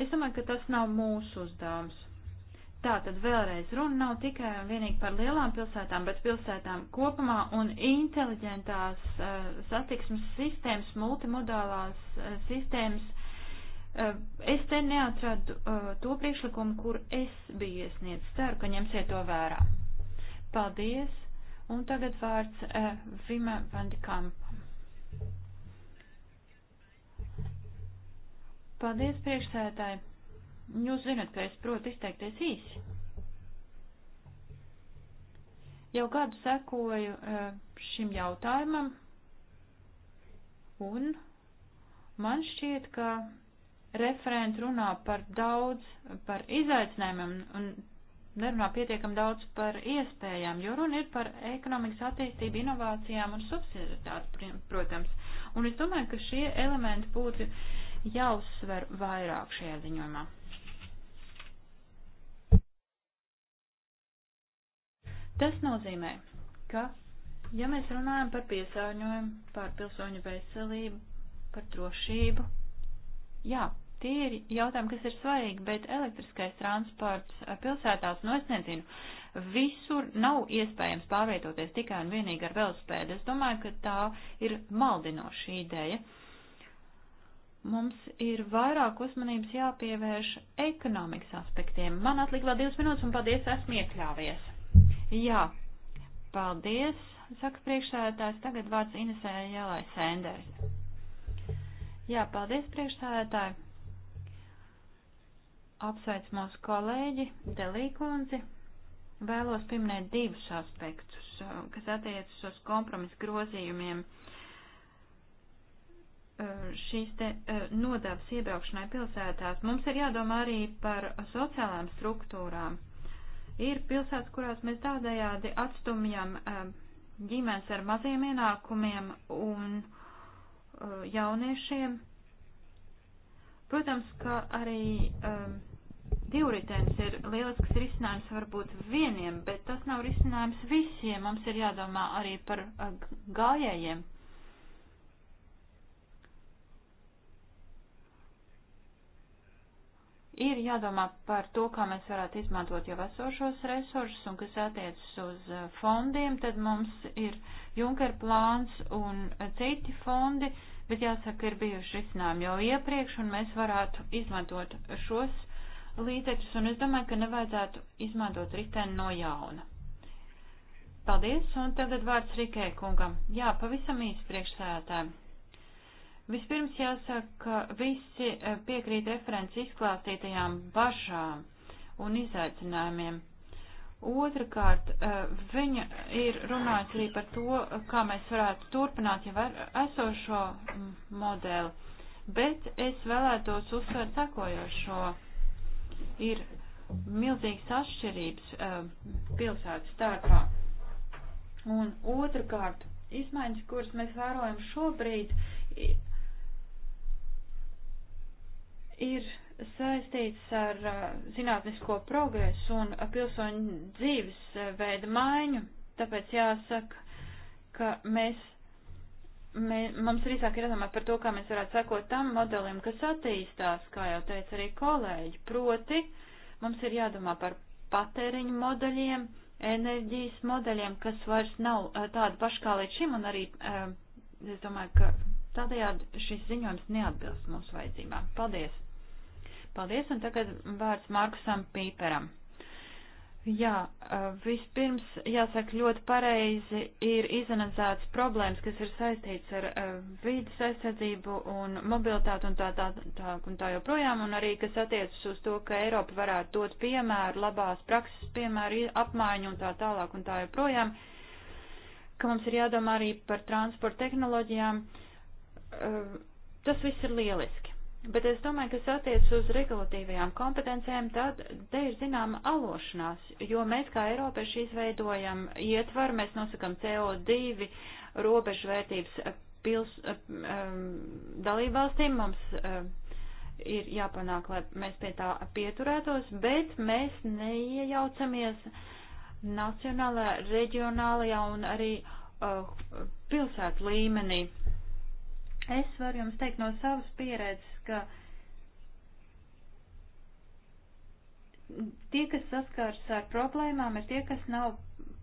[SPEAKER 1] Es domāju, ka tas nav mūsu uzdevums. Tā tad vēlreiz runa nav tikai un vienīgi par lielām pilsētām, bet pilsētām kopumā un inteliģentās uh, satiksmes sistēmas, multimodālās uh, sistēmas. Uh, es te neatradu uh, to priekšlikumu, kur es biju iesniedzis. Ceru, ka ņemsiet to vērā. Paldies! Un tagad vārds uh, Vima Vandikampam. Paldies, priekšsētāji! Jūs zinat, ka es protu izteikties īsi. Jau gadu sekoju eh, šim jautājumam, un man šķiet, ka referenti runā par daudz par izaicinājumiem un nerunā pietiekam daudz par iespējām, jo runa ir par ekonomikas attīstību, inovācijām un subsidiaritāti, protams. Un es domāju, ka šie elementi būtu jāuzsver vairāk šajā ziņojumā. Tas nozīmē, ka, ja mēs runājam par piesārņojumu, par pilsoņu veselību, par drošību, jā, tie ir jautājumi, kas ir svarīgi, bet elektriskais transports eh, pilsētās, nu es nezinu, visur nav iespējams pārvietoties tikai un vienīgi ar velospēdu. Es domāju, ka tā ir maldinoša ideja. Mums ir vairāk uzmanības jāpievērš ekonomikas aspektiem. Man atlika vēl divas minūtes un paldies, esmu iekļāvies. Jā, paldies, saka priekšsēdētājs. Tagad vārds Inesē Jālai Sēnders. Jā, paldies, priekšsēdētāji. Apsveic mūsu kolēģi Delīkundzi. Vēlos pieminēt divus aspektus, uh, kas attiecas uz kompromisu grozījumiem uh, šīs te uh, nodevas iebraukšanai pilsētās, mums ir jādomā arī par sociālām struktūrām. Ir pilsētas, kurās mēs tādējādi atstumjam eh, ģimenes ar maziem ienākumiem un eh, jauniešiem. Protams, ka arī um, divritēns ir lielisks risinājums varbūt vieniem, bet tas nav risinājums visiem. Mums ir jādomā arī par uh, gājējiem. ir jādomā par to, kā mēs varētu izmantot jau esošos resursus un kas attiecas uz uh, fondiem, tad mums ir Junker plāns un citi fondi, bet jāsaka, ir bijuši risinājumi jau iepriekš un mēs varētu izmantot šos līdzekļus un es domāju, ka nevajadzētu izmantot riteni no jauna. Paldies, un tagad vārds Rikē kungam. Jā, pavisam īsti priekšsēdētājiem. Vispirms jāsaka, ka visi eh, piekrīt referents izklāstītajām bažām un izaicinājumiem. Otrakārt, eh, viņa ir runājusi arī par to, kā mēs varētu turpināt jau ar esošo mm, modeli, bet es vēlētos uzsvērt sekojošo. Ir milzīgas atšķirības eh, pilsētas starpā. Un otrakārt, izmaiņas, kuras mēs vērojam šobrīd, ir saistīts ar zinātnisko progresu un pilsoņu dzīvesveida maiņu, tāpēc jāsaka, ka mēs, mē, mums rīsāk ir jādomā par to, kā mēs varētu sekot tam modelim, kas attīstās, kā jau teica arī kolēģi, proti mums ir jādomā par patēriņu modeļiem, enerģijas modeļiem, kas vairs nav tādi paši kā līdz šim, un arī es domāju, ka tādējādi šis ziņojums neatbilst mūsu vajadzībām. Paldies! Paldies, un tagad vārds Markusam Pīperam. Jā, vispirms, jāsaka, ļoti pareizi ir izanalizēts problēmas, kas ir saistīts ar vīdas aizsardzību un mobilitāti un tā, tā, tā, un tā joprojām, un arī, kas attiecas uz to, ka Eiropa varētu dot piemēru, labās prakses piemēru, apmaiņu un tā tālāk un tā joprojām, ka mums ir jādomā arī par transporta tehnoloģijām. Tas viss ir lieliski. Bet es domāju, kas attiec uz regulatīvajām kompetencijām, tad te ir zināma alošanās, jo mēs kā Eiropieši izveidojam ietvaru, mēs nosakam CO2 robežvērtības pils, um, eh, eh, dalībvalstīm, mums um, ir jāpanāk, lai mēs pie tā pieturētos, bet mēs neiejaucamies nacionālā, reģionālajā un arī uh, pilsētu līmenī. Es varu jums teikt no savas pieredzes, ka tie, kas saskars ar problēmām, ir tie, kas nav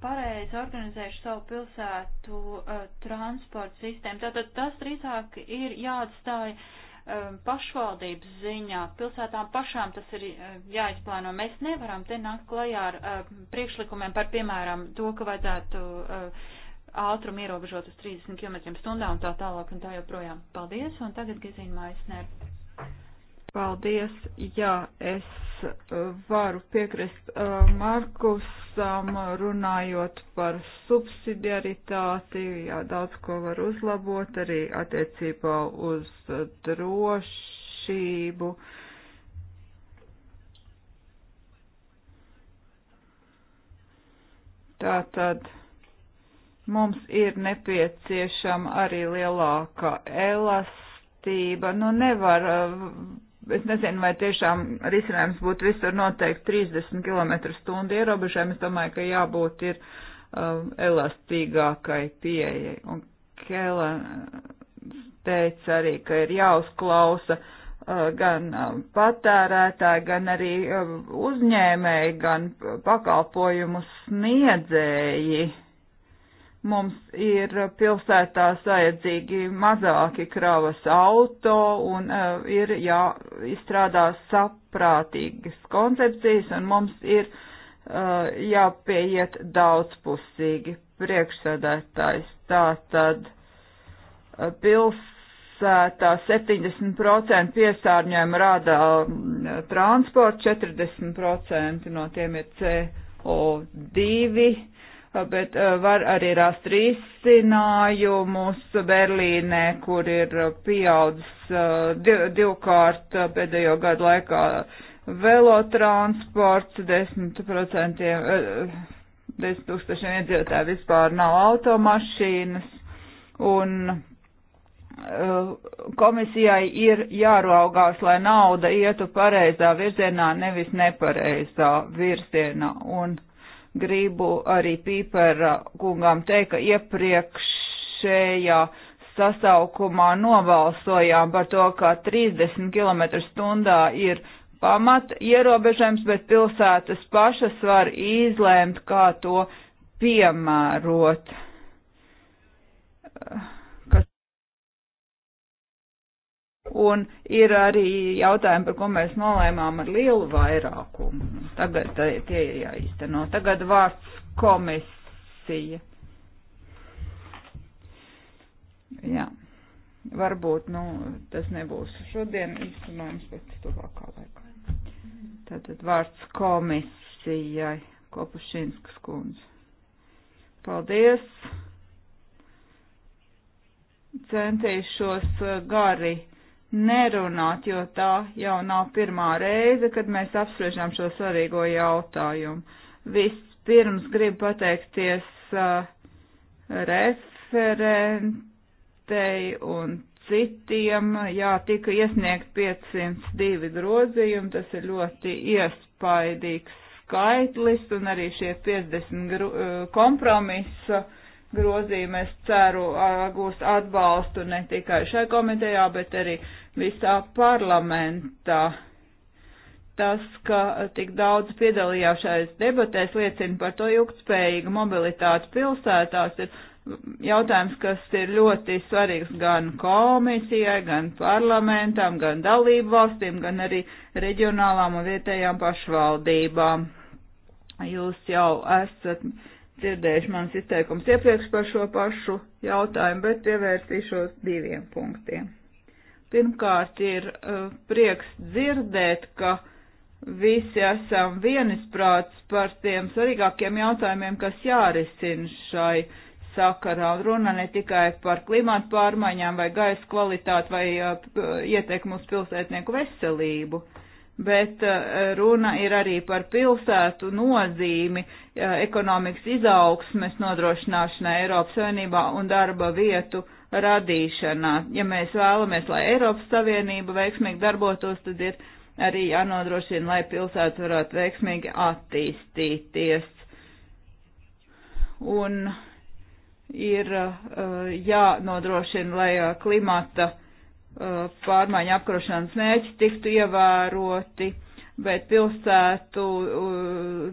[SPEAKER 1] pareizi organizējuši savu pilsētu uh, transportu sistēmu. Tātad tas drīzāk ir jāatstāja um, pašvaldības ziņā. Pilsētām pašām tas ir uh, jāizplāno. Mēs nevaram te nākt klajā ar uh, priekšlikumiem par, piemēram, to, ka vajadzētu uh, ātrumu ierobežot uz 30 km stundā un tā tālāk un tā joprojām. Paldies, un tagad Gezīna
[SPEAKER 3] Maisner. Paldies, jā, es uh, varu piekrist uh, Markusam runājot par subsidiaritāti, jā, daudz ko var uzlabot arī attiecībā uz drošību. Tātad. Mums ir nepieciešama arī lielāka elastība. Nu, nevar, eh, es nezinu, vai tiešām risinājums būtu visur noteikti 30 km stundu ierobežēm. Es domāju, ka jābūt ir um, elastīgākai pieejai. Un Kela teica arī, ka ir jāuzklausa eh, gan patērētāji, gan arī uzņēmēji, gan pakalpojumu sniedzēji. Mums ir pilsētās vajadzīgi mazāki kravas auto un uh, ir jāizstrādā saprātīgas koncepcijas un mums ir uh, jāpieiet daudzpusīgi priekšsēdētājs. Tātad uh, eh, pils pilsētā 70% piesārņojumu rada mm, transports, 40% no tiem ir CO2. Uh, bet uh, var arī rast risinājumus Berlīnē, kur ir uh, pieaudzis div, divkārt pēdējo gadu laikā velotransports, 10%, 10 tūkstošiem iedzīvotāju vispār nav automašīnas, un komisijai ir jāraugās, lai nauda ietu pareizā virzienā, nevis nepareizā virzienā. Un gribu arī Pīpera kungām teikt, ka iepriekšējā sasaukumā nobalsojām par to, ka 30 km stundā ir pamat ierobežams, bet pilsētas pašas var izlēmt, kā to piemērot. Uh Un ir arī jautājumi, par ko mēs nolēmām ar lielu vairākumu. Tagad eh, tie ir jāizteno. Tagad vārds komisija. Jā. Varbūt, nu, tas nebūs šodien īstenojums, bet tuvākā laikā. Tātad vārds komisijai. Kopušinskas kundze. Paldies! Centīšos eh, gari nerunāt, jo tā jau nav pirmā reize, kad mēs apspriežam šo svarīgo jautājumu. Vispirms gribu pateikties uh, referentei un citiem. Jā, tika iesniegt 502 grozījumi, tas ir ļoti iespaidīgs skaitlis, un arī šie 50 uh, kompromisa uh, grozījumi, es ceru, gūs atbalstu ne tikai šai komitejā, bet arī visā parlamentā. Tas, ka tik daudz piedalījās šais debatēs, liecina par to ilgtspējīgu mobilitāti pilsētās. Ir jautājums, kas ir ļoti svarīgs gan komisijai, gan parlamentam, gan dalību valstīm, gan arī reģionālām un vietējām pašvaldībām. Jūs jau esat dzirdējuši manas izteikums iepriekš par šo pašu jautājumu, bet pievērsīšos diviem punktiem. Pirmkārt, ir uh, prieks dzirdēt, ka visi esam vienisprāts par tiem svarīgākiem jautājumiem, kas jārisina šai sakarā. Runa ne tikai par klimatu pārmaiņām vai gaisa kvalitāti vai uh, eh, ietekmu uz pilsētnieku veselību. Uh, bet eh, runa ir arī par pilsētu nozīmi eh, ekonomikas izaugsmes nodrošināšanai Eiropas Savienībā un darba vietu radīšanā. Ja mēs vēlamies, lai Eiropas Savienība veiksmīgi darbotos, tad ir arī jānodrošina, lai pilsētas varētu veiksmīgi attīstīties. Un ir eh, jānodrošina, lai klimata pārmaiņu apkarošanas mērķi tiktu ievēroti, bet pilsētu,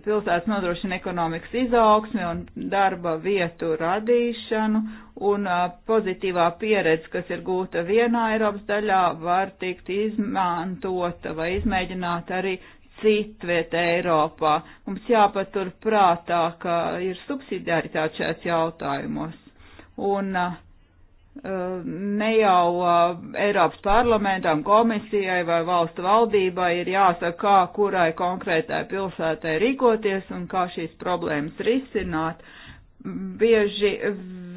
[SPEAKER 3] pilsētas nodrošina ekonomikas izaugsmi un darba vietu radīšanu, un pozitīvā pieredze, kas ir gūta vienā Eiropas daļā, var tikt izmantota vai izmēģināta arī citvieta Eiropā. Mums jāpatur prātā, ka ir subsidiaritāte šajās jautājumos. Un uh, ne jau uh, Eiropas parlamentam, komisijai vai valstu valdībai ir jāsaka, kā kurai konkrētai pilsētai rīkoties un kā šīs problēmas risināt. Bieži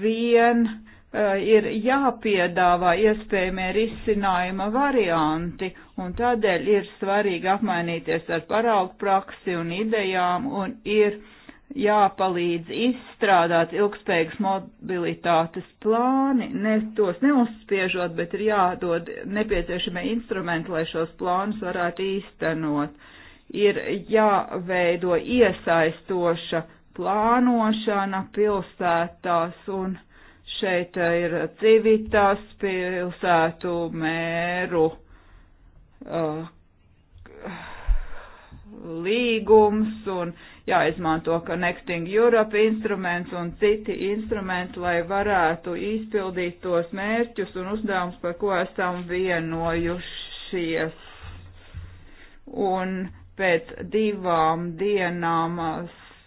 [SPEAKER 3] vien uh, ir jāpiedāvā iespējamie risinājuma varianti, un tādēļ ir svarīgi apmainīties ar paraugu praksi un idejām, un ir uh, jāpalīdz izstrādāt ilgspējīgas mobilitātes plāni, ne tos neuzspiežot, bet ir jādod nepieciešamie instrumenti, lai šos plānus varētu īstenot. Ir jāveido iesaistoša plānošana pilsētās un šeit ir civitas pilsētu mēru uh, uh līgums un uh, jāizmanto Connecting Europe instruments un citi instrumenti, lai varētu izpildīt tos mērķus un uzdevumus, par ko esam vienojušies. Un pēc divām dienām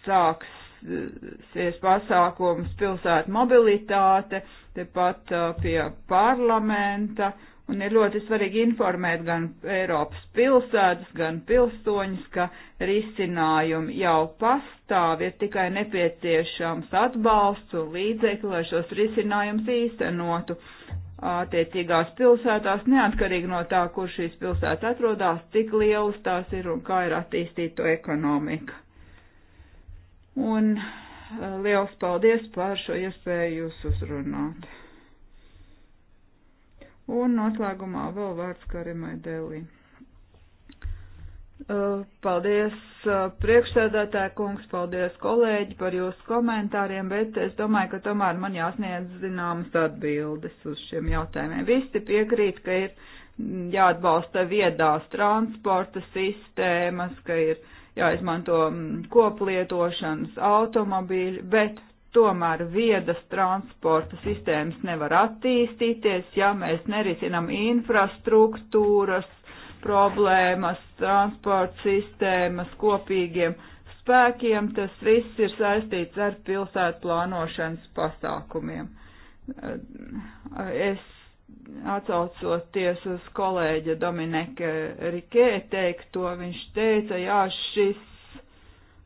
[SPEAKER 3] sāksies pasākums pilsētu mobilitāte, tepat uh, pie parlamenta, Un ir ļoti svarīgi informēt gan Eiropas pilsētas, gan pilsoņus, ka risinājumi jau pastāv, ir tikai nepieciešams atbalsts un līdzekļi, lai šos risinājumus īstenotu attiecīgās pilsētās, neatkarīgi no tā, kur šīs pilsētas atrodas, cik lielas tās ir un kā ir attīstīta ekonomika. Un eh, liels paldies par šo iespēju jūs uzrunāt. Un noslēgumā vēl vārds Karimai Delī. Paldies priekšsēdētāja kungs, paldies kolēģi par jūsu komentāriem, bet es domāju, ka tomēr man jāsniedz zināmas atbildes uz šiem jautājumiem. Visi piekrīt, ka ir jāatbalsta viedās transporta sistēmas, ka ir jāizmanto koplietošanas automobīļi, bet Tomēr viedas transporta sistēmas nevar attīstīties, ja mēs nerisinam infrastruktūras problēmas, transporta sistēmas kopīgiem spēkiem. Tas viss ir saistīts ar pilsētu plānošanas pasākumiem. Es atsaucoties uz kolēģa Domineka Rikē teikto, viņš teica, jā, šis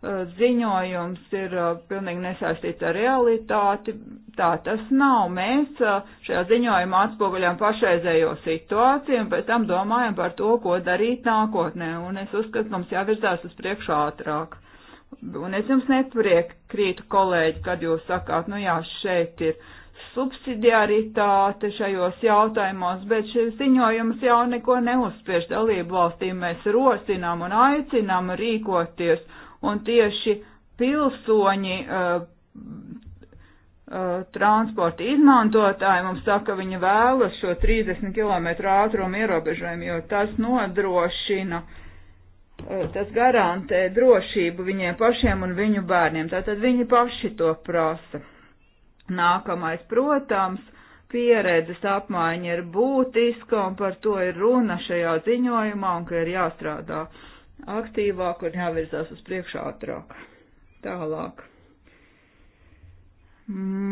[SPEAKER 3] Eh, ziņojums ir eh, pilnīgi nesaistīts ar realitāti. Tā tas nav. Mēs eh, šajā ziņojumā atspoguļām pašreizējo situāciju un pēc tam domājam par to, ko darīt nākotnē. Un es uzskatu, mums jāvirzās uz priekšu ātrāk. Un es jums nepriekrītu, kolēģi, kad jūs sakāt, nu jā, šeit ir subsidiaritāte šajos jautājumos, bet šis ziņojums jau neko neuzspiež dalību valstīm. Mēs rosinām un aicinām rīkoties un tieši pilsoņi uh, transporta izmantotāji mums saka, ka viņi vēlas šo 30 km ātrumu ierobežojumu, jo tas nodrošina, eh, tas garantē drošību viņiem pašiem un viņu bērniem. Tātad viņi paši to prasa. Nākamais, protams, pieredzes apmaiņa ir būtiska un par to ir runa šajā ziņojumā un ka ir jāstrādā uh, aktīvāk un jāvirzās uz priekšu ātrāk. Tālāk.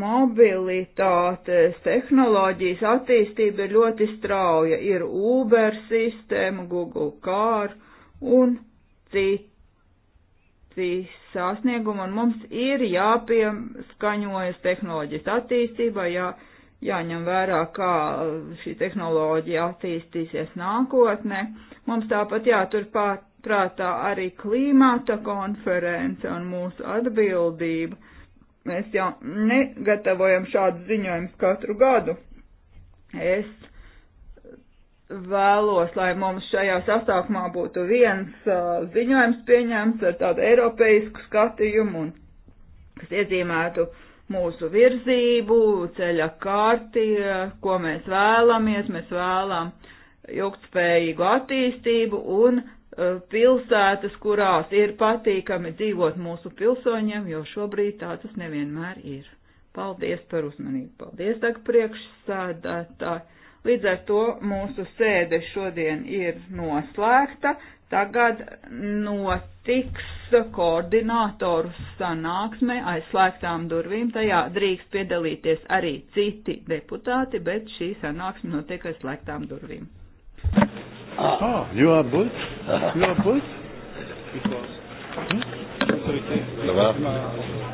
[SPEAKER 3] Mobilitātes tehnoloģijas attīstība ir ļoti strauja. Ir Uber sistēma, Google Car un citi sasniegumi, un mums ir jāpieskaņojas tehnoloģijas attīstībai, jā, jāņem vērā, kā šī tehnoloģija attīstīsies nākotnē. Mums tāpat jāturpāt prātā arī klimāta konference un mūsu atbildība. Mēs jau negatavojam šādu ziņojumus katru gadu. Es vēlos, lai mums šajā sastāvumā būtu viens uh, ziņojums pieņemts ar tādu eiropeisku skatījumu, un, kas iezīmētu mūsu virzību, ceļa kārti, ko mēs vēlamies. Mēs vēlam ilgtspējīgu attīstību un E, pilsētas, kurās ir patīkami dzīvot mūsu pilsoņiem, jo šobrīd tā tas nevienmēr ir. Paldies par uzmanību, paldies, saka priekšsādātāji. Līdz ar to mūsu sēde šodien ir noslēgta. Tagad notiks koordinātoru sanāksme aizslēgtām durvīm. Tajā drīkst piedalīties arī citi deputāti, bet šī sanāksme notiek aizslēgtām durvīm.
[SPEAKER 2] Ah. Oh, you are both?
[SPEAKER 1] You are both? Because.
[SPEAKER 3] Hmm?
[SPEAKER 2] Ça va?